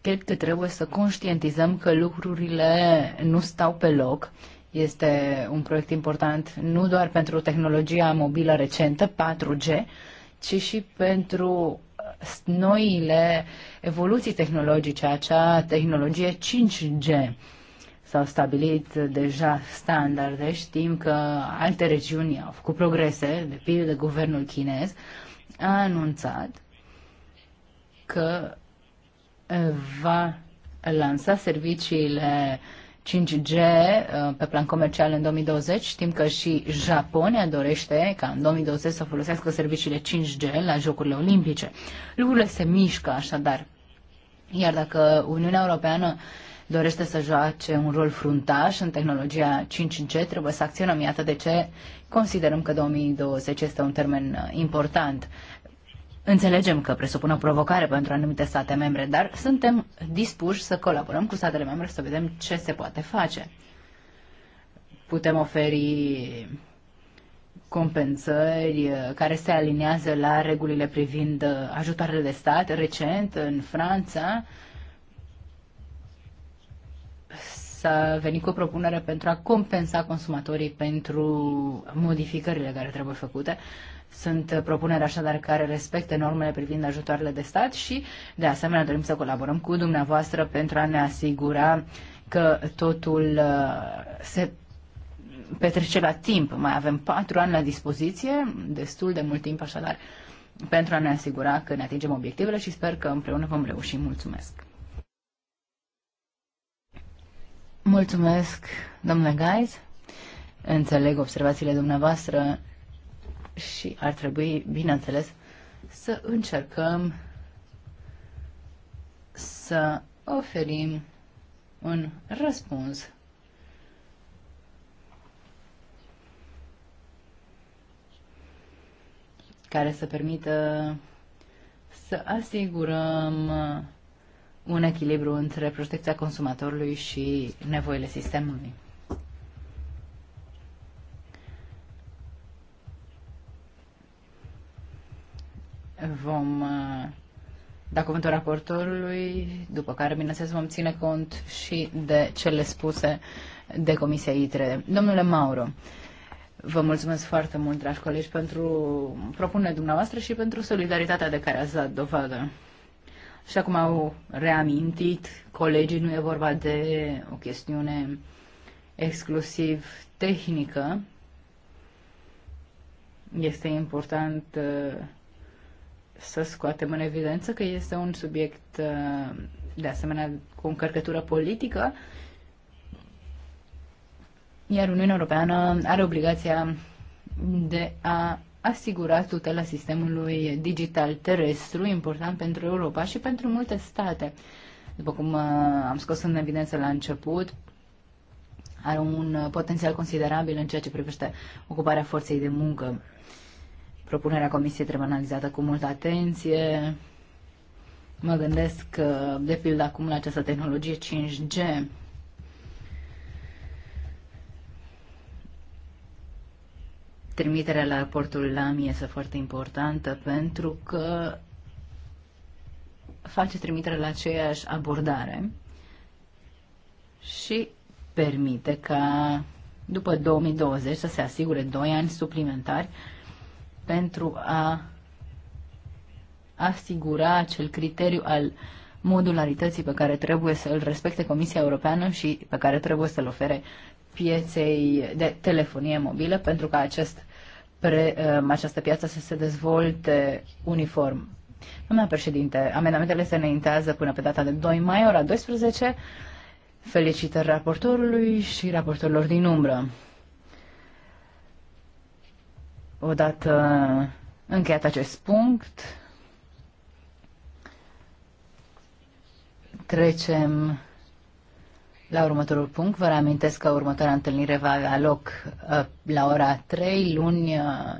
Cred că trebuie să conștientizăm că lucrurile nu stau pe loc este un proiect important nu doar pentru tehnologia mobilă recentă, 4G, ci și pentru noile evoluții tehnologice, acea tehnologie 5G. S-au stabilit deja standarde, știm că alte regiuni au făcut progrese, de pildă guvernul chinez a anunțat că va lansa serviciile 5G uh, pe plan comercial în 2020. Știm că și Japonia dorește ca în 2020 să folosească serviciile 5G la Jocurile Olimpice. Lucrurile se mișcă așadar. Iar dacă Uniunea Europeană dorește să joace un rol fruntaș în tehnologia 5G, trebuie să acționăm. Iată de ce considerăm că 2020 este un termen uh, important. Înțelegem că presupune o provocare pentru anumite state membre, dar suntem dispuși să colaborăm cu statele membre să vedem ce se poate face. Putem oferi compensări care se aliniază la regulile privind ajutoarele de stat. Recent, în Franța, s-a venit cu o propunere pentru a compensa consumatorii pentru modificările care trebuie făcute. Uh, sunt propuneri așadar care respecte normele privind ajutoarele de stat și, de asemenea, dorim să colaborăm cu dumneavoastră pentru a ne asigura că totul uh, se petrece la timp. Mai avem patru ani la dispoziție, destul de mult timp așadar, pentru a ne asigura că ne atingem obiectivele și sper că împreună vom reuși. Mulțumesc! Mulțumesc, domnule Gaiz. Înțeleg observațiile dumneavoastră și ar trebui, bineînțeles, să încercăm să oferim un răspuns. care să permită să asigurăm un echilibru între protecția consumatorului și nevoile sistemului. vom uh, da cuvântul raportorului, după care, bineînțeles, vom ține cont și de cele spuse de Comisia ITRE. Domnule Mauro, vă mulțumesc foarte mult, dragi colegi, pentru propunerea dumneavoastră și pentru solidaritatea de care ați dat dovadă. Și acum au reamintit colegii, nu e vorba de o chestiune exclusiv tehnică. Este important uh, să scoatem în evidență că este un subiect uh, de asemenea cu o încărcătură politică, iar Uniunea Europeană are obligația de a asigura tutela sistemului digital terestru, important pentru Europa și pentru multe state. După cum uh, am scos în evidență la început, are un uh, potențial considerabil în ceea ce privește ocuparea forței de muncă. Propunerea comisiei trebuie analizată cu multă atenție. Mă gândesc, că, de pildă, acum la această tehnologie 5G. Trimiterea la raportul LAMI este foarte importantă pentru că face trimiterea la aceeași abordare și permite ca după 2020 să se asigure 2 ani suplimentari pentru a asigura acel criteriu al modularității pe care trebuie să îl respecte Comisia Europeană și pe care trebuie să-l ofere pieței de telefonie mobilă pentru ca acest pre, um, această piață să se dezvolte uniform. Doamna președinte, amendamentele se înaintează până pe data de 2 mai, ora 12. Felicitări raportorului și raportorilor din umbră. Odată încheiat acest punct, trecem la următorul punct. Vă reamintesc că următoarea întâlnire va avea loc uh, la ora 3, luni. Uh,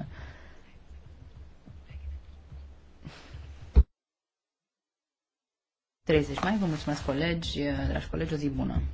treizeci mai, vă mulțumesc colegi, uh, dragi colegi, o zi bună!